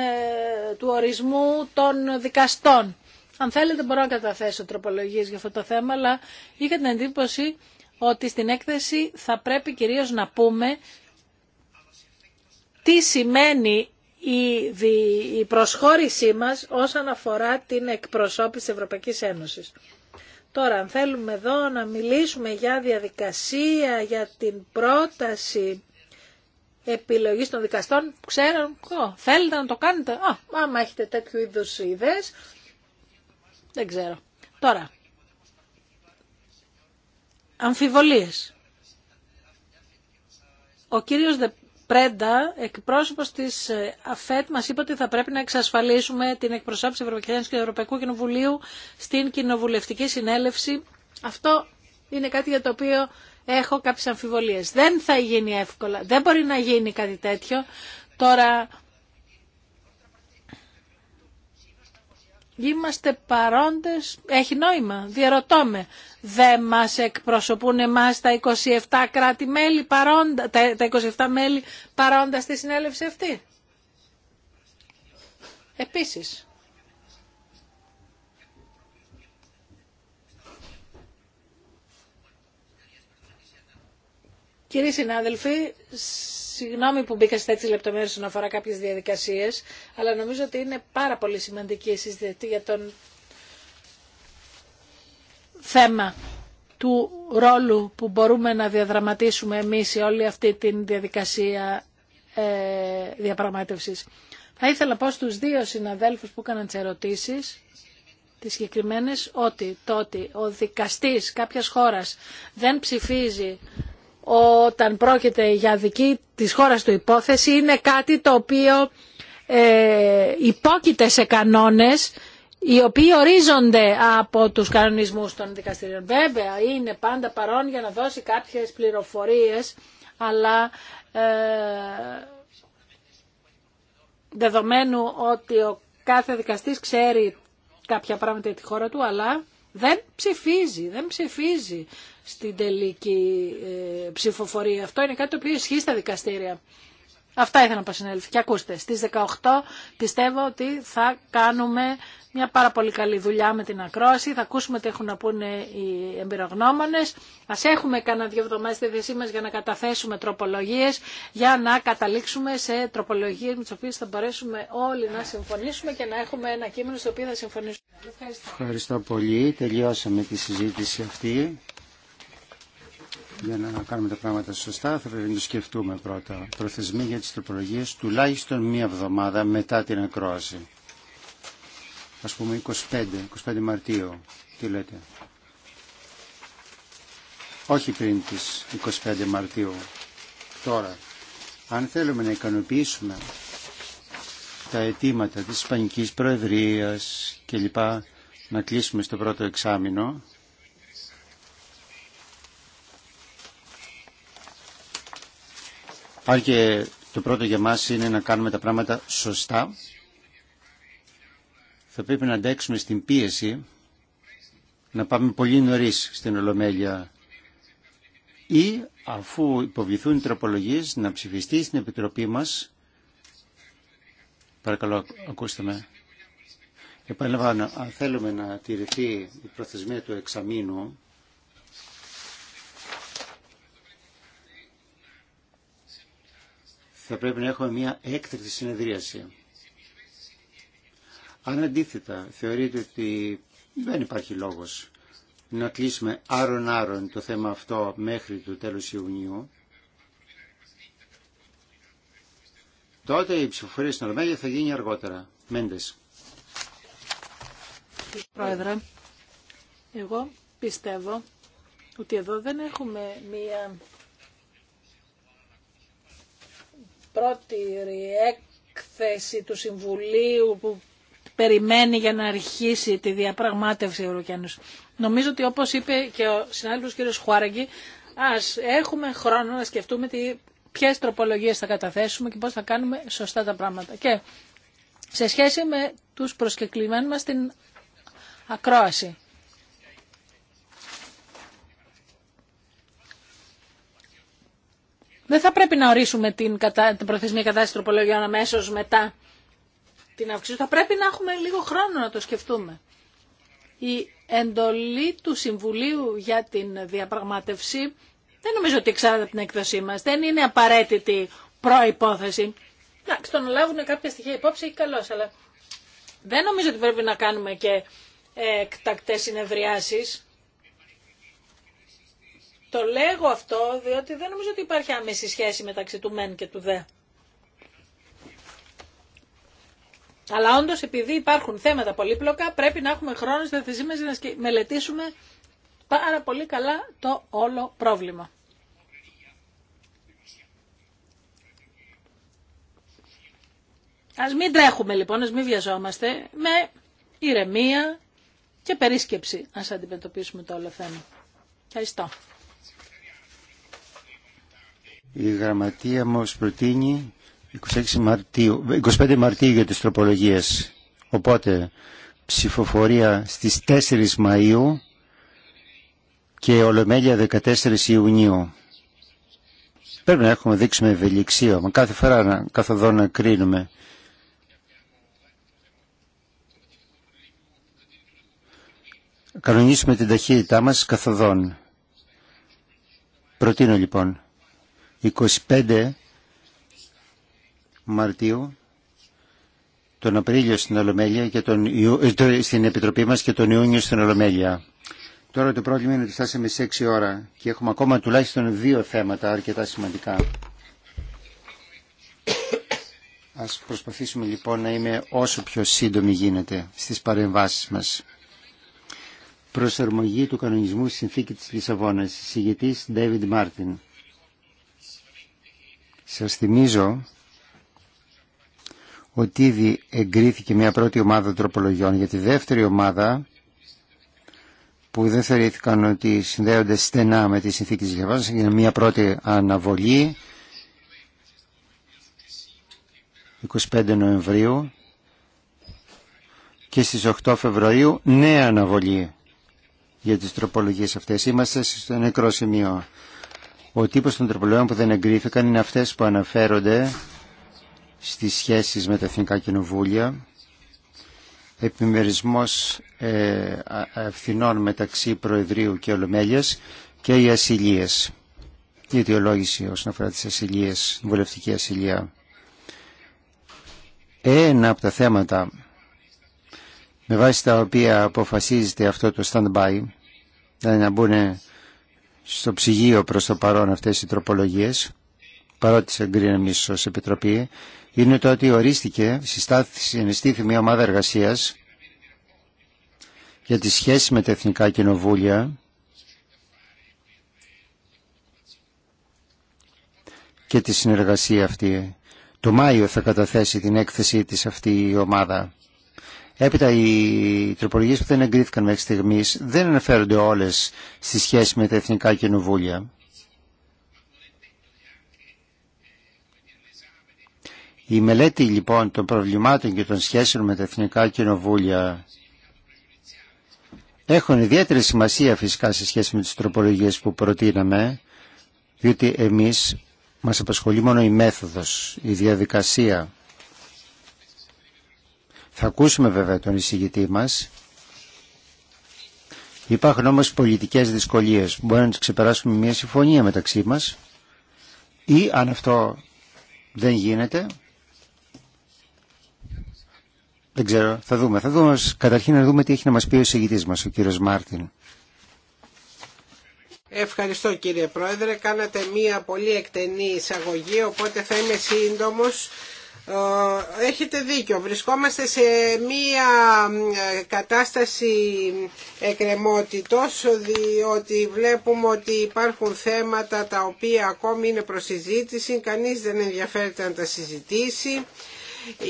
του ορισμού των δικαστών. Αν θέλετε μπορώ να καταθέσω τροπολογίες για αυτό το θέμα, αλλά είχα την εντύπωση ότι στην έκθεση θα πρέπει κυρίως να πούμε τι σημαίνει η προσχώρησή μας όσον αφορά την εκπροσώπηση της Ευρωπαϊκής Ένωσης. Τώρα, αν θέλουμε εδώ να μιλήσουμε για διαδικασία, για την πρόταση επιλογής των δικαστών, Ξέρω, θέλετε να το κάνετε, α, άμα έχετε τέτοιου είδους ιδέες, δεν ξέρω. Τώρα, αμφιβολίες. Ο κύριος Πρέντα, εκπρόσωπος της ε, ΑΦΕΤ, μας είπε ότι θα πρέπει να εξασφαλίσουμε την εκπροσώπηση Ευρωπαϊκής και Ευρωπαϊκού Κοινοβουλίου στην κοινοβουλευτική συνέλευση. Αυτό είναι κάτι για το οποίο έχω κάποιες αμφιβολίες. Δεν θα γίνει εύκολα, δεν μπορεί να γίνει κάτι τέτοιο. Τώρα είμαστε παρόντες, έχει νόημα, διαρωτώμε. Δεν μας εκπροσωπούν εμάς τα 27 κράτη-μέλη παρόντα, τα, 27 μέλη παρόντα στη συνέλευση αυτή. Επίσης, Κύριοι συνάδελφοι, Συγγνώμη που μπήκα σε τέτοιε λεπτομέρειε όσον αφορά κάποιε διαδικασίε, αλλά νομίζω ότι είναι πάρα πολύ σημαντική η συζήτηση για τον θέμα του ρόλου που μπορούμε να διαδραματίσουμε εμείς σε όλη αυτή τη διαδικασία ε, διαπραγμάτευσης. Θα ήθελα πω στου δύο συναδέλφους που έκαναν τις ερωτήσεις, τις συγκεκριμένε, ότι το ότι ο δικαστής κάποιας χώρας δεν ψηφίζει όταν πρόκειται για δική της χώρας του υπόθεση είναι κάτι το οποίο ε, υπόκειται σε κανόνες οι οποίοι ορίζονται από τους κανονισμούς των δικαστηρίων. Βέβαια είναι πάντα παρόν για να δώσει κάποιες πληροφορίες αλλά ε, δεδομένου ότι ο κάθε δικαστής ξέρει κάποια πράγματα για τη χώρα του αλλά δεν ψηφίζει, δεν ψηφίζει στην τελική ε, ψηφοφορία. Αυτό είναι κάτι το οποίο ισχύει στα δικαστήρια. Αυτά ήθελα να πω συνέλθει. Και ακούστε, στις 18 πιστεύω ότι θα κάνουμε μια πάρα πολύ καλή δουλειά με την ακρόαση. Θα ακούσουμε τι έχουν να πούνε οι εμπειρογνώμονες. Ας έχουμε κανένα δύο εβδομάδες στη θέση μας για να καταθέσουμε τροπολογίες, για να καταλήξουμε σε τροπολογίες με τις οποίες θα μπορέσουμε όλοι να συμφωνήσουμε και να έχουμε ένα κείμενο στο οποίο θα συμφωνήσουμε. Ευχαριστώ, Ευχαριστώ πολύ. Τελειώσαμε τη συζήτηση αυτή για να κάνουμε τα πράγματα σωστά θα πρέπει να το σκεφτούμε πρώτα. Προθεσμοί για τις τροπολογίες τουλάχιστον μία εβδομάδα μετά την ακρόαση. Ας πούμε 25, 25 Μαρτίου. Τι λέτε. Όχι πριν τις 25 Μαρτίου. Τώρα. Αν θέλουμε να ικανοποιήσουμε τα αιτήματα της Ισπανικής Προεδρίας και λοιπά να κλείσουμε στο πρώτο εξάμεινο Αν και το πρώτο για μας είναι να κάνουμε τα πράγματα σωστά, θα πρέπει να αντέξουμε στην πίεση να πάμε πολύ νωρίς στην Ολομέλεια ή αφού υποβληθούν οι τροπολογίες να ψηφιστεί στην Επιτροπή μας παρακαλώ ακούστε με επαναλαμβάνω αν θέλουμε να τηρηθεί η προθεσμία του εξαμήνου θα πρέπει να έχουμε μια έκτακτη συνεδρίαση. Αν αντίθετα θεωρείτε ότι δεν υπάρχει λόγος να κλείσουμε άρον-άρον το θέμα αυτό μέχρι το τέλος Ιουνίου, τότε η ψηφοφορία στην Ολομέλεια θα γίνει αργότερα. Μέντες. Πρόεδρε, εγώ πιστεύω ότι εδώ δεν έχουμε μία πρώτη έκθεση του Συμβουλίου που περιμένει για να αρχίσει τη διαπραγμάτευση Ευρωκένους. Νομίζω ότι όπως είπε και ο συνάδελφος κ. Χουάραγκη, ας έχουμε χρόνο να σκεφτούμε τι, ποιες τροπολογίες θα καταθέσουμε και πώς θα κάνουμε σωστά τα πράγματα. Και σε σχέση με τους προσκεκλημένους μας την ακρόαση. Δεν θα πρέπει να ορίσουμε την, κατα... την προθεσμία κατάσταση τροπολογιών αμέσω μετά την αύξηση. Θα πρέπει να έχουμε λίγο χρόνο να το σκεφτούμε. Η εντολή του Συμβουλίου για την διαπραγμάτευση δεν νομίζω ότι εξάρτηται από την έκδοσή μα. Δεν είναι απαραίτητη προπόθεση. Να, τον λάβουν κάποια στοιχεία υπόψη, ή καλώ, αλλά δεν νομίζω ότι πρέπει να κάνουμε και ε, εκτακτέ συνεδριάσει. Το λέγω αυτό διότι δεν νομίζω ότι υπάρχει άμεση σχέση μεταξύ του μεν και του δε. Αλλά όντω επειδή υπάρχουν θέματα πολύπλοκα πρέπει να έχουμε χρόνο στη θέση να μελετήσουμε πάρα πολύ καλά το όλο πρόβλημα. Ας μην τρέχουμε λοιπόν, ας μην βιαζόμαστε, με ηρεμία και περίσκεψη ας αντιμετωπίσουμε το όλο θέμα. Ευχαριστώ. Η γραμματεία μας προτείνει 26 Μαρτίου, 25 Μαρτίου για τις τροπολογίες. Οπότε ψηφοφορία στις 4 Μαΐου και ολομέλεια 14 Ιουνίου. Πρέπει να έχουμε δείξουμε ευελιξία, μα κάθε φορά να κάθε να κρίνουμε. Κανονίσουμε την ταχύτητά μας καθοδόν. Προτείνω λοιπόν. 25 Μαρτίου τον Απρίλιο στην Ολομέλεια και τον ε, στην Επιτροπή μας και τον Ιούνιο στην Ολομέλεια. Τώρα το πρόβλημα είναι ότι φτάσαμε σε 6 ώρα και έχουμε ακόμα τουλάχιστον δύο θέματα αρκετά σημαντικά. Ας προσπαθήσουμε λοιπόν να είμαι όσο πιο σύντομη γίνεται στις παρεμβάσεις μας. Προσαρμογή του κανονισμού στη συνθήκη της Λισαβόνας. Συγητής David Μάρτιν. Σας θυμίζω ότι ήδη εγκρίθηκε μια πρώτη ομάδα τροπολογιών για τη δεύτερη ομάδα που δεν θεωρήθηκαν ότι συνδέονται στενά με τη συνθήκη της διαβάσης είναι μια πρώτη αναβολή 25 Νοεμβρίου και στις 8 Φεβρουαρίου νέα αναβολή για τις τροπολογίες αυτές. Είμαστε στο νεκρό σημείο. Ο τύπος των τροπολογιών που δεν εγκρίθηκαν είναι αυτές που αναφέρονται στις σχέσεις με τα Εθνικά Κοινοβούλια, επιμερισμός ε, ευθυνών μεταξύ Προεδρίου και Ολομέλειας και οι ασυλίες. Η αιτιολόγηση όσον αφορά τις ασυλίες, η βουλευτική ασυλία. Ένα από τα θέματα με βάση τα οποία αποφασίζεται αυτό το stand-by, δηλαδή να μπουν στο ψυγείο προς το παρόν αυτές οι τροπολογίες, παρότι σε εγκρίναμε ως Επιτροπή, είναι το ότι ορίστηκε, ενιστήθη μια ομάδα εργασίας για τις σχέσεις με τα εθνικά κοινοβούλια και τη συνεργασία αυτή. Το Μάιο θα καταθέσει την έκθεσή της αυτή η ομάδα. Έπειτα οι τροπολογίε που δεν εγκρίθηκαν μέχρι στιγμή δεν αναφέρονται όλες στη σχέση με τα εθνικά κοινοβούλια. Η μελέτη λοιπόν των προβλημάτων και των σχέσεων με τα εθνικά κοινοβούλια έχουν ιδιαίτερη σημασία φυσικά σε σχέση με τις τροπολογίες που προτείναμε, διότι εμείς μας απασχολεί μόνο η μέθοδος, η διαδικασία. Θα ακούσουμε βέβαια τον εισηγητή μας. Υπάρχουν όμως πολιτικές δυσκολίες. Μπορεί να τις ξεπεράσουμε μια συμφωνία μεταξύ μας ή αν αυτό δεν γίνεται, δεν ξέρω, θα δούμε. Θα δούμε καταρχήν να δούμε τι έχει να μας πει ο εισηγητής μας, ο κύριος Μάρτιν. Ευχαριστώ κύριε Πρόεδρε. Κάνατε μία πολύ εκτενή εισαγωγή, οπότε θα είμαι σύντομος ε, έχετε δίκιο. Βρισκόμαστε σε μία ε, κατάσταση εκκρεμότητος διότι βλέπουμε ότι υπάρχουν θέματα τα οποία ακόμη είναι προσυζήτηση, κανείς δεν ενδιαφέρεται να τα συζητήσει.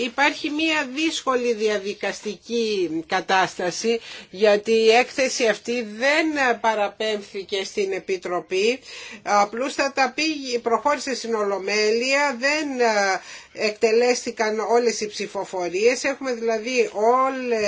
Υπάρχει μία δύσκολη διαδικαστική κατάσταση γιατί η έκθεση αυτή δεν παραπέμφθηκε στην Επιτροπή, απλούστατα προχώρησε στην Ολομέλεια, δεν ε, εκτελέστηκαν όλες οι ψηφοφορίες. Έχουμε δηλαδή όλε,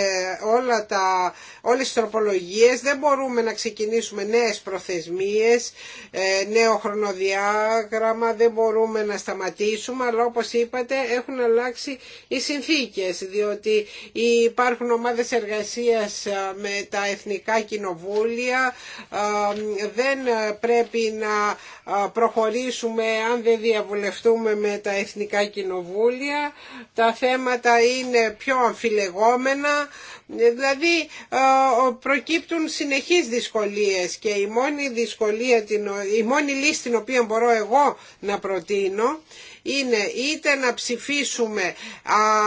όλα τα, όλες τροπολογίες. Δεν μπορούμε να ξεκινήσουμε νέες προθεσμίες, ε, νέο χρονοδιάγραμμα, δεν μπορούμε να σταματήσουμε, αλλά όπως είπατε έχουν αλλάξει οι συνθήκες, διότι υπάρχουν ομάδες εργασίας ε, με τα εθνικά κοινοβούλια, ε, δεν πρέπει να προχωρήσουμε αν δεν διαβουλευτούμε με τα εθνικά κοινοβούλια κοινοβούλια, τα θέματα είναι πιο αμφιλεγόμενα, δηλαδή ε, προκύπτουν συνεχείς δυσκολίες και η μόνη, δυσκολία, η μόνη λύση την οποία μπορώ εγώ να προτείνω είναι είτε να ψηφίσουμε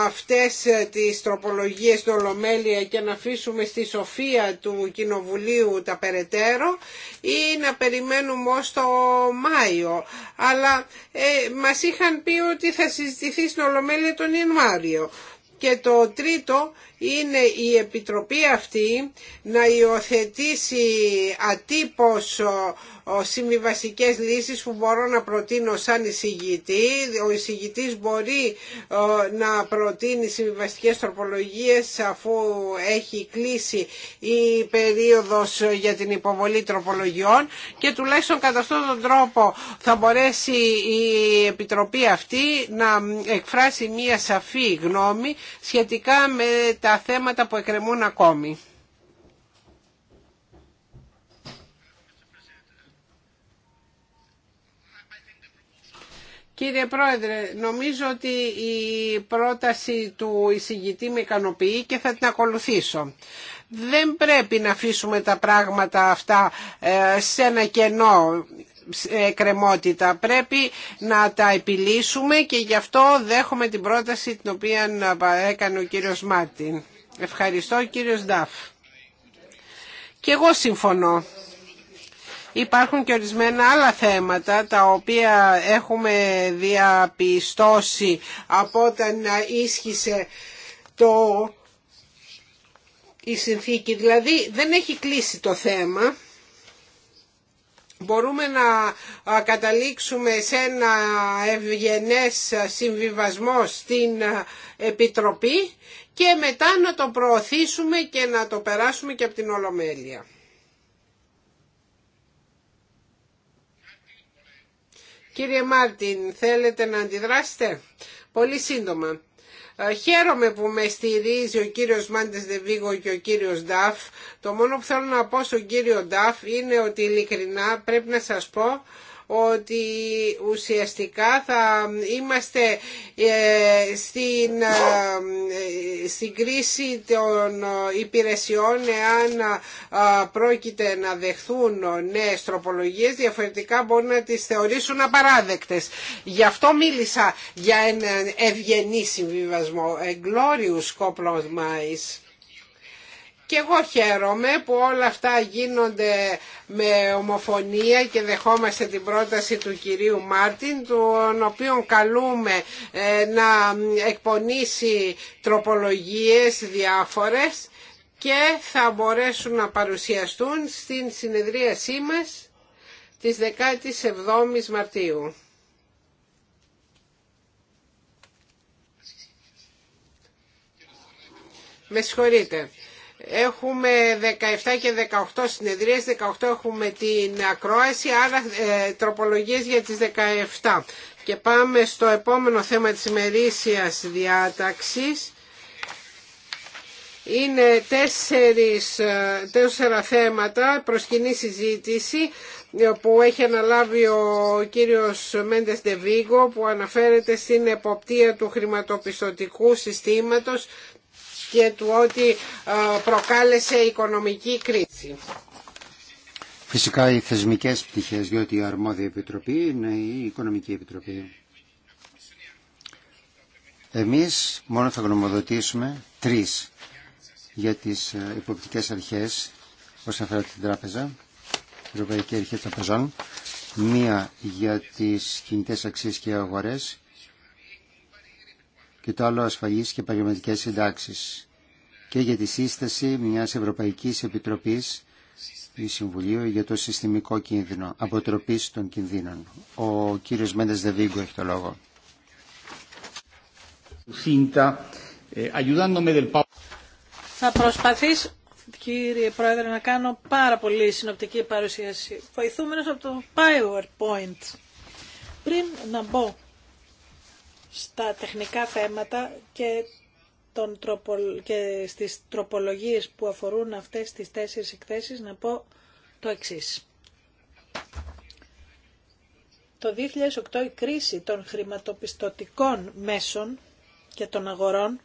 αυτές τις τροπολογίες του Ολομέλεια και να αφήσουμε στη σοφία του Κοινοβουλίου τα περαιτέρω ή να περιμένουμε ως το Μάιο. Αλλά ε, μας είχαν πει ότι θα συζητηθεί στην Ολομέλεια τον Ιανουάριο. Και το τρίτο είναι η Επιτροπή αυτή να υιοθετήσει ατύπως συμβιβαστικές λύσεις που μπορώ να προτείνω σαν εισηγητή. Ο εισηγητής μπορεί να προτείνει συμβιβαστικέ τροπολογίες αφού έχει κλείσει η περίοδος για την υποβολή τροπολογιών και τουλάχιστον κατά αυτόν τον τρόπο θα μπορέσει η Επιτροπή αυτή να εκφράσει μία σαφή γνώμη σχετικά με τα θέματα που εκκρεμούν ακόμη. Κύριε Πρόεδρε, νομίζω ότι η πρόταση του εισηγητή με ικανοποιεί και θα την ακολουθήσω. Δεν πρέπει να αφήσουμε τα πράγματα αυτά ε, σε ένα κενό ε, κρεμότητα Πρέπει να τα επιλύσουμε και γι' αυτό δέχομαι την πρόταση την οποία έκανε ο κύριος Μάρτιν. Ευχαριστώ κύριος Νταφ. Και εγώ συμφωνώ. Υπάρχουν και ορισμένα άλλα θέματα τα οποία έχουμε διαπιστώσει από όταν ίσχυσε το... η συνθήκη. Δηλαδή δεν έχει κλείσει το θέμα μπορούμε να καταλήξουμε σε ένα ευγενές συμβιβασμό στην Επιτροπή και μετά να το προωθήσουμε και να το περάσουμε και από την Ολομέλεια. Κύριε Μάρτιν, θέλετε να αντιδράσετε. Πολύ σύντομα. Ε, χαίρομαι που με στηρίζει ο κύριος Μάντες Δεβίγο και ο κύριος Νταφ. Το μόνο που θέλω να πω στον κύριο Νταφ είναι ότι ειλικρινά πρέπει να σας πω ότι ουσιαστικά θα είμαστε ε, στην, ε, στην κρίση των υπηρεσιών εάν ε, πρόκειται να δεχθούν νέες τροπολογίες διαφορετικά μπορούν να τις θεωρήσουν απαράδεκτες. Γι' αυτό μίλησα για ένα ευγενή συμβιβασμό, glorious compromise. Και εγώ χαίρομαι που όλα αυτά γίνονται με ομοφωνία και δεχόμαστε την πρόταση του κυρίου Μάρτιν, τον οποίον καλούμε ε, να εκπονήσει τροπολογίες διάφορες και θα μπορέσουν να παρουσιαστούν στην συνεδρίασή μας της 17ης Μαρτίου. Με συγχωρείτε. Έχουμε 17 και 18 συνεδρίες, 18 έχουμε την ακρόαση, άρα ε, τροπολογίες για τις 17. Και πάμε στο επόμενο θέμα της ημερήσιας διάταξης. Είναι τέσσερις, ε, τέσσερα θέματα προς κοινή συζήτηση ε, που έχει αναλάβει ο κύριος Μέντες Ντεβίγκο που αναφέρεται στην εποπτεία του χρηματοπιστωτικού συστήματος και του ότι ε, προκάλεσε οικονομική κρίση. Φυσικά οι θεσμικές πτυχές, διότι η αρμόδια επιτροπή είναι η οικονομική επιτροπή. Εμείς μόνο θα γνωμοδοτήσουμε τρεις για τις ε, υποπτικές αρχές όσον αφορά την τράπεζα, Ευρωπαϊκή Αρχή Τραπεζών, μία για τις κινητές αξίες και αγορές και το άλλο ασφαλείς και επαγγελματικές συντάξεις και για τη σύσταση μιας Ευρωπαϊκής Επιτροπής ή Συμβουλίου για το συστημικό κίνδυνο, αποτροπής των κινδύνων. Ο κύριος Μέντες Δεβίγκο έχει το λόγο. Eh, Θα προσπαθήσω, κύριε Πρόεδρε, να κάνω πάρα πολύ συνοπτική παρουσίαση, βοηθούμενος από το PowerPoint. Πριν να μπω στα τεχνικά θέματα και, τον τροπολ... και στις τροπολογίες που αφορούν αυτές τις τέσσερις εκθέσεις να πω το εξής. Το 2008 η κρίση των χρηματοπιστωτικών μέσων και των αγορών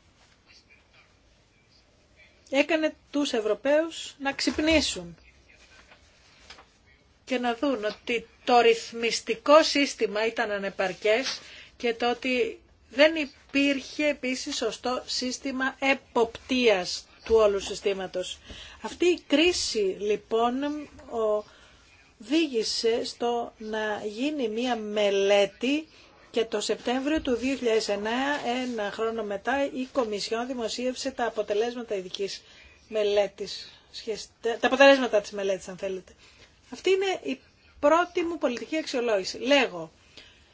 έκανε τους Ευρωπαίους να ξυπνήσουν και να δουν ότι το ρυθμιστικό σύστημα ήταν ανεπαρκές και το ότι δεν υπήρχε επίσης σωστό σύστημα εποπτείας του όλου συστήματος. Αυτή η κρίση λοιπόν οδήγησε στο να γίνει μία μελέτη και το Σεπτέμβριο του 2009, ένα χρόνο μετά, η Κομισιόν δημοσίευσε τα αποτελέσματα ειδικής μελέτης, τα αποτελέσματα της μελέτης αν θέλετε. Αυτή είναι η πρώτη μου πολιτική αξιολόγηση. Λέγω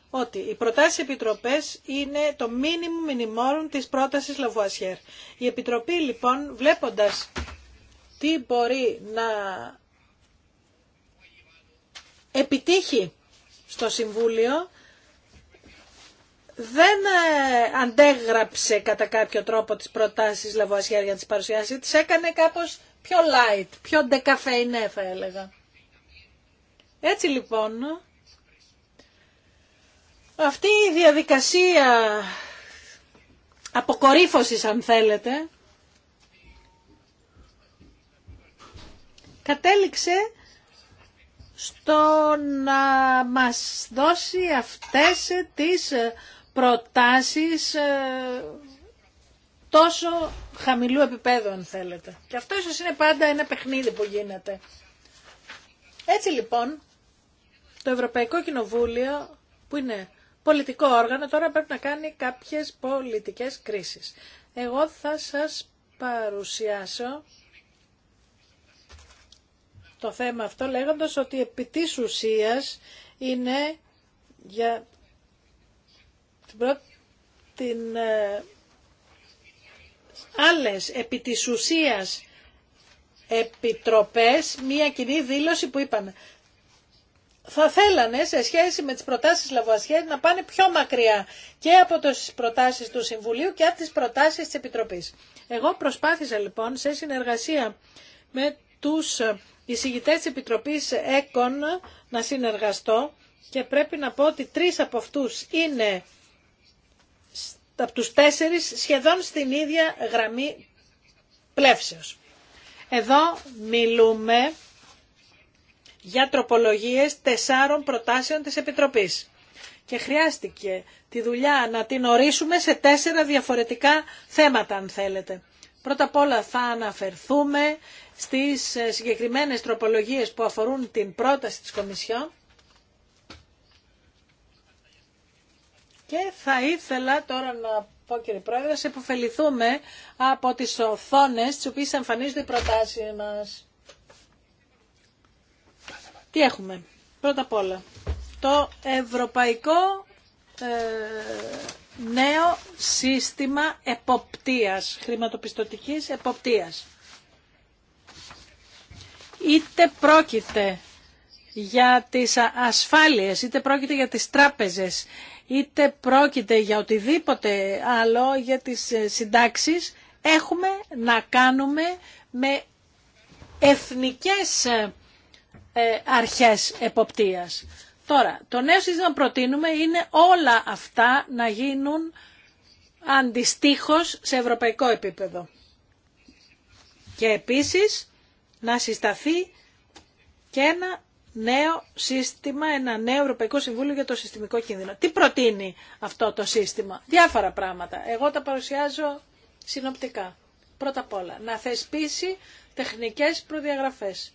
ότι οι προτάσεις επιτροπέ είναι το μίνιμου μινιμόρουν τη πρόταση Λαβουασιέρ. Η Επιτροπή λοιπόν βλέποντα τι μπορεί να επιτύχει στο Συμβούλιο δεν ε, αντέγραψε κατά κάποιο τρόπο τις προτάσεις Λαβουασιέρ για τις παρουσιάσεις, τις έκανε κάπως πιο light, πιο ντεκαφεϊνέ θα έλεγα. Έτσι λοιπόν, αυτή η διαδικασία αποκορύφωσης αν θέλετε κατέληξε στο να μας δώσει αυτές τις προτάσεις ε, τόσο χαμηλού επίπεδου αν θέλετε. Και αυτό ίσως είναι πάντα ένα παιχνίδι που γίνεται. Έτσι λοιπόν το Ευρωπαϊκό Κοινοβούλιο που είναι πολιτικό όργανο τώρα πρέπει να κάνει κάποιες πολιτικές κρίσεις. Εγώ θα σας παρουσιάσω το θέμα αυτό λέγοντας ότι επί της ουσίας είναι για την ε, άλλες επιτροπές μία κοινή δήλωση που είπαν θα θέλανε σε σχέση με τις προτάσεις Λαβουασιέ να πάνε πιο μακριά και από τις προτάσεις του Συμβουλίου και από τις προτάσεις της Επιτροπής. Εγώ προσπάθησα λοιπόν σε συνεργασία με τους εισηγητές της Επιτροπής ΕΚΟΝ να συνεργαστώ και πρέπει να πω ότι τρεις από αυτούς είναι από τους τέσσερις σχεδόν στην ίδια γραμμή πλεύσεως. Εδώ μιλούμε για τροπολογίες τεσσάρων προτάσεων της Επιτροπής. Και χρειάστηκε τη δουλειά να την ορίσουμε σε τέσσερα διαφορετικά θέματα, αν θέλετε. Πρώτα απ' όλα θα αναφερθούμε στις ε, συγκεκριμένες τροπολογίες που αφορούν την πρόταση της Κομισιόν και θα ήθελα τώρα να πω κύριε Πρόεδρε, σε υποφεληθούμε από τις οθόνες τις οποίες εμφανίζονται οι προτάσεις μας. Τι έχουμε. Πρώτα απ' όλα, το ευρωπαϊκό ε, νέο σύστημα εποπτείας, χρηματοπιστωτικής εποπτείας. Είτε πρόκειται για τις ασφάλειες, είτε πρόκειται για τις τράπεζες, είτε πρόκειται για οτιδήποτε άλλο, για τις ε, συντάξεις, έχουμε να κάνουμε με εθνικές ε, ε, αρχές εποπτείας. Τώρα, το νέο σύστημα που προτείνουμε είναι όλα αυτά να γίνουν αντιστοίχως σε ευρωπαϊκό επίπεδο. Και επίσης να συσταθεί και ένα νέο σύστημα, ένα νέο Ευρωπαϊκό Συμβούλιο για το Συστημικό Κίνδυνο. Τι προτείνει αυτό το σύστημα. Διάφορα πράγματα. Εγώ τα παρουσιάζω συνοπτικά. Πρώτα απ' όλα, να θεσπίσει τεχνικές προδιαγραφές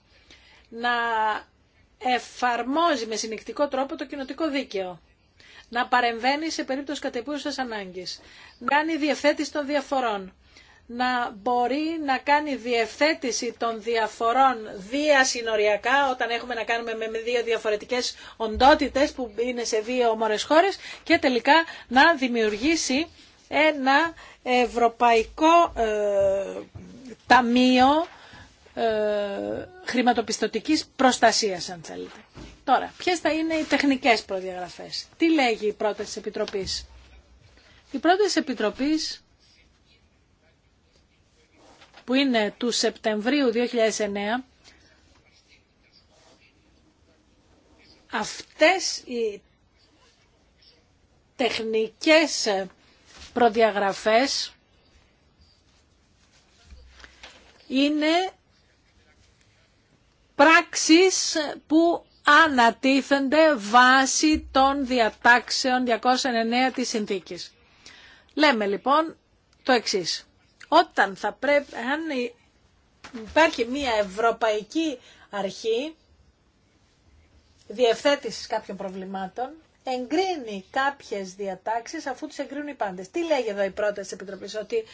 να εφαρμόζει με συνεκτικό τρόπο το κοινοτικό δίκαιο. Να παρεμβαίνει σε περίπτωση κατεπούσας ανάγκης. Να κάνει διευθέτηση των διαφορών. Να μπορεί να κάνει διευθέτηση των διαφορών διασυνοριακά όταν έχουμε να κάνουμε με δύο διαφορετικές οντότητες που είναι σε δύο ομορές χώρες και τελικά να δημιουργήσει ένα ευρωπαϊκό ε, ταμείο ε, χρηματοπιστωτικής προστασίας αν θέλετε. Τώρα, ποιες θα είναι οι τεχνικές προδιαγραφές. Τι λέγει η πρόταση Επιτροπής. Η πρόταση Επιτροπής που είναι του Σεπτεμβρίου 2009 αυτές οι τεχνικές προδιαγραφές είναι πράξεις που ανατίθενται βάσει των διατάξεων 209 της συνθήκης. Λέμε λοιπόν το εξής. Όταν θα πρέπει, αν υπάρχει μια ευρωπαϊκή αρχή διευθέτησης κάποιων προβλημάτων, εγκρίνει κάποιες διατάξεις αφού τις εγκρίνουν οι πάντες. Τι λέγει εδώ η πρόταση της Επιτροπής, ότι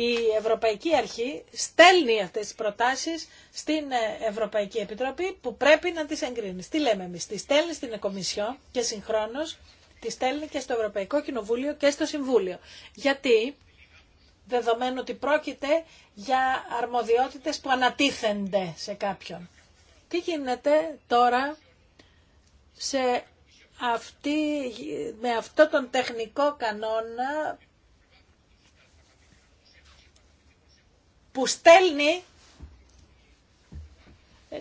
η Ευρωπαϊκή Αρχή στέλνει αυτές τις προτάσεις στην ε, Ευρωπαϊκή Επιτροπή που πρέπει να τις εγκρίνει. Τι λέμε εμείς, τις στέλνει στην Εκομισιό και συγχρόνως τις στέλνει και στο Ευρωπαϊκό Κοινοβούλιο και στο Συμβούλιο. Γιατί, δεδομένου ότι πρόκειται για αρμοδιότητες που ανατίθενται σε κάποιον. Τι γίνεται τώρα σε αυτή, με αυτό τον τεχνικό κανόνα που στέλνει ε,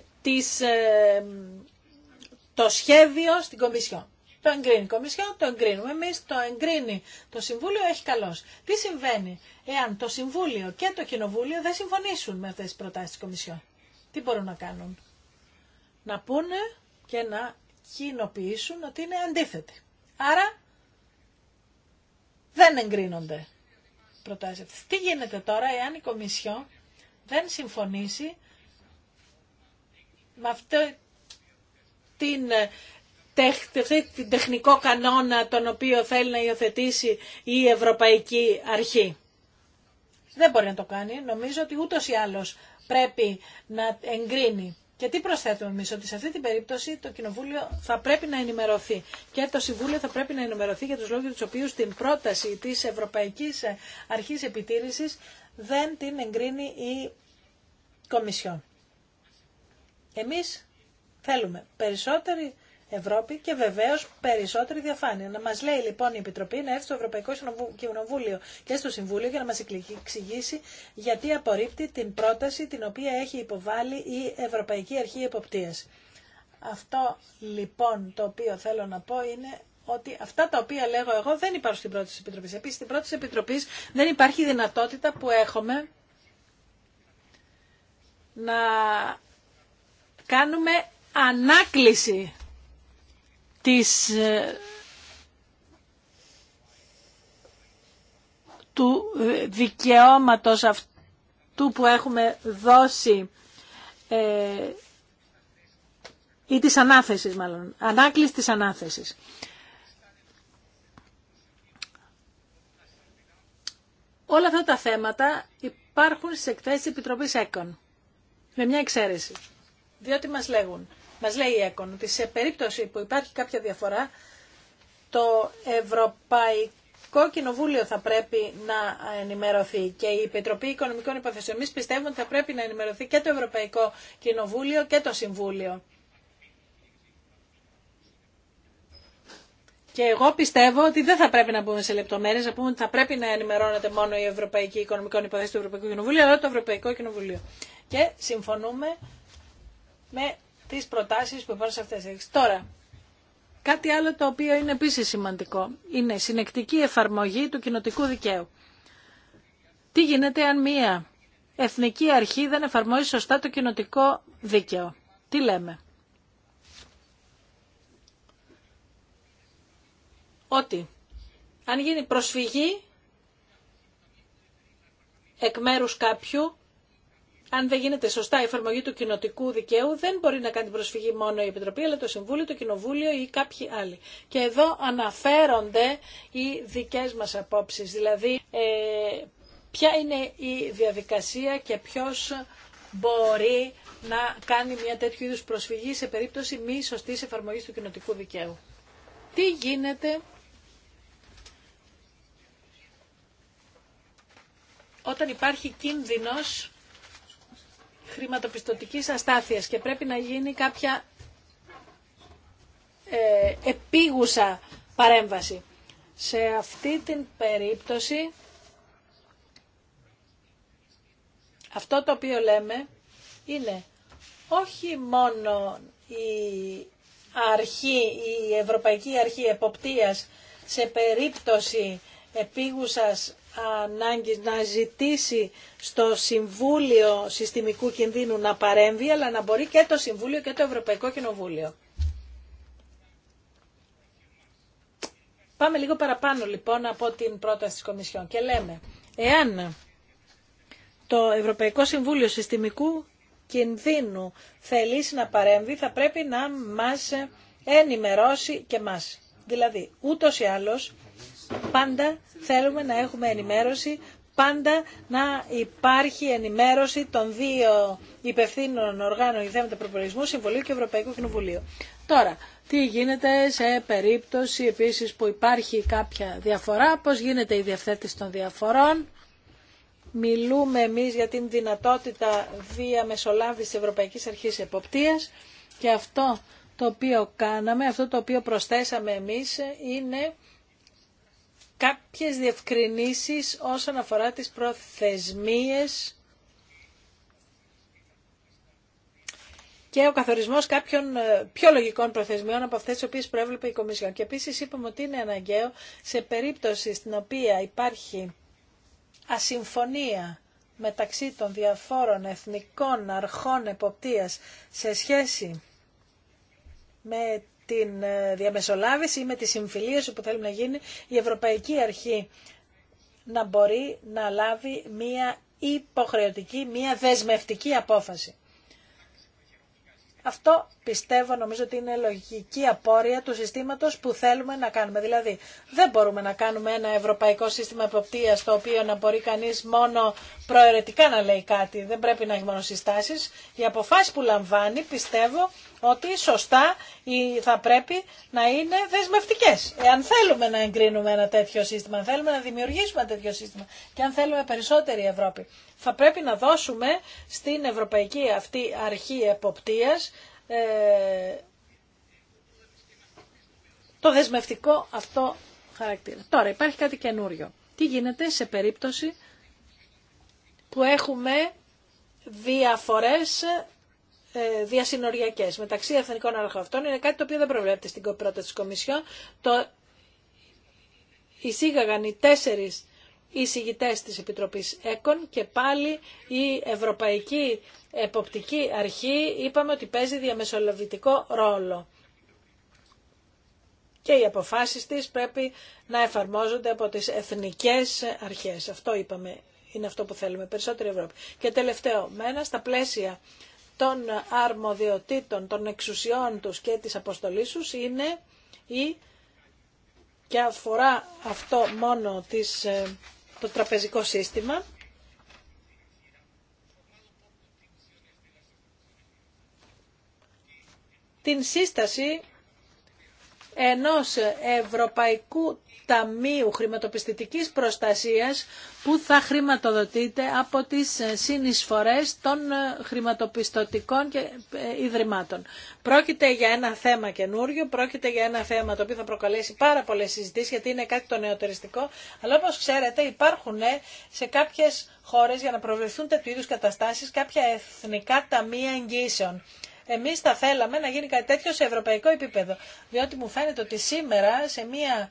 το σχέδιο στην Κομισιόν. Το εγκρίνει η Κομισιόν, το εγκρίνουμε εμεί, το εγκρίνει το Συμβούλιο, έχει καλώ. Τι συμβαίνει εάν το Συμβούλιο και το Κοινοβούλιο δεν συμφωνήσουν με αυτέ τι προτάσει τη Κομισιόν. Τι μπορούν να κάνουν. Να πούνε και να κοινοποιήσουν ότι είναι αντίθετοι. Άρα δεν εγκρίνονται. Τι γίνεται τώρα εάν η Κομισιό δεν συμφωνήσει με ε, αυτή την την τεχνικό κανόνα τον οποίο θέλει να υιοθετήσει η Ευρωπαϊκή Αρχή. Δεν μπορεί να το κάνει. Νομίζω ότι ούτως ή άλλως πρέπει να εγκρίνει και τι προσθέτουμε εμεί, ότι σε αυτή την περίπτωση το Κοινοβούλιο θα πρέπει να ενημερωθεί και το Συμβούλιο θα πρέπει να ενημερωθεί για του λόγου του οποίου την πρόταση τη Ευρωπαϊκή Αρχή Επιτήρηση δεν την εγκρίνει η Κομισιόν. Εμεί θέλουμε περισσότερη Ευρώπη και βεβαίω περισσότερη διαφάνεια. Να μα λέει λοιπόν η Επιτροπή να έρθει στο Ευρωπαϊκό Κοινοβούλιο και στο Συμβούλιο για να μα εξηγήσει γιατί απορρίπτει την πρόταση την οποία έχει υποβάλει η Ευρωπαϊκή Αρχή Εποπτείας. Αυτό λοιπόν το οποίο θέλω να πω είναι ότι αυτά τα οποία λέγω εγώ δεν υπάρχουν στην πρώτη επιτροπή. Επίση στην πρώτη επιτροπή δεν υπάρχει δυνατότητα που έχουμε να κάνουμε ανάκληση της, ε, του ε, δικαιώματος αυτού που έχουμε δώσει ε, ή της ανάθεσης μάλλον, ανάκληση της ανάθεσης. Όλα αυτά τα θέματα υπάρχουν στις εκθέσεις της Επιτροπής ΕΚΟΝ, με μια εξαίρεση, διότι μας λέγουν Μα λέει η ΕΚΟΝ ότι σε περίπτωση που υπάρχει κάποια διαφορά, το Ευρωπαϊκό Κοινοβούλιο θα πρέπει να ενημερωθεί και η Επιτροπή Οικονομικών Υποθεσεων. Εμεί πιστεύουμε ότι θα πρέπει να ενημερωθεί και το Ευρωπαϊκό Κοινοβούλιο και το Συμβούλιο. Και εγώ πιστεύω ότι δεν θα πρέπει να μπούμε σε λεπτομέρειε, να πούμε ότι θα πρέπει να ενημερώνεται μόνο η Ευρωπαϊκή Οικονομικών Υποθέσεων του Ευρωπαϊκού Κοινοβουλίου, αλλά το Ευρωπαϊκό Κοινοβουλίο. Και συμφωνούμε με τι προτάσεις που υπάρχουν σε αυτές. Τώρα, κάτι άλλο το οποίο είναι επίση σημαντικό είναι συνεκτική εφαρμογή του κοινοτικού δικαίου. Τι γίνεται αν μία εθνική αρχή δεν εφαρμόζει σωστά το κοινοτικό δίκαιο. Τι λέμε. Ότι αν γίνει προσφυγή εκ μέρους κάποιου αν δεν γίνεται σωστά η εφαρμογή του κοινοτικού δικαίου, δεν μπορεί να κάνει προσφυγή μόνο η Επιτροπή, αλλά το Συμβούλιο, το Κοινοβούλιο ή κάποιοι άλλοι. Και εδώ αναφέρονται οι δικές μας απόψεις, δηλαδή ε, ποια είναι η διαδικασία και ποιος μπορεί να κάνει μια τέτοιου είδους προσφυγή σε περίπτωση μη σωστής εφαρμογής του κοινοτικού δικαίου. Τι γίνεται όταν υπάρχει κίνδυνος χρηματοπιστωτικής αστάθειας και πρέπει να γίνει κάποια ε, επίγουσα παρέμβαση. Σε αυτή την περίπτωση, αυτό το οποίο λέμε είναι όχι μόνο η αρχή, η Ευρωπαϊκή Αρχή Εποπτείας σε περίπτωση επίγουσας ανάγκη να ζητήσει στο Συμβούλιο Συστημικού Κινδύνου να παρέμβει, αλλά να μπορεί και το Συμβούλιο και το Ευρωπαϊκό Κοινοβούλιο. Πάμε λίγο παραπάνω λοιπόν από την πρόταση της Κομισιόν και λέμε, εάν το Ευρωπαϊκό Συμβούλιο Συστημικού Κινδύνου θελήσει να παρέμβει, θα πρέπει να μας ενημερώσει και μας. Δηλαδή, ούτως ή άλλως, Πάντα θέλουμε να έχουμε ενημέρωση, πάντα να υπάρχει ενημέρωση των δύο υπευθύνων οργάνων για θέματα προπολογισμού, Συμβουλίου και Ευρωπαϊκού Κοινοβουλίου. Τώρα, τι γίνεται σε περίπτωση επίσης που υπάρχει κάποια διαφορά, πώς γίνεται η διευθέτηση των διαφορών. Μιλούμε εμείς για την δυνατότητα διαμεσολάβησης Ευρωπαϊκής Αρχής Εποπτείας και αυτό το οποίο κάναμε, αυτό το οποίο προσθέσαμε εμείς είναι κάποιες διευκρινήσεις όσον αφορά τις προθεσμίες και ο καθορισμός κάποιων ε, πιο λογικών προθεσμιών από αυτές τις οποίες προέβλεπε η Κομισιόν. Και επίσης είπαμε ότι είναι αναγκαίο σε περίπτωση στην οποία υπάρχει ασυμφωνία μεταξύ των διαφόρων εθνικών αρχών εποπτείας σε σχέση με την ε, διαμεσολάβηση ή με τη συμφιλίωση που θέλουμε να γίνει η Ευρωπαϊκή Αρχή να μπορεί να λάβει μία υποχρεωτική, μία δεσμευτική απόφαση. Αυτό πιστεύω νομίζω ότι είναι λογική απόρρεια του συστήματος που θέλουμε να κάνουμε. Δηλαδή δεν μπορούμε να κάνουμε ένα ευρωπαϊκό σύστημα εποπτείας το οποίο να μπορεί κανείς μόνο προαιρετικά να λέει κάτι. Δεν πρέπει να έχει μόνο συστάσεις. Η αποφάση που λαμβάνει πιστεύω ότι σωστά θα πρέπει να είναι δεσμευτικέ. Εάν θέλουμε να εγκρίνουμε ένα τέτοιο σύστημα, αν θέλουμε να δημιουργήσουμε ένα τέτοιο σύστημα και αν θέλουμε περισσότερη Ευρώπη, θα πρέπει να δώσουμε στην Ευρωπαϊκή αυτή αρχή εποπτείας ε, το δεσμευτικό αυτό χαρακτήρα. Τώρα υπάρχει κάτι καινούριο. Τι γίνεται σε περίπτωση που έχουμε διαφορές ε, διασυνοριακές μεταξύ εθνικών αρχών είναι κάτι το οποίο δεν προβλέπεται στην πρόταση της Κομισιόν. Το εισήγαγαν οι τέσσερι εισηγητέ τη επιτροπή ΕΚΟΝ και πάλι η Ευρωπαϊκή Εποπτική Αρχή είπαμε ότι παίζει διαμεσολαβητικό ρόλο και οι αποφάσεις της πρέπει να εφαρμόζονται από τις εθνικές αρχές. Αυτό είπαμε, είναι αυτό που θέλουμε, περισσότερη Ευρώπη. Και τελευταίο, μένα στα πλαίσια των αρμοδιοτήτων, των εξουσιών τους και της αποστολής τους είναι η και αφορά αυτό μόνο της, ε, το τραπεζικό σύστημα. Την σύσταση ενός Ευρωπαϊκού Ταμείου Χρηματοπιστητικής Προστασίας που θα χρηματοδοτείται από τις συνεισφορές των χρηματοπιστωτικών και ε, ιδρυμάτων. Πρόκειται για ένα θέμα καινούριο, πρόκειται για ένα θέμα το οποίο θα προκαλέσει πάρα πολλές συζητήσεις γιατί είναι κάτι το νεοτεριστικό, αλλά όπως ξέρετε υπάρχουν ε, σε κάποιες χώρες για να προβληθούν τέτοιου είδους καταστάσεις κάποια εθνικά ταμεία εγγύσεων. Εμείς θα θέλαμε να γίνει κάτι τέτοιο σε ευρωπαϊκό επίπεδο, διότι μου φαίνεται ότι σήμερα σε μια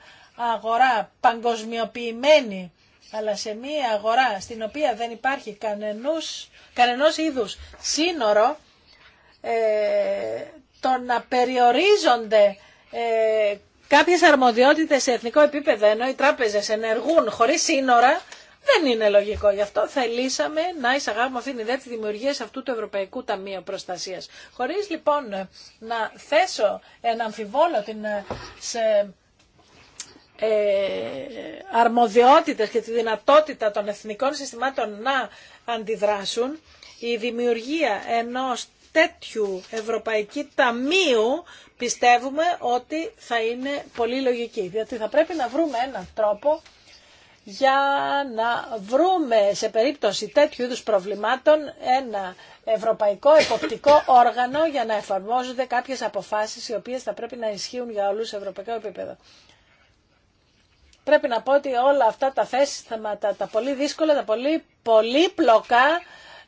αγορά παγκοσμιοποιημένη, αλλά σε μια αγορά στην οποία δεν υπάρχει κανενός, κανενός είδους σύνορο, ε, το να περιορίζονται ε, κάποιες αρμοδιότητες σε εθνικό επίπεδο, ενώ οι τράπεζες ενεργούν χωρίς σύνορα, δεν είναι λογικό γι' αυτό. Θελήσαμε να εισαγάγουμε αυτήν την ιδέα τη δημιουργία αυτού του Ευρωπαϊκού Ταμείου Προστασία. Χωρί λοιπόν να θέσω ένα αμφιβόλο την ε, σε, ε, αρμοδιότητες και τη δυνατότητα των εθνικών συστημάτων να αντιδράσουν, η δημιουργία ενός τέτοιου Ευρωπαϊκού Ταμείου πιστεύουμε ότι θα είναι πολύ λογική. Διότι θα πρέπει να βρούμε έναν τρόπο για να βρούμε σε περίπτωση τέτοιου είδους προβλημάτων ένα ευρωπαϊκό εποπτικό όργανο για να εφαρμόζονται κάποιες αποφάσεις οι οποίες θα πρέπει να ισχύουν για όλους σε ευρωπαϊκό επίπεδο. Πρέπει να πω ότι όλα αυτά τα θέματα, τα πολύ δύσκολα, τα πολύ πολύπλοκα,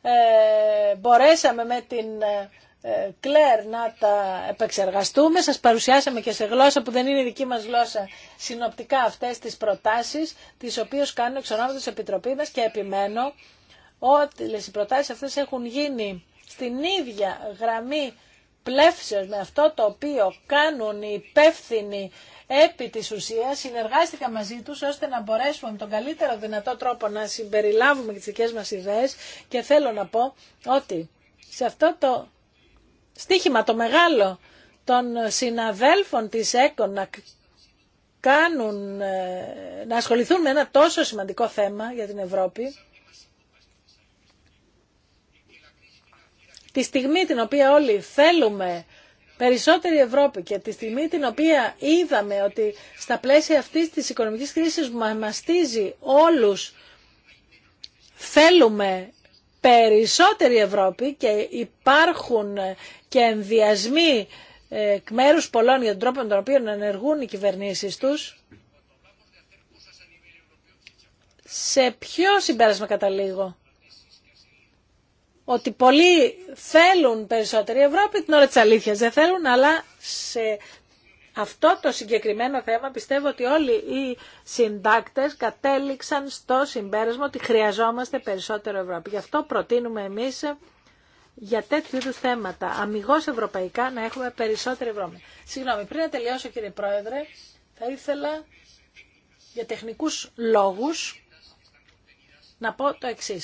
ε, μπορέσαμε με την ε, ε, Κλέρ να τα επεξεργαστούμε. Σας παρουσιάσαμε και σε γλώσσα που δεν είναι η δική μας γλώσσα συνοπτικά αυτές τις προτάσεις, τις οποίες κάνουν εξονόματος της Επιτροπή μας και επιμένω ότι οι προτάσεις αυτές έχουν γίνει στην ίδια γραμμή πλεύσεως με αυτό το οποίο κάνουν οι υπεύθυνοι επί της ουσίας. Συνεργάστηκα μαζί τους ώστε να μπορέσουμε με τον καλύτερο δυνατό τρόπο να συμπεριλάβουμε τις δικές μας ιδέες και θέλω να πω ότι σε αυτό το στίχημα το μεγάλο των συναδέλφων της ΕΚΟ να κάνουν, ε, να ασχοληθούν με ένα τόσο σημαντικό θέμα για την Ευρώπη. Τη στιγμή την οποία όλοι θέλουμε περισσότερη Ευρώπη και τη στιγμή την οποία είδαμε ότι στα πλαίσια αυτής της οικονομικής κρίσης που μαστίζει όλους θέλουμε περισσότερη Ευρώπη και υπάρχουν και ενδιασμοί εκ μέρου πολλών για τον τρόπο με τον οποίο ενεργούν οι κυβερνήσεις τους, σε ποιο συμπέρασμα καταλήγω. Ότι πολλοί θέλουν περισσότερη Ευρώπη την ώρα της αλήθειας. Δεν θέλουν, αλλά σε αυτό το συγκεκριμένο θέμα πιστεύω ότι όλοι οι συντάκτες κατέληξαν στο συμπέρασμα ότι χρειαζόμαστε περισσότερο Ευρώπη. Γι' αυτό προτείνουμε εμείς για τέτοιου είδου θέματα, αμυγό ευρωπαϊκά, να έχουμε περισσότερη βρώμη. Συγγνώμη, πριν να τελειώσω κύριε Πρόεδρε, θα ήθελα για τεχνικούς λόγους να πω το εξή.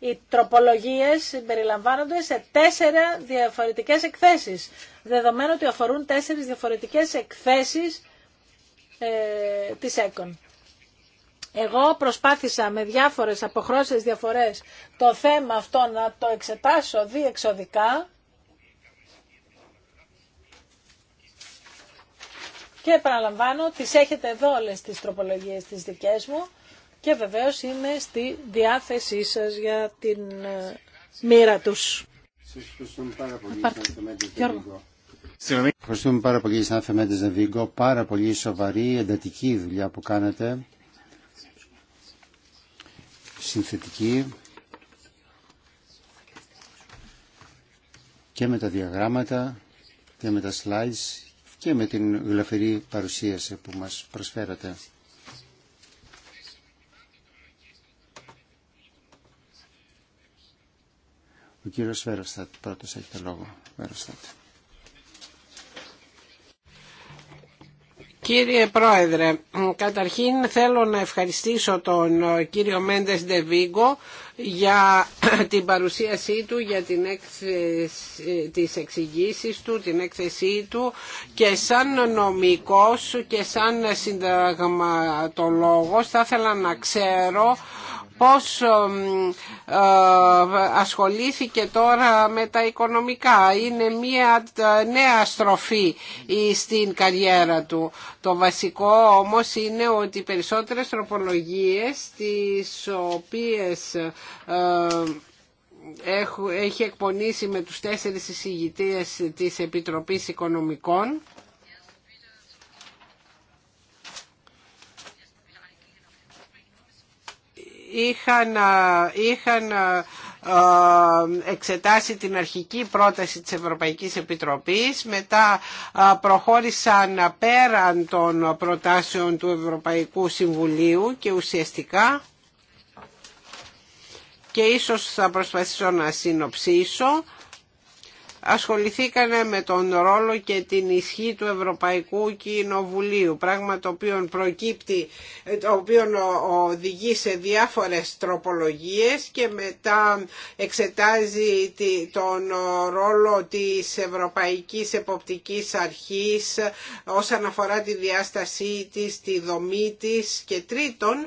Οι τροπολογίες συμπεριλαμβάνονται σε τέσσερα διαφορετικές εκθέσεις, δεδομένου ότι αφορούν τέσσερις διαφορετικές εκθέσεις ε, της ΕΚΟΝ. Εγώ προσπάθησα με διάφορες αποχρώσεις διαφορές το θέμα αυτό να το εξετάσω διεξοδικά και επαναλαμβάνω τις έχετε εδώ όλες τις τροπολογίες τις δικές μου και βεβαίως είμαι στη διάθεσή σας για την ε, μοίρα τους. ευχαριστούμε πάρα πολύ. Ευχαριστούμε πάρα σαν Θεμέντες Νεβίγκο. Πάρα πολύ σοβαρή, εντατική δουλειά που κάνετε συνθετική και με τα διαγράμματα και με τα slides και με την γλαφυρή παρουσίαση που μας προσφέρατε. Ο κύριος Βέροστατ πρώτος έχει το λόγο. Βέροστατ. Κύριε Πρόεδρε, καταρχήν θέλω να ευχαριστήσω τον ε, κύριο Μέντες Ντεβίγκο για την παρουσίασή του, για την τις εξηγήσει του, την έκθεσή του και σαν νομικός και σαν συνταγματολόγος θα ήθελα να ξέρω πώς ε, ασχολήθηκε τώρα με τα οικονομικά. Είναι μια ε, νέα στροφή στην καριέρα του. Το βασικό όμως είναι ότι περισσότερες τροπολογίες τις οποίες ε, έχει εκπονήσει με τους τέσσερις εισηγητές της Επιτροπής Οικονομικών είχαν, είχαν εξετάσει την αρχική πρόταση της Ευρωπαϊκής Επιτροπής μετά προχώρησαν πέραν των προτάσεων του Ευρωπαϊκού Συμβουλίου και ουσιαστικά και ίσως θα προσπαθήσω να συνοψίσω ασχοληθήκανε με τον ρόλο και την ισχύ του Ευρωπαϊκού Κοινοβουλίου, πράγμα το οποίο προκύπτει, το οποίο οδηγεί σε διάφορες τροπολογίες και μετά εξετάζει τον ρόλο της Ευρωπαϊκής Εποπτικής Αρχής όσον αφορά τη διάστασή της, τη δομή της και τρίτον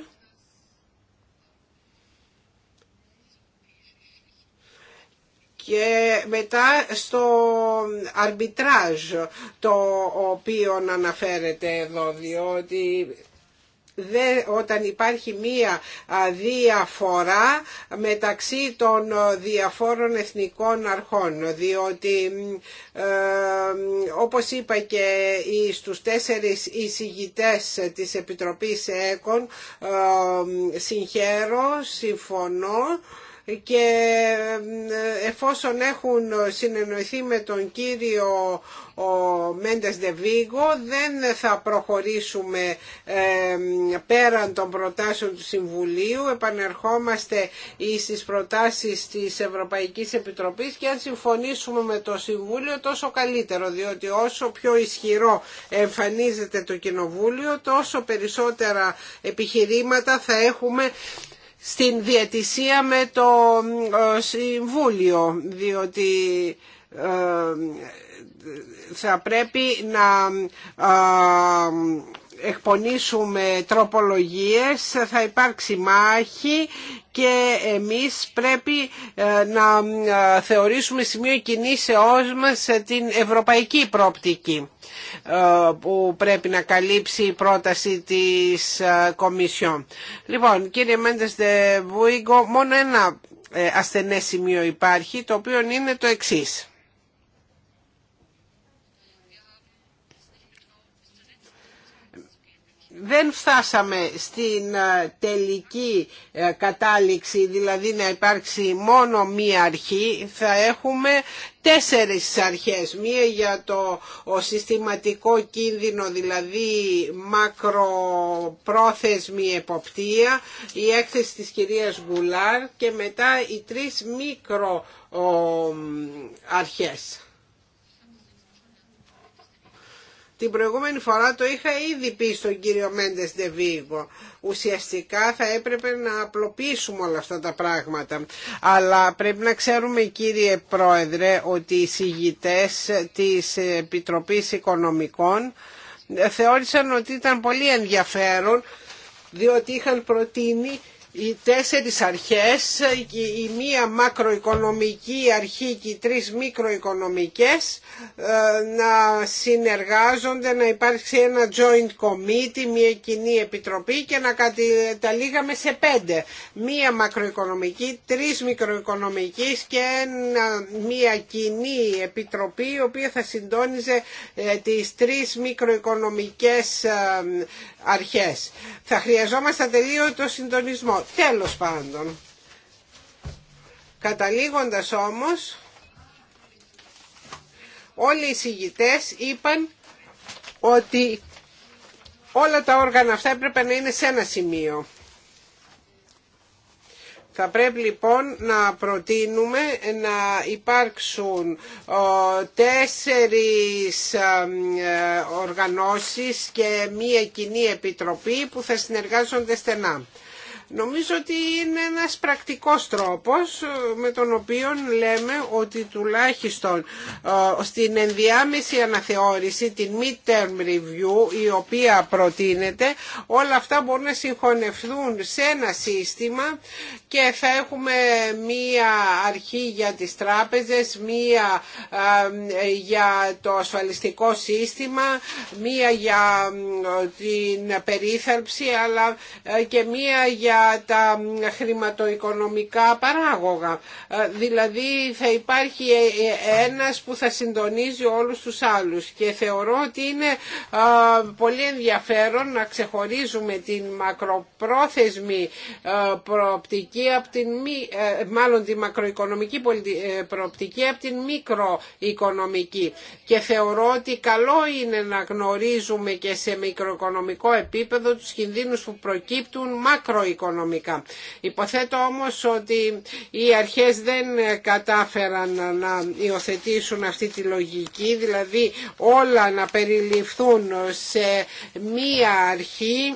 και μετά στο αρμπιτράζ το οποίο αναφέρεται εδώ διότι Δε, όταν υπάρχει μία διαφορά μεταξύ των διαφόρων εθνικών αρχών διότι ε, όπως είπα και στους τέσσερις εισηγητές της Επιτροπής ΕΚΟΝ ε, συγχαίρω, συμφωνώ και ε, εφόσον έχουν συνεννοηθεί με τον κύριο ο Μέντες δεν θα προχωρήσουμε ε, πέραν των προτάσεων του Συμβουλίου επανερχόμαστε στις προτάσεις της Ευρωπαϊκής Επιτροπής και αν συμφωνήσουμε με το Συμβούλιο τόσο καλύτερο διότι όσο πιο ισχυρό εμφανίζεται το Κοινοβούλιο τόσο περισσότερα επιχειρήματα θα έχουμε στην διαιτησία με το ε, Συμβούλιο, διότι ε, θα πρέπει να ε, εκπονήσουμε τροπολογίες, θα υπάρξει μάχη και εμείς πρέπει ε, να ε, θεωρήσουμε σημείο κινήσεώς μας ε, την ευρωπαϊκή πρόπτικη που πρέπει να καλύψει η πρόταση της Κομισιόν. Λοιπόν, κύριε Μέντες Βουίγκο, μόνο ένα ασθενές σημείο υπάρχει, το οποίο είναι το εξής. δεν φτάσαμε στην ε, τελική ε, κατάληξη, δηλαδή να υπάρξει μόνο μία αρχή, θα έχουμε τέσσερις αρχές. Μία για το συστηματικό κίνδυνο, δηλαδή μακροπρόθεσμη εποπτεία, η έκθεση της κυρίας Γκουλάρ και μετά οι τρεις μικροαρχές. αρχές. Την προηγούμενη φορά το είχα ήδη πει στον κύριο Μέντες Ντεβίγκο. Ουσιαστικά θα έπρεπε να απλοποιήσουμε όλα αυτά τα πράγματα. Αλλά πρέπει να ξέρουμε κύριε Πρόεδρε ότι οι συγητές της Επιτροπής Οικονομικών θεώρησαν ότι ήταν πολύ ενδιαφέρον διότι είχαν προτείνει οι τέσσερις αρχές, η μία μακροοικονομική αρχή και οι τρεις μικροοικονομικές ε, να συνεργάζονται, να υπάρξει ένα joint committee, μία κοινή επιτροπή και να καταλήγαμε σε πέντε. Μία μακροοικονομική, τρεις μικροοικονομικές και μία κοινή επιτροπή η οποία θα συντόνιζε ε, τις τρεις μικροοικονομικές ε, αρχές. Θα χρειαζόμαστε το συντονισμό. Τέλος πάντων. Καταλήγοντας όμως, όλοι οι συγητές είπαν ότι όλα τα όργανα αυτά έπρεπε να είναι σε ένα σημείο. Θα πρέπει λοιπόν να προτείνουμε να υπάρξουν τέσσερις ε, οργανώσεις και μία κοινή επιτροπή που θα συνεργάζονται στενά. Νομίζω ότι είναι ένας πρακτικός τρόπος ε, με τον οποίο λέμε ότι τουλάχιστον ε, στην ενδιάμεση αναθεώρηση, την mid-term review η οποία προτείνεται, όλα αυτά μπορούν να συγχωνευτούν σε ένα σύστημα και θα έχουμε μία αρχή για τις τράπεζες, μία ε, για το ασφαλιστικό σύστημα, μία για την περίθαλψη αλλά και μία για τα χρηματοοικονομικά παράγωγα. Ε, δηλαδή θα υπάρχει ε, ε, ένας που θα συντονίζει όλους τους άλλους και θεωρώ ότι είναι πολύ ενδιαφέρον να ξεχωρίζουμε την μακροπρόθεσμη προοπτική από την μάλλον τη μακροοικονομική προοπτική από την μικροοικονομική και θεωρώ ότι καλό είναι να γνωρίζουμε και σε μικροοικονομικό επίπεδο τους κινδύνους που προκύπτουν μακροοικονομικά Υποθέτω όμως ότι οι αρχές δεν κατάφεραν να υιοθετήσουν αυτή τη λογική, δηλαδή όλα να περιληφθούν σε μία αρχή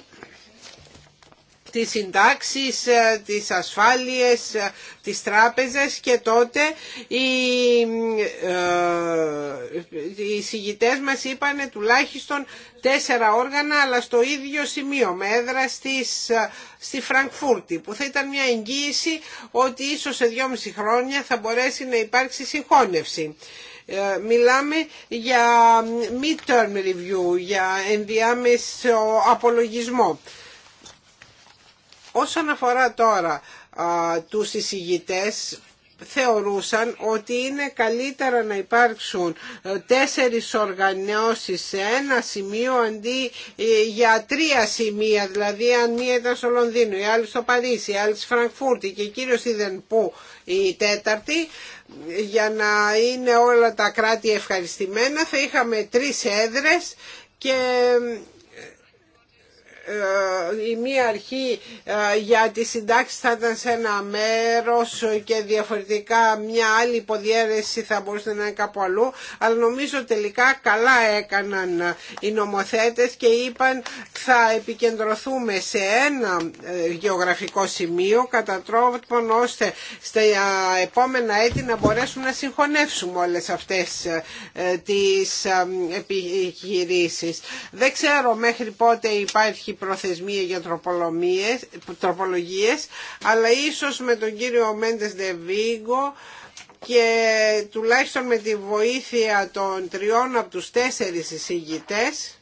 τις συντάξεις, ε, τις ασφάλειες, ε, τις τράπεζες και τότε οι, ε, οι συγητές μας είπαν τουλάχιστον τέσσερα όργανα αλλά στο ίδιο σημείο με έδρα στη Φραγκφούρτη που θα ήταν μια εγγύηση ότι ίσως σε δυόμιση χρόνια θα μπορέσει να υπάρξει συγχώνευση μιλάμε για mid-term review, για ενδιάμεσο απολογισμό. Όσον αφορά τώρα α, τους εισηγητές θεωρούσαν ότι είναι καλύτερα να υπάρξουν ε, τέσσερις οργανώσεις σε ένα σημείο αντί ε, για τρία σημεία, δηλαδή αν μία ήταν στο Λονδίνο, η άλλη στο Παρίσι, η άλλη στη Φραγκφούρτη και κύριος είδεν πού η τέταρτη, για να είναι όλα τα κράτη ευχαριστημένα θα είχαμε τρεις έδρες και ε, η μία αρχή ε, για τη συντάξη θα ήταν σε ένα μέρος και διαφορετικά μια άλλη υποδιέρεση θα μπορούσε να είναι κάπου αλλού αλλά νομίζω τελικά καλά έκαναν οι νομοθέτες και είπαν θα επικεντρωθούμε σε ένα ε, γεωγραφικό σημείο κατά τρόπο ώστε στα επόμενα έτη να μπορέσουν να συγχωνεύσουμε όλες αυτές τις επιχειρήσεις. Δεν ξέρω μέχρι πότε υπάρχει προθεσμία για τροπολογίες, αλλά ίσως με τον κύριο Μέντες Δεβίγκο και τουλάχιστον με τη βοήθεια των τριών από τους τέσσερις εισηγητές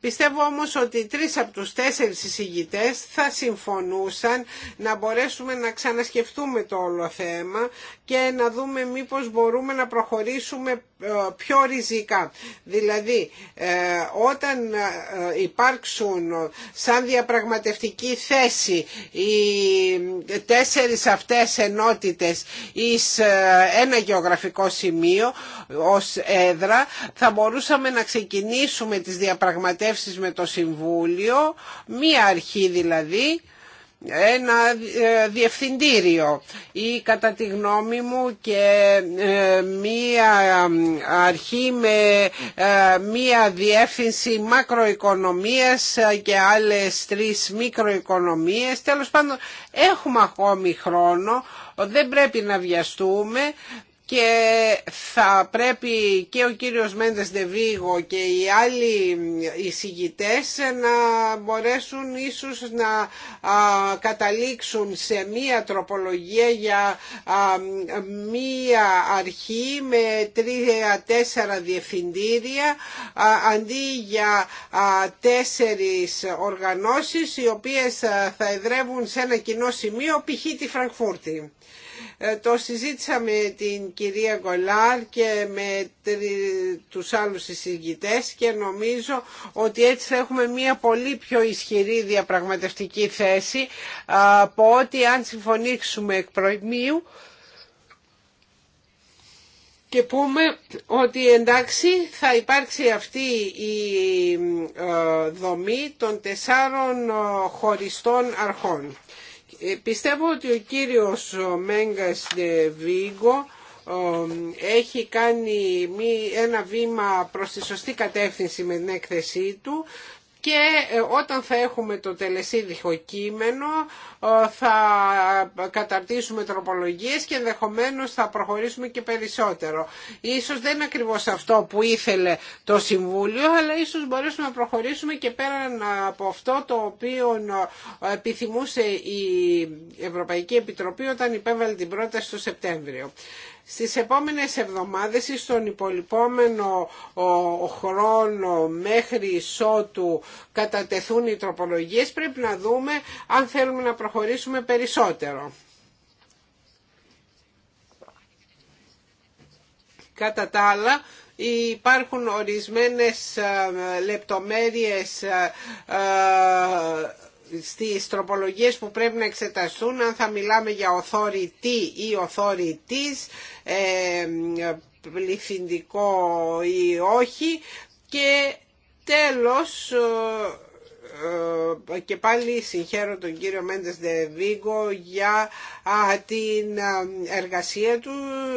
Πιστεύω όμως ότι τρεις από τους τέσσερις εισηγητές θα συμφωνούσαν να μπορέσουμε να ξανασκεφτούμε το όλο θέμα και να δούμε μήπως μπορούμε να προχωρήσουμε ε, πιο ριζικά. Δηλαδή, ε, όταν ε, υπάρξουν σαν διαπραγματευτική θέση οι τέσσερις αυτές ενότητες εις ένα γεωγραφικό σημείο ως έδρα, θα μπορούσαμε να ξεκινήσουμε τις διαπραγματεύσεις με το Συμβούλιο, μία αρχή δηλαδή, ένα ε, διευθυντήριο ή κατά τη γνώμη μου και ε, μία αρχή με ε, μία διεύθυνση μακροοικονομίας και άλλες τρεις μικροοικονομίες. Τέλος πάντων έχουμε ακόμη χρόνο, δεν πρέπει να βιαστούμε, και θα πρέπει και ο κύριος Μέντες Δεβίγο και οι άλλοι εισηγητές να μπορέσουν ίσως να καταλήξουν σε μία τροπολογία για μία αρχή με τρία-τέσσερα διευθυντήρια αντί για τέσσερις οργανώσεις οι οποίες θα εδρεύουν σε ένα κοινό σημείο π.χ. τη Φραγκφούρτη. Ε, το συζήτησα με την κυρία Γκολάρ και με τους άλλους συζητητές και νομίζω ότι έτσι θα έχουμε μια πολύ πιο ισχυρή διαπραγματευτική θέση από ότι αν συμφωνήσουμε εκ προημίου και πούμε ότι εντάξει θα υπάρξει αυτή η ε, δομή των τεσσάρων ε, χωριστών αρχών. Ε, πιστεύω ότι ο κύριος Μέγκας Βίγκο έχει κάνει ένα βήμα προς τη σωστή κατεύθυνση με την έκθεσή του και ε, όταν θα έχουμε το τελεσίδικο κείμενο ε, θα καταρτήσουμε τροπολογίες και ενδεχομένω θα προχωρήσουμε και περισσότερο. Ίσως δεν είναι ακριβώς αυτό που ήθελε το Συμβούλιο, αλλά ίσως μπορέσουμε να προχωρήσουμε και πέραν από αυτό το οποίο ε, επιθυμούσε η Ευρωπαϊκή Επιτροπή όταν υπέβαλε την πρόταση το Σεπτέμβριο. Στις επόμενες εβδομάδες ή στον υπολοιπόμενο χρόνο μέχρι ισότου κατατεθούν οι τροπολογίες πρέπει να δούμε αν θέλουμε να προχωρήσουμε περισσότερο. Κατά τα άλλα, υπάρχουν ορισμένες ε, λεπτομέρειες ε, ε, στις τροπολογίες που πρέπει να εξεταστούν αν θα μιλάμε για οθόρητη ή οθόρητης ε, πληθυντικό ή όχι και τέλος ε, ε, και πάλι συγχαίρω τον κύριο Μέντες Δεβίγκο για την εργασία του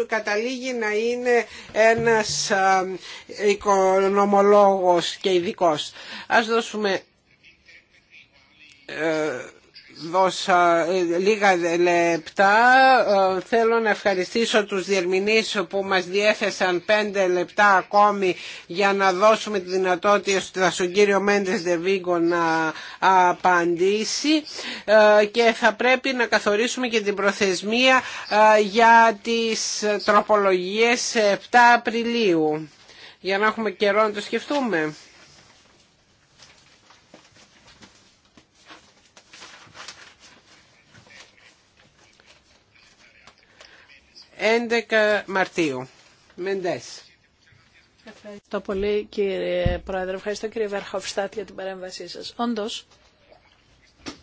καταλήγει να είναι ένας οικονομολόγος και ειδικό. Ας δώσουμε δώσα ε, λίγα λεπτά. Ε, θέλω να ευχαριστήσω τους διερμηνείς που μας διέθεσαν πέντε λεπτά ακόμη για να δώσουμε τη δυνατότητα στον κύριο Μέντες Δεβίγκο να απαντήσει ε, και θα πρέπει να καθορίσουμε και την προθεσμία για τις τροπολογίες 7 Απριλίου για να έχουμε καιρό να το σκεφτούμε. 11 Μαρτίου. Μεντές. Ευχαριστώ πολύ κύριε Πρόεδρε. Ευχαριστώ κύριε Βερχοφστάτ για την παρέμβασή σας. Όντως,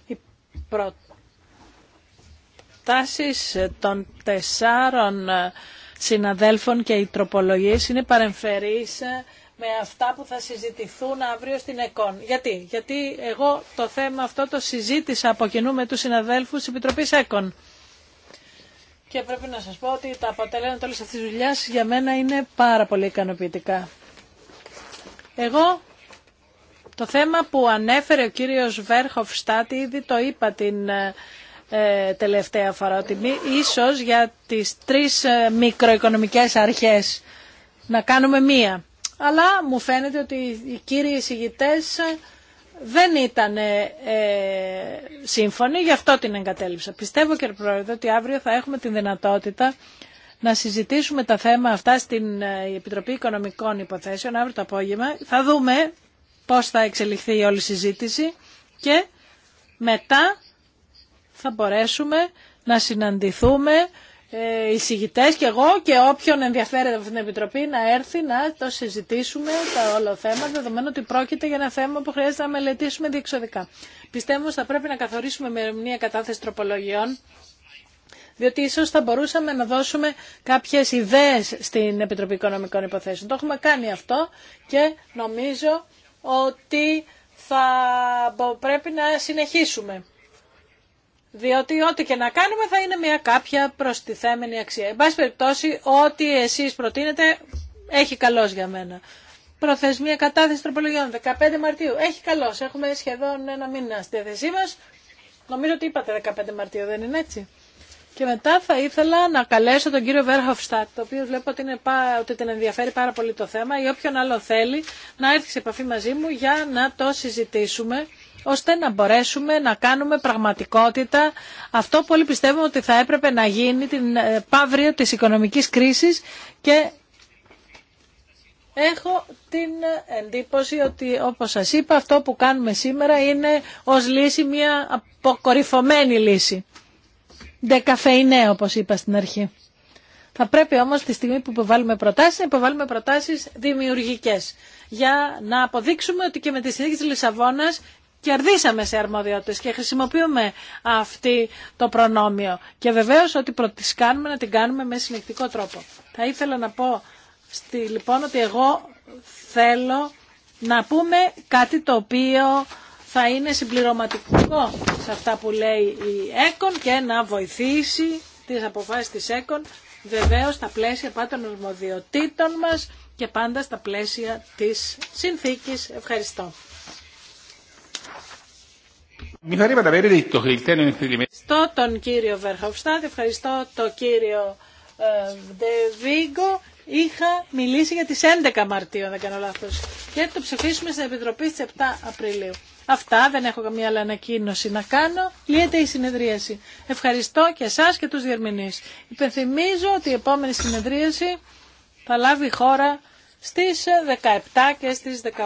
οι προτάσεις των τεσσάρων συναδέλφων και οι τροπολογίες είναι παρεμφερείς με αυτά που θα συζητηθούν αύριο στην ΕΚΟΝ. Γιατί, Γιατί εγώ το θέμα αυτό το συζήτησα από κοινού με τους συναδέλφους της Επιτροπής ΕΚΟΝ και πρέπει να σας πω ότι τα αποτελέσματα όλη αυτή τη δουλειά για μένα είναι πάρα πολύ ικανοποιητικά. Εγώ το θέμα που ανέφερε ο κύριος Βέρχοφ Στάτη ήδη το είπα την ε, ε, τελευταία φορά ότι ίσως για τις τρεις ε, μικροοικονομικές αρχές να κάνουμε μία. Αλλά μου φαίνεται ότι οι κύριοι εισηγητές δεν ήταν ε, σύμφωνη, γι' αυτό την εγκατέλειψα. Πιστεύω, κύριε Πρόεδρε, ότι αύριο θα έχουμε την δυνατότητα να συζητήσουμε τα θέματα αυτά στην ε, Επιτροπή Οικονομικών Υποθέσεων αύριο το απόγευμα. Θα δούμε πώς θα εξελιχθεί η όλη συζήτηση και μετά θα μπορέσουμε να συναντηθούμε ε, οι εισηγητές και εγώ και όποιον ενδιαφέρεται από την Επιτροπή να έρθει να το συζητήσουμε τα όλο θέμα, δεδομένου ότι πρόκειται για ένα θέμα που χρειάζεται να μελετήσουμε διεξοδικά. Πιστεύω ότι θα πρέπει να καθορίσουμε με μια κατάθεση τροπολογιών διότι ίσω θα μπορούσαμε να δώσουμε κάποιε ιδέε στην Επιτροπή Οικονομικών Υποθέσεων. Το έχουμε κάνει αυτό και νομίζω ότι θα πρέπει να συνεχίσουμε. Διότι ό,τι και να κάνουμε θα είναι μια κάποια προστιθέμενη αξία. Εν πάση περιπτώσει, ό,τι εσείς προτείνετε έχει καλός για μένα. Προθεσμία κατάθεση τροπολογιών 15 Μαρτίου. Έχει καλός. Έχουμε σχεδόν ένα μήνα στη θέση μας. Νομίζω ότι είπατε 15 Μαρτίου, δεν είναι έτσι. Και μετά θα ήθελα να καλέσω τον κύριο Βέρχοφστατ, το οποίο βλέπω ότι, είναι, ότι την ενδιαφέρει πάρα πολύ το θέμα, ή όποιον άλλο θέλει να έρθει σε επαφή μαζί μου για να το συζητήσουμε ώστε να μπορέσουμε να κάνουμε πραγματικότητα αυτό που όλοι πιστεύουμε ότι θα έπρεπε να γίνει την ε, παύριο της οικονομικής κρίσης και Έχω την εντύπωση ότι όπως σας είπα αυτό που κάνουμε σήμερα είναι ως λύση μια αποκορυφωμένη λύση. Δεκαφεϊνέ όπως είπα στην αρχή. Θα πρέπει όμως τη στιγμή που υποβάλλουμε προτάσεις να υποβάλλουμε προτάσεις δημιουργικές για να αποδείξουμε ότι και με τη συνθήκη της Λισαβόνας κερδίσαμε σε αρμοδιότητες και χρησιμοποιούμε αυτή το προνόμιο. Και βεβαίως ότι προτισκάνουμε να την κάνουμε με συνεχτικό τρόπο. Θα ήθελα να πω στη, λοιπόν ότι εγώ θέλω να πούμε κάτι το οποίο θα είναι συμπληρωματικό σε αυτά που λέει η ΕΚΟΝ και να βοηθήσει τις αποφάσεις της ΕΚΟΝ βεβαίως στα πλαίσια πάντων ορμοδιοτήτων μας και πάντα στα πλαίσια της συνθήκης. Ευχαριστώ. Ευχαριστώ τον κύριο Βερχοφστάτ, ευχαριστώ τον κύριο Βντεβίγκο. Είχα μιλήσει για τις 11 Μαρτίου, δεν κάνω λάθος, και το ψηφίσουμε στην Επιτροπή στις 7 Απριλίου. Αυτά, δεν έχω καμία άλλη ανακοίνωση να κάνω. Λύεται η συνεδρίαση. Ευχαριστώ και εσάς και τους διερμηνείς. Υπενθυμίζω ότι η επόμενη συνεδρίαση θα λάβει χώρα στις 17 και στις 18.